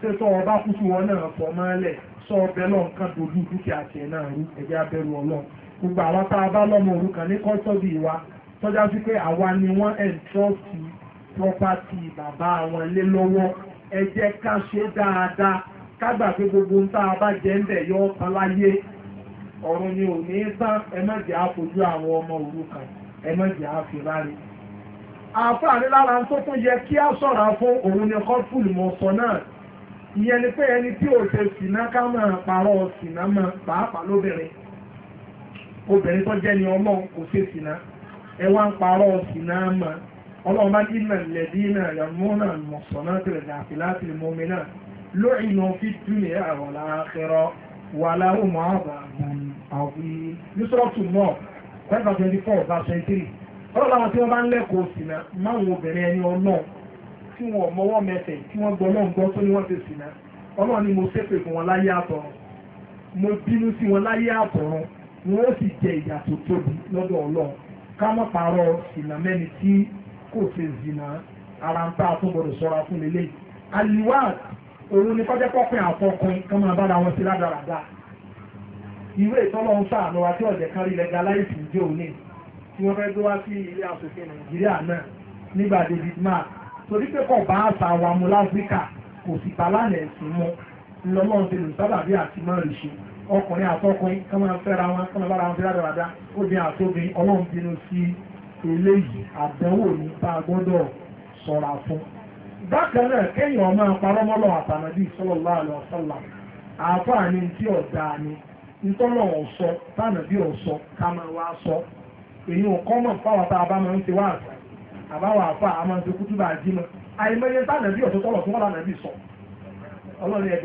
ṣé tó ọba kú sí wọn náà fọ mọ́lẹ̀ sọ ọbẹ̀ lọ nǹkan dojú dúkìá tiẹ̀ náà rú ẹ̀jẹ̀ abẹ́rù ọlọ́run gbogbo àwọn tá a bá lọ́mọ òrukàn ní kọ́sọ́bì wa tọ́já sí pé àwa ni wọ́n ẹ̀ńtrọ́ọ̀tì property bàbá wọn lé lọ́wọ́ ẹ jẹ́ ká ṣe dáadáa ká gbà pé gbogbo ń tá a bá jẹ́ ń bẹ̀ yọ ọ́ kan láyé ọ̀run ni ò ní sán ẹmẹ́jẹ̀ àfojú àwọn ọmọ òrukàn ẹmẹ́jẹ̀ àfiráre àfààní lára tó tún yẹ kí á ṣọ́ra fún òun ni kọ́pùlù mọ̀ọ́sọ náà ìyẹn ni pé ẹni tí ò ṣe sìnà ká máa parọ́ sìnà mọ́ pàápàá lóbìnrin obìnrin tó jẹ́ ni ọlọ́run kò ṣe sìnà ẹ wá ń parọ́ sìnà mọ́ ọlọ́run bá dínà lẹ́dí náà yàmúnà mọ̀sánná tẹ̀lẹ̀ dàfí láti mọ́mi náà lóyìn náà fi dúnìyà àwọn láàkẹ́rọ́ wà láwọn ọmọ àwọn yusrọ́tù náà kọ́ńtà twenty four verse twenty three ọlọ́run àwọn tí wọ́n bá ń lẹ́kọ̀ọ́ sínà máwọn obìnrin ẹni ọlọ́run tí wọ́n mọwọ́ mẹsẹ̀ tí wọ́n gbọ́ náà ń gbọ́ tó ní wọ́n ti sínà ọlọ́run ni mo ṣépè fún wọn láyé àtọ̀run mo bínú sí wọn láyé àtọ̀run wọn ó sì jẹ ìyà tó tóbi lọ́dọ̀ ọlọ́run ká má parọ́ sínà mẹ́ni tí kò ṣe zìnà ara ń tá a tó gbọdọ̀ sọ́ra fún lélẹ́yìí aliwaati òun ni kọ́jẹ́ pọ́pin àtọkùn kan máa bára wọn sí ládàradà ìwé ìtọ́lọ́ ń sàánú wa tí ọ̀jẹ̀ kan rí legalize ìjẹ́ òní tí wọ́n fẹ́ gbé wá sí ilé asòfin nàìjíríà náà nígbà David Mark torí pé kò bá àṣà wa mu láfíríkà kò sì bá lánà ẹ̀sìn mu lọ́lọ́run ti lù sábàbí àti mọ́ rìṣe ọkùnrin àtọkùnrin kan máa fẹ́ra wọn kan máa bára wọn sí ládàradà obìnrin àtobìnrin ọlọ́run bínú sí eléyìí àdánwò ní bá a gbọ́dọ̀ sọ̀ra fún bákan náà kéèyàn ọmọ parọ́mọ́lọ́ àtànàbí sallallahu alaihi àáfàá ni tí ni ntọ́lọ̀ ọ̀sọ́ tànàbí ọ̀sọ́ ká máa wá sọ èyí ò kọ́mọ̀ fáwọn tá a bá máa ń ti wá àṣà àbáwọ̀ àfà a máa ń ti kútúbà àjímọ̀ àìmọye tànàbí ọ̀sọ́ tọ́lọ̀ sọ ayé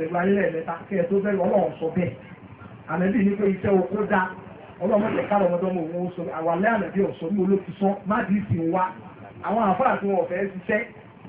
kí ẹ tó bẹ́ẹ̀ ọlọ́run sọ bẹ́ẹ̀ ànàbí pé iṣẹ́ oko dá sọ àwàlẹ́ ànàbí ọ̀sọ́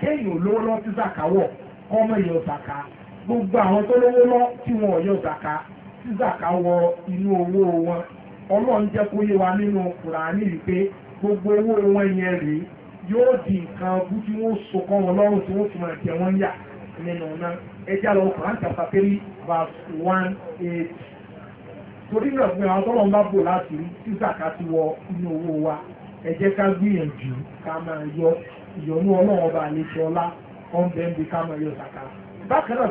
kéèyàn olówó lọ tí zaka wọ̀ kọ́mọ yọ zaka gbogbo àwọn tó lówó lọ tí wọn ò yọ zaka tí zaka wọ inú owó wọn ọlọ́run jẹ́ kó yé wa gbogbo owó wọn yẹn rèé yóò di nǹkan bú tí so kọ́ wọn lọ́rùn tí fi máa jẹ yà nínú náà ẹja lọ kùránì chapter three verse one eight torí náà fún àwọn bá bò láti rí zaka ti wọ inú owó wa ẹ jẹ́ ká gbìyànjú ká máa yọ ìyọnú ọlọ́wọ́ bá lè ṣe ọlá ọ̀nbẹ ń bi ká mọ yóò bákan náà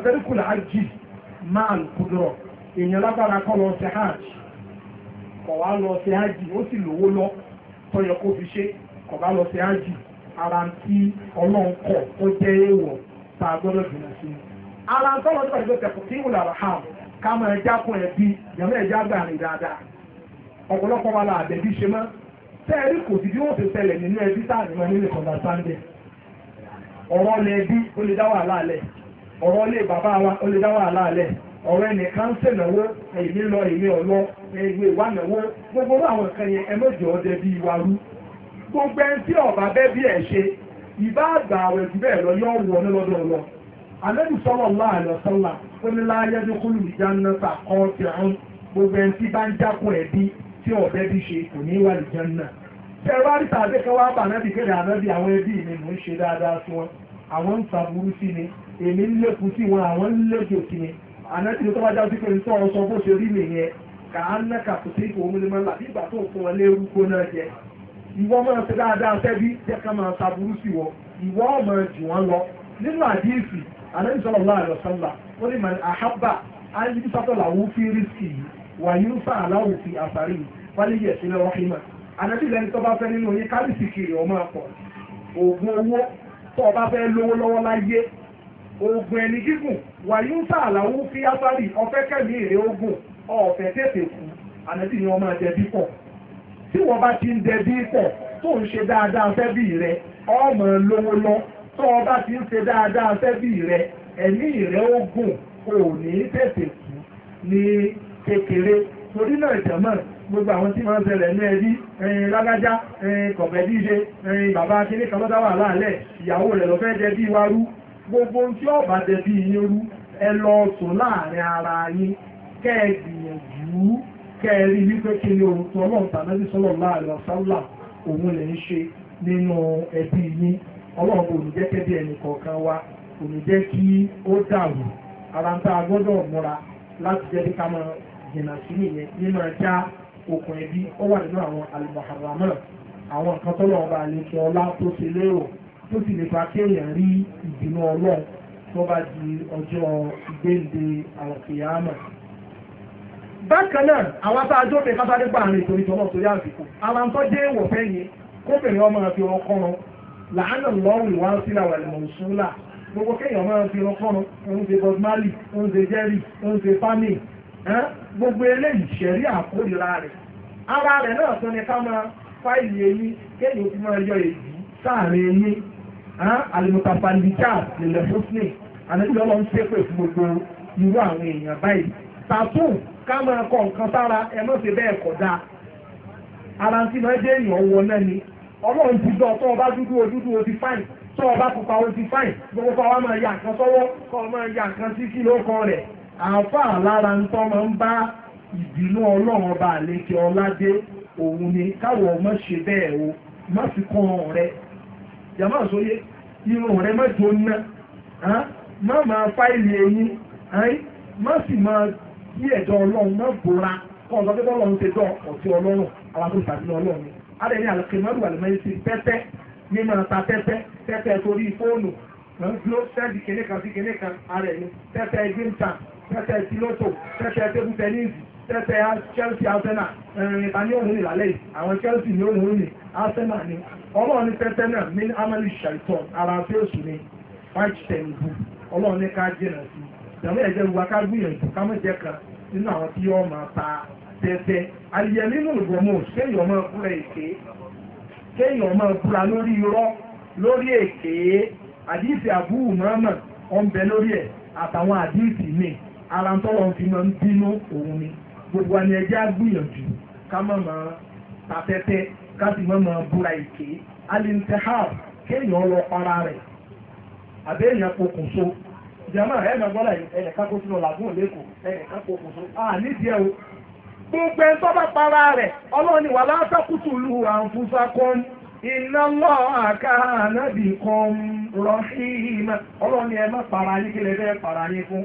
máa lù èèyàn lágbára kọ́ lọ sí hajj kọ̀ wá lọ ó sì lówó lọ tọyọ kó fi ṣe kọ̀ bá lọ sí hajj ara ọlọ́run kọ̀ tó jẹ́ èèwọ̀ tá a gbọ́dọ̀ sí i. ara tọ́lọ́ tó pàṣẹ tẹ̀kọ̀ kí wùlà rà hàn tẹ́ẹ̀rí kò sí bí wọ́n ti tẹ̀lẹ̀ nínú ẹbí sáàrin ọ̀rọ̀ ilẹ̀ ẹbí ó lè dá ọ̀rọ̀ bàbá wa ó lè ọ̀rọ̀ ẹnìkan ń èmi lọ èmi ọ̀lọ́ ìwé gbogbo àwọn nǹkan yẹn ọdẹ gbogbo ẹni tí ẹ̀ ṣe ìbá àgbà tí ọ̀bẹ bí ṣe kò ní wà lìjọ náà tẹ wá rí tàbí kan wá bà náà bí kéde ànábì àwọn ẹbí mi mò ń ṣe dáadáa sí wọn àwọn ń sàbúrú sí mi èmi ń lékun sí wọn àwọn ń lékun sí mi ànábì tó bá já sí pé ń sọ ọsọ bó ṣe rí mi yẹn kà á ná kà kò sí ipò omi lẹ́mọ́ làbí ìgbà tó fún wọn lérú kó náà jẹ ìwọ máa ṣe dáadáa sẹ́bí jẹ́ ká máa sàbúrú sí wọn ìwọ máa jù wọn lọ nínú àdíyèsí ànábì sọ̀rọ̀ láàrọ̀ sọ́lá wàyú fà aláwò fi àfàrí wálé sílẹ̀ ọ̀hìnmá àdàbí lẹni tó bá fẹ́ nínú yín kálísì kiri ọmọ àpọ̀ oògùn owó tó o bá fẹ́ lówó lọ́wọ́ láyé oògùn ẹni gígùn wàyú fà aláwò fi àfàrí ọ̀fẹ́ kẹ́mi èrè oògùn ọ̀fẹ́ tètè kù àdàbí ni ọmọ àjẹbí pọ̀ tí wọ́n bá ti ń dẹbí pọ̀ tó ń ṣe dáadáa fẹ́bí rẹ ọmọ lówó lọ tó o bá ti ń ṣe dáadáa fẹ́bí rẹ ẹ̀mí rẹ oògùn òní tètè kù ní kékeré torí náà ìjọmọ́ gbogbo àwọn tí máa ń ní ẹbí ẹ̀yìn lágájá ẹ̀yìn kọ̀bẹ̀dí ṣe bàbá akíní kan lọ́dá wà láàlẹ̀ ìyàwó rẹ̀ lọ dẹbí wa rú gbogbo tí ó bá dẹbí yín rú ẹ lọ sùn láàrin ara yín kẹ́ ẹ gbìyànjú kẹ́ ẹ rí wípé kí ni ohun tó ọlọ́run tàbí sọ́lọ̀ láàrin ọ̀sánlá òun lè ń ṣe nínú ẹbí yín ọlọ́run kò ní jẹ́ kẹ́bí ẹnì kọ̀ọ̀kan wa kò ní jẹ́ kí ó dàrú ara ń tá a gbọ́dọ̀ múra láti jẹ́ kí ká máa jìnnà sí nìyẹn nínú ẹja okùn ẹbí ó wà nínú àwọn alùpàràmọ́ àwọn nǹkan tó lọ́wọ́ bá lè fi ọlá tó ṣe lérò tó sì lè fa kéèyàn rí ìbínú ọlọ́run tó bá di ọjọ́ ìgbéǹde àlùkìyàmọ̀. bákan náà àwọn tá a jó pé kásáré gbà rìn torí tọ́lọ́ torí àsìkò àwọn tó dé wọ̀ fẹ́ yẹn kóbìnrin ọmọ fi ọkọ̀run làánà lọ́rùn ìwà sílà wà lẹ́mọ̀ ìṣúlà gbogbo kéèyàn máa fi ọkọ̀run oúnjẹ Bob oúnjẹ Jerry oúnjẹ family gbogbo eléyìí ṣẹ̀rí àkórira rẹ̀ ara rẹ̀ náà tó ní ká máa fáìlì eyín kéèyàn ti máa yọ èyí sáàrin eyín alimutafandika lèlè fúsnì ànájúlọ lọ ń ṣépè fún gbogbo irú àwọn èèyàn báyìí tàtú ká máa kọ nǹkan sára ẹ má ṣe bẹ́ẹ̀ kọ̀ dáa ara ti máa jẹ́ èèyàn wọ náà ni ọlọ́run ti dán tó ọba dúdú ojúdú o ti fáìn tó ọba pupa o ti fáìn gbogbo pa wa máa ya nǹkan sọ́wọ́ kọ́ ọ máa ya nǹkan sí kí ló kọ́ rẹ̀ àáfà lára ń tọ́ máa ń bá ìbínú ọlọ́run ọba àlejò ọládé òun ni káwọ̀ má ṣe bẹ́ẹ̀ o má fi kọ́ ọ̀rọ̀ rẹ jàmá sóyè irun rẹ má jóná má máa fáìlì eyín má sì máa yí ẹ̀dọ̀ ọlọ́run má bóra kọ́ ọ̀dọ́ pé bọ́ọ̀lù ń ṣe dọ́ ọ̀tí ọlọ́run àwọn àti ìtàkùn ọlọ́run ni alẹ́ ní àlùkèmọ́rù àlùmọ́yẹ́sì pẹ́pẹ́ nínú ata pẹ́pẹ́ pẹ́pẹ́ torí fóònù lọ́dún sẹ́ẹ̀dì kìnìkan sí kìnìkan ara ẹ̀ ní pẹ́pẹ́ gbé ń ta tẹ́tẹ́ tílótò tẹ́tẹ́ tébù tẹ́nísì tẹ́tẹ́ Chelsea Arsenal ẹ̀rìn ta ni òun ìlàlẹ́ yìí àwọn Chelsea ni òun ìrìn Arsenal ni ọlọ́run ní tẹ́tẹ́ náà ní amẹ́lì ara tí ó sùn ní white ten bu ọlọ́run ní ká jìnà sí ìdàmú ẹ̀jẹ̀ wa ká gbìyànjú ká ka jẹ́ kan nínú àwọn tí yóò máa ta tẹ́tẹ́ ayẹyẹ nínú ìgbọ̀mọ̀ kéèyàn èké lórí lórí èké àdìsí àbúrò ọ̀ àtàwọn àdìsí míì ara tọ́lọ̀ fi máa ń bínú òun ni gbogbo àni ẹjẹ́ àgbìyànjú ká má máa ta tẹ́tẹ́ ká sì má máa búra ìké alintehab kéèyàn lọ para rẹ̀ àbẹ́yàn pokùnso jama ẹ̀ máa gbọ́dọ̀ ẹnì kan kó sínú làgùn lẹ́kọ̀ọ́ ẹnì kan pokùnso àníjì ẹ̀ o gbogbo ẹ̀ tọ́ba para rẹ̀ ọlọ́run ni wà látàkùtù lu àǹfùsàkọ́n iná lọ àká ànábì kan rọ̀ sí ìmọ̀ ọlọ́run ni ẹ má para yín kí lè fẹ́ para yín fún.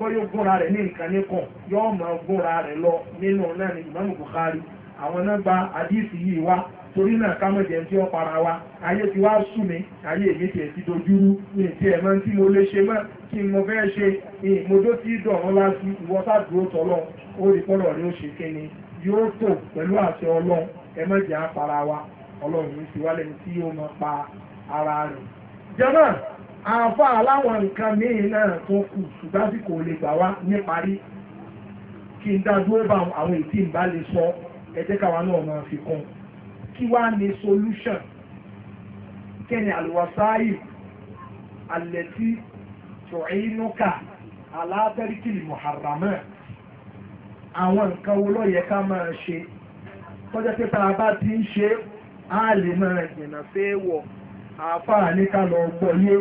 bọ́yọ̀ gúnra rẹ̀ ní nǹkan nìkan yóò máa gúnra rẹ̀ lọ nínú náà ní ìmáàmù Bukhari àwọn náà gba àdíìsì yìí wá torí náà ká mọ̀ jẹun tí ó para wa ayé ti wá sú mi ayé èmi tiẹ̀ ti dojúrú ní ti ẹ̀ mọ́ tí mo lè ṣe mọ́ kí mo fẹ́ ṣe ìmọ̀dó tí dọ̀rọ̀ láti ìwọ́sàdúró tọ́lọ́ ó rí pọ́nrọ̀ rí ó ṣe kéne yóò tò pẹ̀lú àṣẹ ọlọ́run ẹ má jẹ́ wa ọlọ́run ti wálẹ̀ ní tí yóò máa pa ara rẹ̀. jẹ́mọ́ Afa aláwọn nǹkan míì náà tó kù ṣùgbọ́n tí kò lè gbà wá níparí kí n dá bá àwọn sọ káwa náà máa fi solution ni àlẹ́tí tòínúkà aláàtẹ́ríkìlì mọ̀hàrámà àwọn nǹkan wo ló yẹ ká máa ṣe tọ́jọ́ pé tá a ti ń ṣe á lè máa fẹ́ wọ̀ lọ gbọ́ yé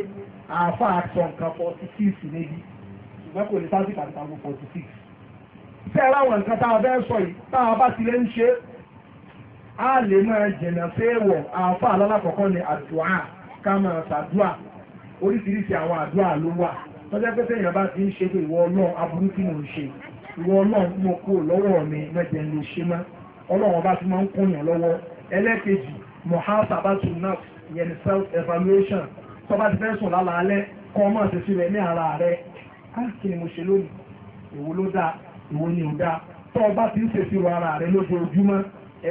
àáfà àtọ̀ nǹkan forty six níbi ṣùgbọ́n kò ní sáàsì kàtà kó forty six. ṣé ẹ láwọn nǹkan tá a fẹ́ sọ yìí tá a bá ti lè ń ṣe á lè máa jẹ̀nà séèwọ̀ àáfà alálàkọ̀kọ́ ni àdúrà ká máa ṣàdúrà oríṣiríṣi àwọn àdúrà ló wà tọ́jà pé sẹ́yìn bá ti ń ṣe pé ìwọ ọlọ́run aburú kí mò ń ṣe ìwọ ọlọ́run mo kú lọ́wọ́ mi mẹ́jẹ̀ ń lè ṣe mọ́ ọlọ́run ọba ti máa ń kúnyàn lọ́wọ́ ẹlẹ́kejì mohasa batu naf yẹn self evaluation tọ́ba ti fẹ́ sùn lálẹ́ alẹ́ kọ́ ọmọ ṣe sílẹ̀ ní ara rẹ̀ káàkiri mo ṣe lónìí èwo ló dáa èwo ni ò dáa tọ́ba ti ń ṣèṣì wọ ara rẹ̀ lójoojúmọ́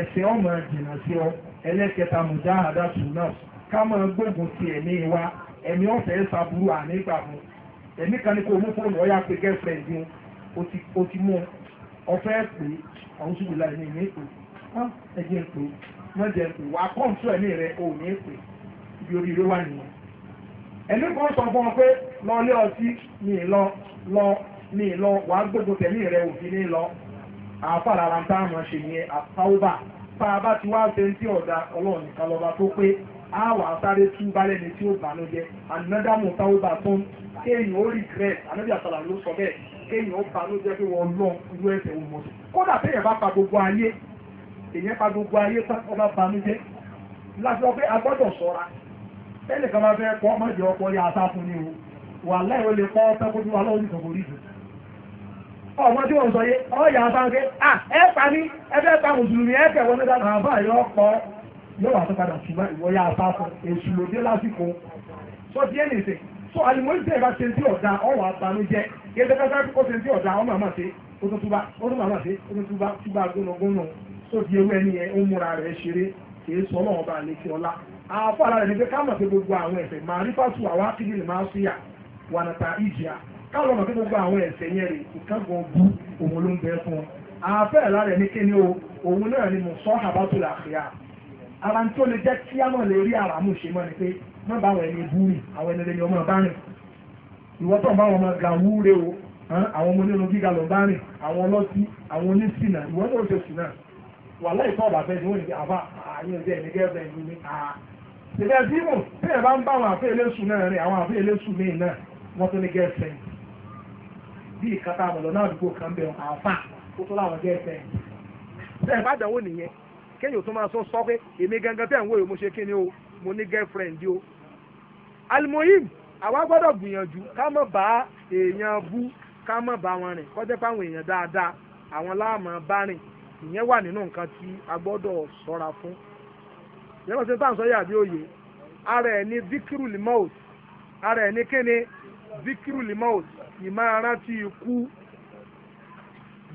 ẹ̀sìn ọmọ jìnnà sí ọ ẹlẹ́kẹta mùjá àdásù náà ká máa gbógun ti ẹ̀mí wa ẹ̀mí ọ̀fẹ́ ṣàbúrò ànígbà mu ẹ̀mí kan ní kó mú fóònù ọ̀yà pé girlfriend yun ó ti mú ọ̀fẹ́ pé àwọn ṣùgbọ́n ìlànà ìní pé ẹ̀jẹ̀ pé wọ́n jẹ́ pé wà á kọ́ńtù ẹ̀mí rẹ̀ ò ní pé ibi oríire wà nìyẹn ẹ̀mí kan sọ fún ọ pé lọ lé ọtí ní ìlọ lọ ní ìlọ wàá gbogbo tẹ̀lé rẹ òfin ní lọ la rárá tá a mọ̀ ṣe yẹn àtàwọ́bà tá a bá ti wá ṣe ń tí ọ̀dà ọlọ́run nìkan lọ́ba tó pé a wà sáré tú balẹ̀ ní tí ó bànújẹ́ ànádàmú táwọ́bà tó ń kéèyàn ó rí grẹ́t ànábì àtàlà ló sọ bẹ́ẹ̀ kéèyàn ó bànújẹ́ pé wọ́n lọ irú ẹ̀sẹ̀ òmò kódà téèyàn bá pa gbogbo ayé èèyàn pa gbogbo ayé tán ọba bànújẹ́ láti sọ pé a gbọ́dọ̀ ẹnì kan máa fẹ́ kọ́ mọ́jọ ọkọ̀ ya ata fún ní o wà láì ó lè kọ́ ọpẹ́ kó tí wà lọ́wọ́ ní ìsọ̀kò rí jù ọmọ tí wọ́n sọ yé ọ̀yà ata ń ké à ẹ pa ní ẹ fẹ́ pa mùsùlùmí ẹ fẹ́ wọlé dáadáa àbá yọ kọ́ yóò wà tó padà ṣùgbọ́n ìwọ ya ata fún èṣù lòdì lásìkò sọ ti ẹnì sè so àlùmọ́ ìṣe ìbá ṣe ti ọ̀dà ọ̀wọ̀ àbànújẹ́ yé tẹ́tẹ́ kó ṣe ti ọ̀dà ọmọ àmà ṣe ó tó túbá ó tó màmá ṣe ó tó túbá túbá gbóngbóngbó so ti ewu ẹni yẹn ó múra rẹ̀ ṣeré kì í sọ ọlọ́run bá lè fi ọlá àfàlà rẹ̀ ní pé ká mọ̀ pé gbogbo àwọn ẹ̀ṣẹ̀ máa rí fásitì àwọn akéde máa sí yà wà nàta ìjìyà ká lọ́mọ pé gbogbo àwọn ẹ̀ṣẹ̀ yẹn rè nǹkan gan bú òun ló ń bẹ fún wọn. àfẹ́ẹ̀lá rẹ̀ ní kíni o òun náà ni mo sọ àbátò làkìyà ara tó lè jẹ́ kí á mọ̀ lè rí àràmù ṣe mọ́ ni pé má bá àwọn ẹni bú rìn àwọn ẹni lẹ́yìn ọmọ bá rìn ìwọ́ tó ń bá wọn máa ga wúre o àwọn ọmọ onírun gíga lọ bá rìn àwọn ọlọ́tí àwọn onísìnà ìwọ́ tó ń ṣe sìnà wàhálà ìtọ́ ọ̀bà bẹ́ẹ̀ ni wọ́n ní àbá àyè ọjọ́ ẹ̀mí gẹ́gẹ́ bẹ́ẹ̀ ni tẹ̀lé ẹ̀dínmù tí ẹ̀ bá ń bá àwọn àfẹ́ eléṣù náà rìn àwọn àfẹ́ eléṣù míì náà wọ́n tó ní gẹ́ẹ̀sẹ̀ bí ìkàtà àmọ̀lọ́ náà àdúgbò kan bẹ̀ àfà tó tó láwọn gẹ́ẹ̀sẹ̀ ṣe ẹ̀ bá dánwò nìyẹn kéèyàn tó máa sọ sọ pé èmi gangan tẹ̀ ń wòye mo ṣe kí ni o mo ní girlfriend o alimoyim àwa gbọ́dọ̀ gbìyànjú ká má bá èèyàn bú ká má bá wọn rìn kọ́jẹ́ pé àwọn èèyàn dáadáa àwọn láàmú bá rìn ìyẹn wà nínú nǹkan tí a gbọ́dọ̀ ṣọ́ra fún yẹ́n wọ́n ṣe tá à ń sọ yà bí òye ara ẹ̀ ní zikiru limout ara ẹ̀ ní kíni zikiru limout ìmọ̀ arántí ikú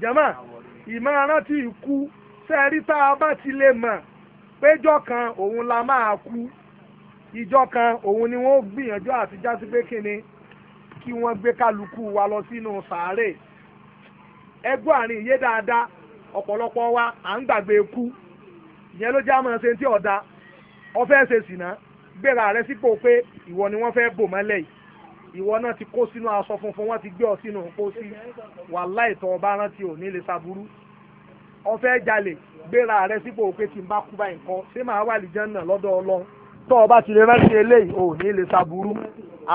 jama ìmọ̀ arántí ikú sẹ́ẹ̀rí tá a bá ti lè mọ̀ péjọ kan òun la máa kú ìjọ kan òun ni wọ́n gbìyànjú àti jásí pé kíni kí wọ́n gbé kálukú wa lọ sínú sàárè ẹgbọ́n àárín iye dáadáa ọ̀pọ̀lọpọ̀ wa à ń gbàgbé ikú ìyẹn ló jẹ́ àmọ́ ṣe ti ọ̀dà ọfẹ́ ṣe sìnà gbéra rẹ sípò pé ìwọ ni wọ́n fẹ́ bò mọ́lẹ̀ yìí ìwọ náà ti kó sínú aṣọ funfun wọ́n ti gbé ọ sínú kó sí wàláì tó ọba rántí ò ní lè ṣàbúrú ọfẹ́ jalè gbéra rẹ sípò pé tí n bá kú báyìí kọ́ ṣé màá wà lìjẹ́ náà lọ́dọ̀ ọlọ́run tó ọba ti lè rántí eléyìí ò ní lè ṣàbúrú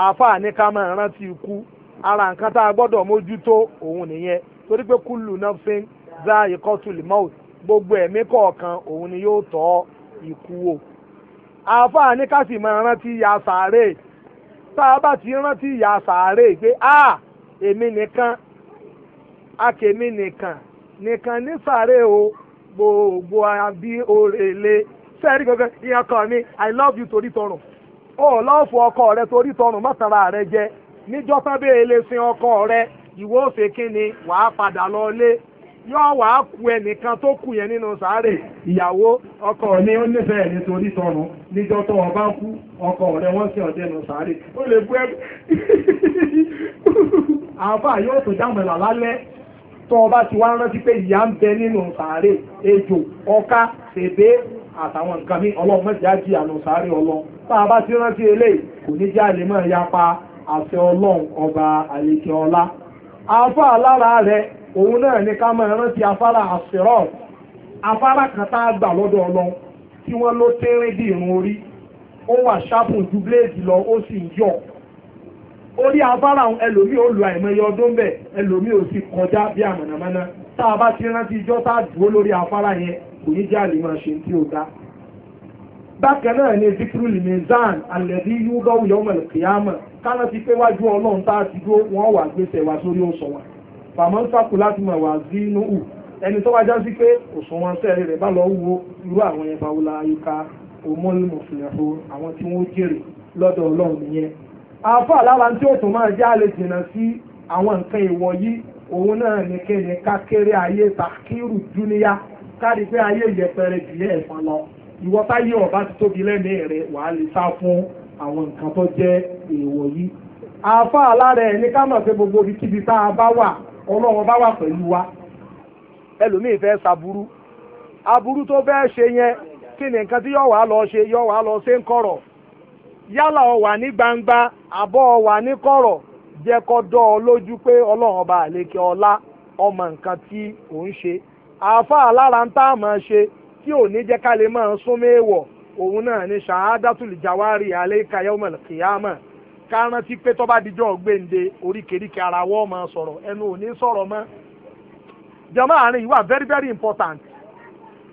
àáfàá ní ká máa rántí ikú ara nǹkan tá a gbọ́dọ̀ mójútó òun nìyẹn torí pé kúlù nafsin zā iqatul maut gbogbo ẹ̀mí kọ̀ọ̀kan òun ni yóò tọ́ ikú wò àáfàá ní ká sì máa rántí ìyá sàárè tá a bá ti rántí ìyá sàárè pé a èmi nìkan akèmi nìkan nìkan ní sàárè o gbogbo àbí òrèlè sẹ́ẹ̀rì gangan ìyẹn kan mi i love you torí tọrùn ó lọ́ọ̀fù ọkọ rẹ torí tọrùn mọ́tara rẹ jẹ níjọ́ tán bẹ́ẹ̀ lè sin ọkọ rẹ ìwọ òfin kínni wàá padà lọ lé yóò wá ku ẹnìkan tó kù yẹn nínú sáré ìyàwó ọkọ ní ó nífẹ̀ẹ́ nítorí tọrùn níjọ́ tó ọba kú ọkọ rẹ̀ wọ́n sì nù sáré ó lè bú ẹbí àáfà yóò tó jámọ̀lá lálẹ́ tó ọba ti wá rántí pé ìyá ń bẹ nínú sáré ejò ọká tèbé àtàwọn nǹkan mi ọlọ́run mọ̀já jí àlù sáré ọlọ́run tá a bá ti rántí eléyìí kò ní ọlọ́run òun náà ni ká máa rántí afárá àṣírọ̀ afárá kan tá a gbà lọ́dọ̀ ọlọ́run tí wọ́n ló tẹ́rín bí irun orí ó wà ṣáàpù ju bléèdì lọ ó sì ń yọ orí afárá ẹlòmíì ó lu àìmọye ọdún bẹ́ẹ̀ ẹlòmíì ò sì kọjá bí àmọ̀nàmọ́ná tá a bá ti rántí ijọ́ tá a dúró lórí afárá yẹn kò ní jẹ́ àlè máa ṣe tí ó dá bákan náà ni zikiru limizan alẹ́bí yúgọ́wù yọmọlẹ̀ kìyàmọ̀ ká rántí pé wájú ọlọ́run tá a ti dúró wọ́n wà gbèsè wá sórí òṣùwọ̀n fàmọ́ ń sàkó láti mọ̀ wá sí inú hù ẹni tó bá já sí pé òṣùwọ̀n sẹ́ẹ̀rì rẹ̀ bá lọ wo irú àwọn yẹn bá wọlé ayíká òmùlùmùfìlẹ̀fò àwọn tí wọ́n jèrè lọ́dọ̀ ọlọ́run nìyẹn. àáfà lára tí ó tún máa jẹ́ àlè jìnnà sí àwọn nǹkan ìwọ̀ yìí òun náà ní kéde kákéré ayé takiru dúníyá kárí pé ayé yẹpẹrẹ jùlẹ̀ ẹ̀fọn lọ ìwọ táyé ọba ti tóbi lẹ́mìí rẹ̀ wàá lè sá fún àwọn nǹkan tó jẹ́ èèwọ̀ yìí. àáfà lára ní ká mọ̀ pé gbogbo ibikíbi tá a bá wà ọlọ́run bá wà pẹ̀lú wa ẹlòmíì fẹ́ ṣàbúrú aburú tó fẹ́ ṣe yẹn kí ni nǹkan tí yóò wá lọ ṣe yóò wá lọ ṣe ń kọ̀rọ̀ yálà ó ní gbangba àbọ̀ ó wà ní kọ̀rọ̀ jẹ́ kó dọ́ ọ lójú pé ọlọ́run ọba àlekè ọlá ọmọ nǹkan tí ò ń ṣe àáfàá lára ń tá a máa ṣe tí ò ní jẹ́ ká lè máa sún méèwọ̀ òun náà ni ṣàhádátùlì jáwárì àlékayọ́mọ̀lì kìyàmọ̀ ká rántí pé tó bá dijọ́ gbèǹde oríkèéríkèé ara wọ́n máa sọ̀rọ̀ ẹnu ò ní sọ̀rọ̀ mọ́ jọmọ àárín ìwà very very important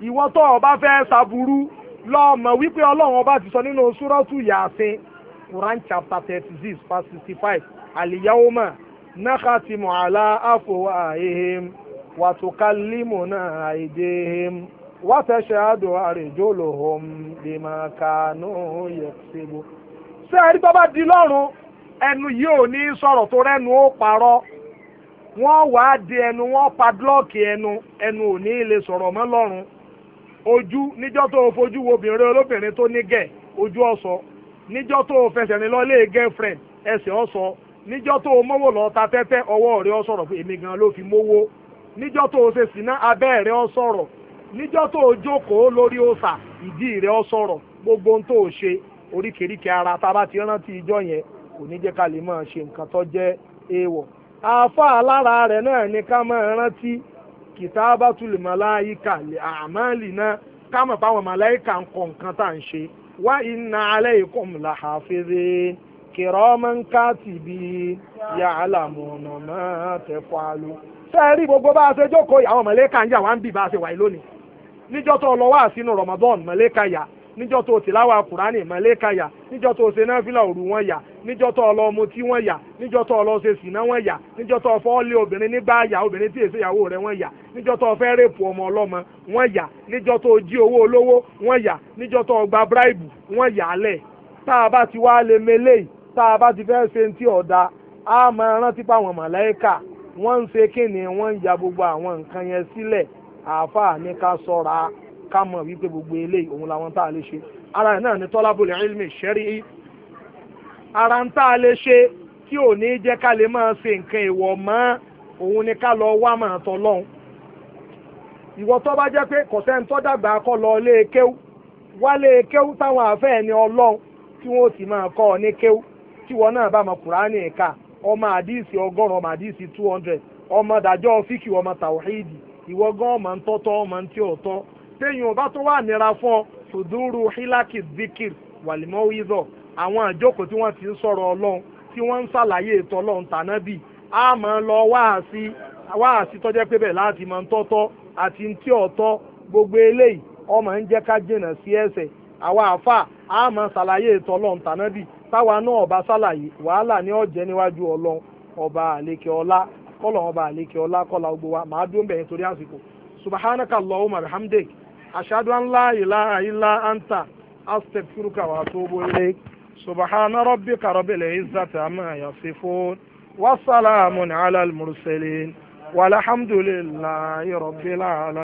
ìwọ tó o bá fẹ́ ṣàbùrú lọ́ọ̀mọ̀ wípé ọlọ́run ọba ti sọ nínú súrọ́tù yàsín Quran chapter thirty six verse sixty five àlìyáwómà náxàtìmọ̀ àlá àfò àìhìm wàtúkálímùnà àìdèhìm wàtẹ̀ṣẹ̀ àdó àrèjò lòhùn bímọ kánú yẹ̀ ṣẹ́gun. ṣé ẹni tó bá di lọ́rùn ẹnu yìí ò ní sọ̀rọ̀ tó rẹ́nu ó parọ́ wọ́n di ẹnu wọ́n padlọ́ọ̀kì ẹnu ẹnu ò ní lè sọ̀rọ̀ mọ́ lọ́rùn ojú níjọ́ tó o fojú wo obìnrin olóbìnrin tó ní gẹ̀ ojú ọ̀sọ́ níjọ́ tó o fẹsẹ̀ rìn lọ girlfriend ẹsẹ̀ ọ̀sọ́ níjọ́ tó o mọ́wò lọ ta tẹ́tẹ́ ọwọ́ rẹ̀ ọ sọ̀rọ̀ pé èmi gan ló o ṣe abẹ́ gbogbo ohun oríkèéríkèé ara tá a bá ti rántí ijọ́ yẹn kò ní jẹ́ ká lè máa ṣe nǹkan tó jẹ́ èèwọ̀ àfa alára rẹ̀ náà ni ká máa rántí kitabatul malaika li a'malina ká mọ̀ fáwọn màláìkà ń kọ nǹkan tá à ń ṣe wa inna alaykum lahafizin kiraman katibin ya'lamuna ma taf'alu. sẹ́ẹ̀rí gbogbo bá a ṣe jókòó àwọn màláìkà ń yà wá ń bì bá a ṣe wáyé lónìí níjọ́ tó lọ wá sínú Ramadan màláìkà yà níjọ́ tó tìláwà kùránì mọ̀lẹ́ka yà níjọ́ tó ṣe náfìlà òru wọn yà níjọ́ tó ọlọ́ ọmọ tí wọ́n yà níjọ́ tó ọlọ́ ṣe sìnà wọn yà níjọ́ tó ọfọ́ lé obìnrin nígbà yà obìnrin tí èso ìyàwó rẹ̀ wọ́n yà níjọ́ tó ọfẹ́ rèpù ọmọ ọlọ́mọ wọ́n yà níjọ́ tó jí owó olówó wọ́n yà níjọ́ tó ọgbà bíráìbù wọ́n yà á tá a bá ti wá lè mele tá a bá ti fẹ́ ṣe ń ṣe kíni ká mọ̀ wípé gbogbo eléyìí òun làwọn tá a lè ṣe ara ẹ̀ náà ni tọ́lábùl ilmi ṣẹ́rí ara ń tá a lè ṣe tí ò ní jẹ́ ká lè máa ṣe nǹkan ìwọ̀ mọ́ òun ni ká lọ wá màá tọ́ lọ́hùn ìwọ tó bá jẹ́ pé dàgbà kọ́ lọ lé e kéwú wálé e kéwú táwọn àfẹ́ ẹni tí wọ́n sì máa kọ́ ọ ní kéwú tí náà bá téèyàn ò bá tún wà nira fún ọ tòdúrú hilaki zikir wàlímọ́ wíìzọ̀ àwọn àjókòó tí wọ́n ti ń sọ̀rọ̀ ọlọ́run tí wọ́n ń ṣàlàyé ètò ọlọ́run tànábì á máa lọ wáàsí wáàsí tọ́jẹ́ pé bẹ́ẹ̀ láti máa ń tọ́tọ́ àti ti ọ̀tọ́ gbogbo eléyìí ọmọ ń jẹ́ ká sí àwa àfà ọba ṣàlàyé wàhálà ní ọ̀jẹ́ níwájú ọlọ́run ọba àlekè ọlá kọ́lọ̀ ọba àlekè ọlá kọ́lá gbogbo wa màá torí àsìkò subhanaka ashhadu an la ilaha illa anta astaghfiruka wa atubu ilayk subhana rabbika rabbil izzati amma yasifun wa salamun ala al mursalin walhamdulillahi rabbil alamin.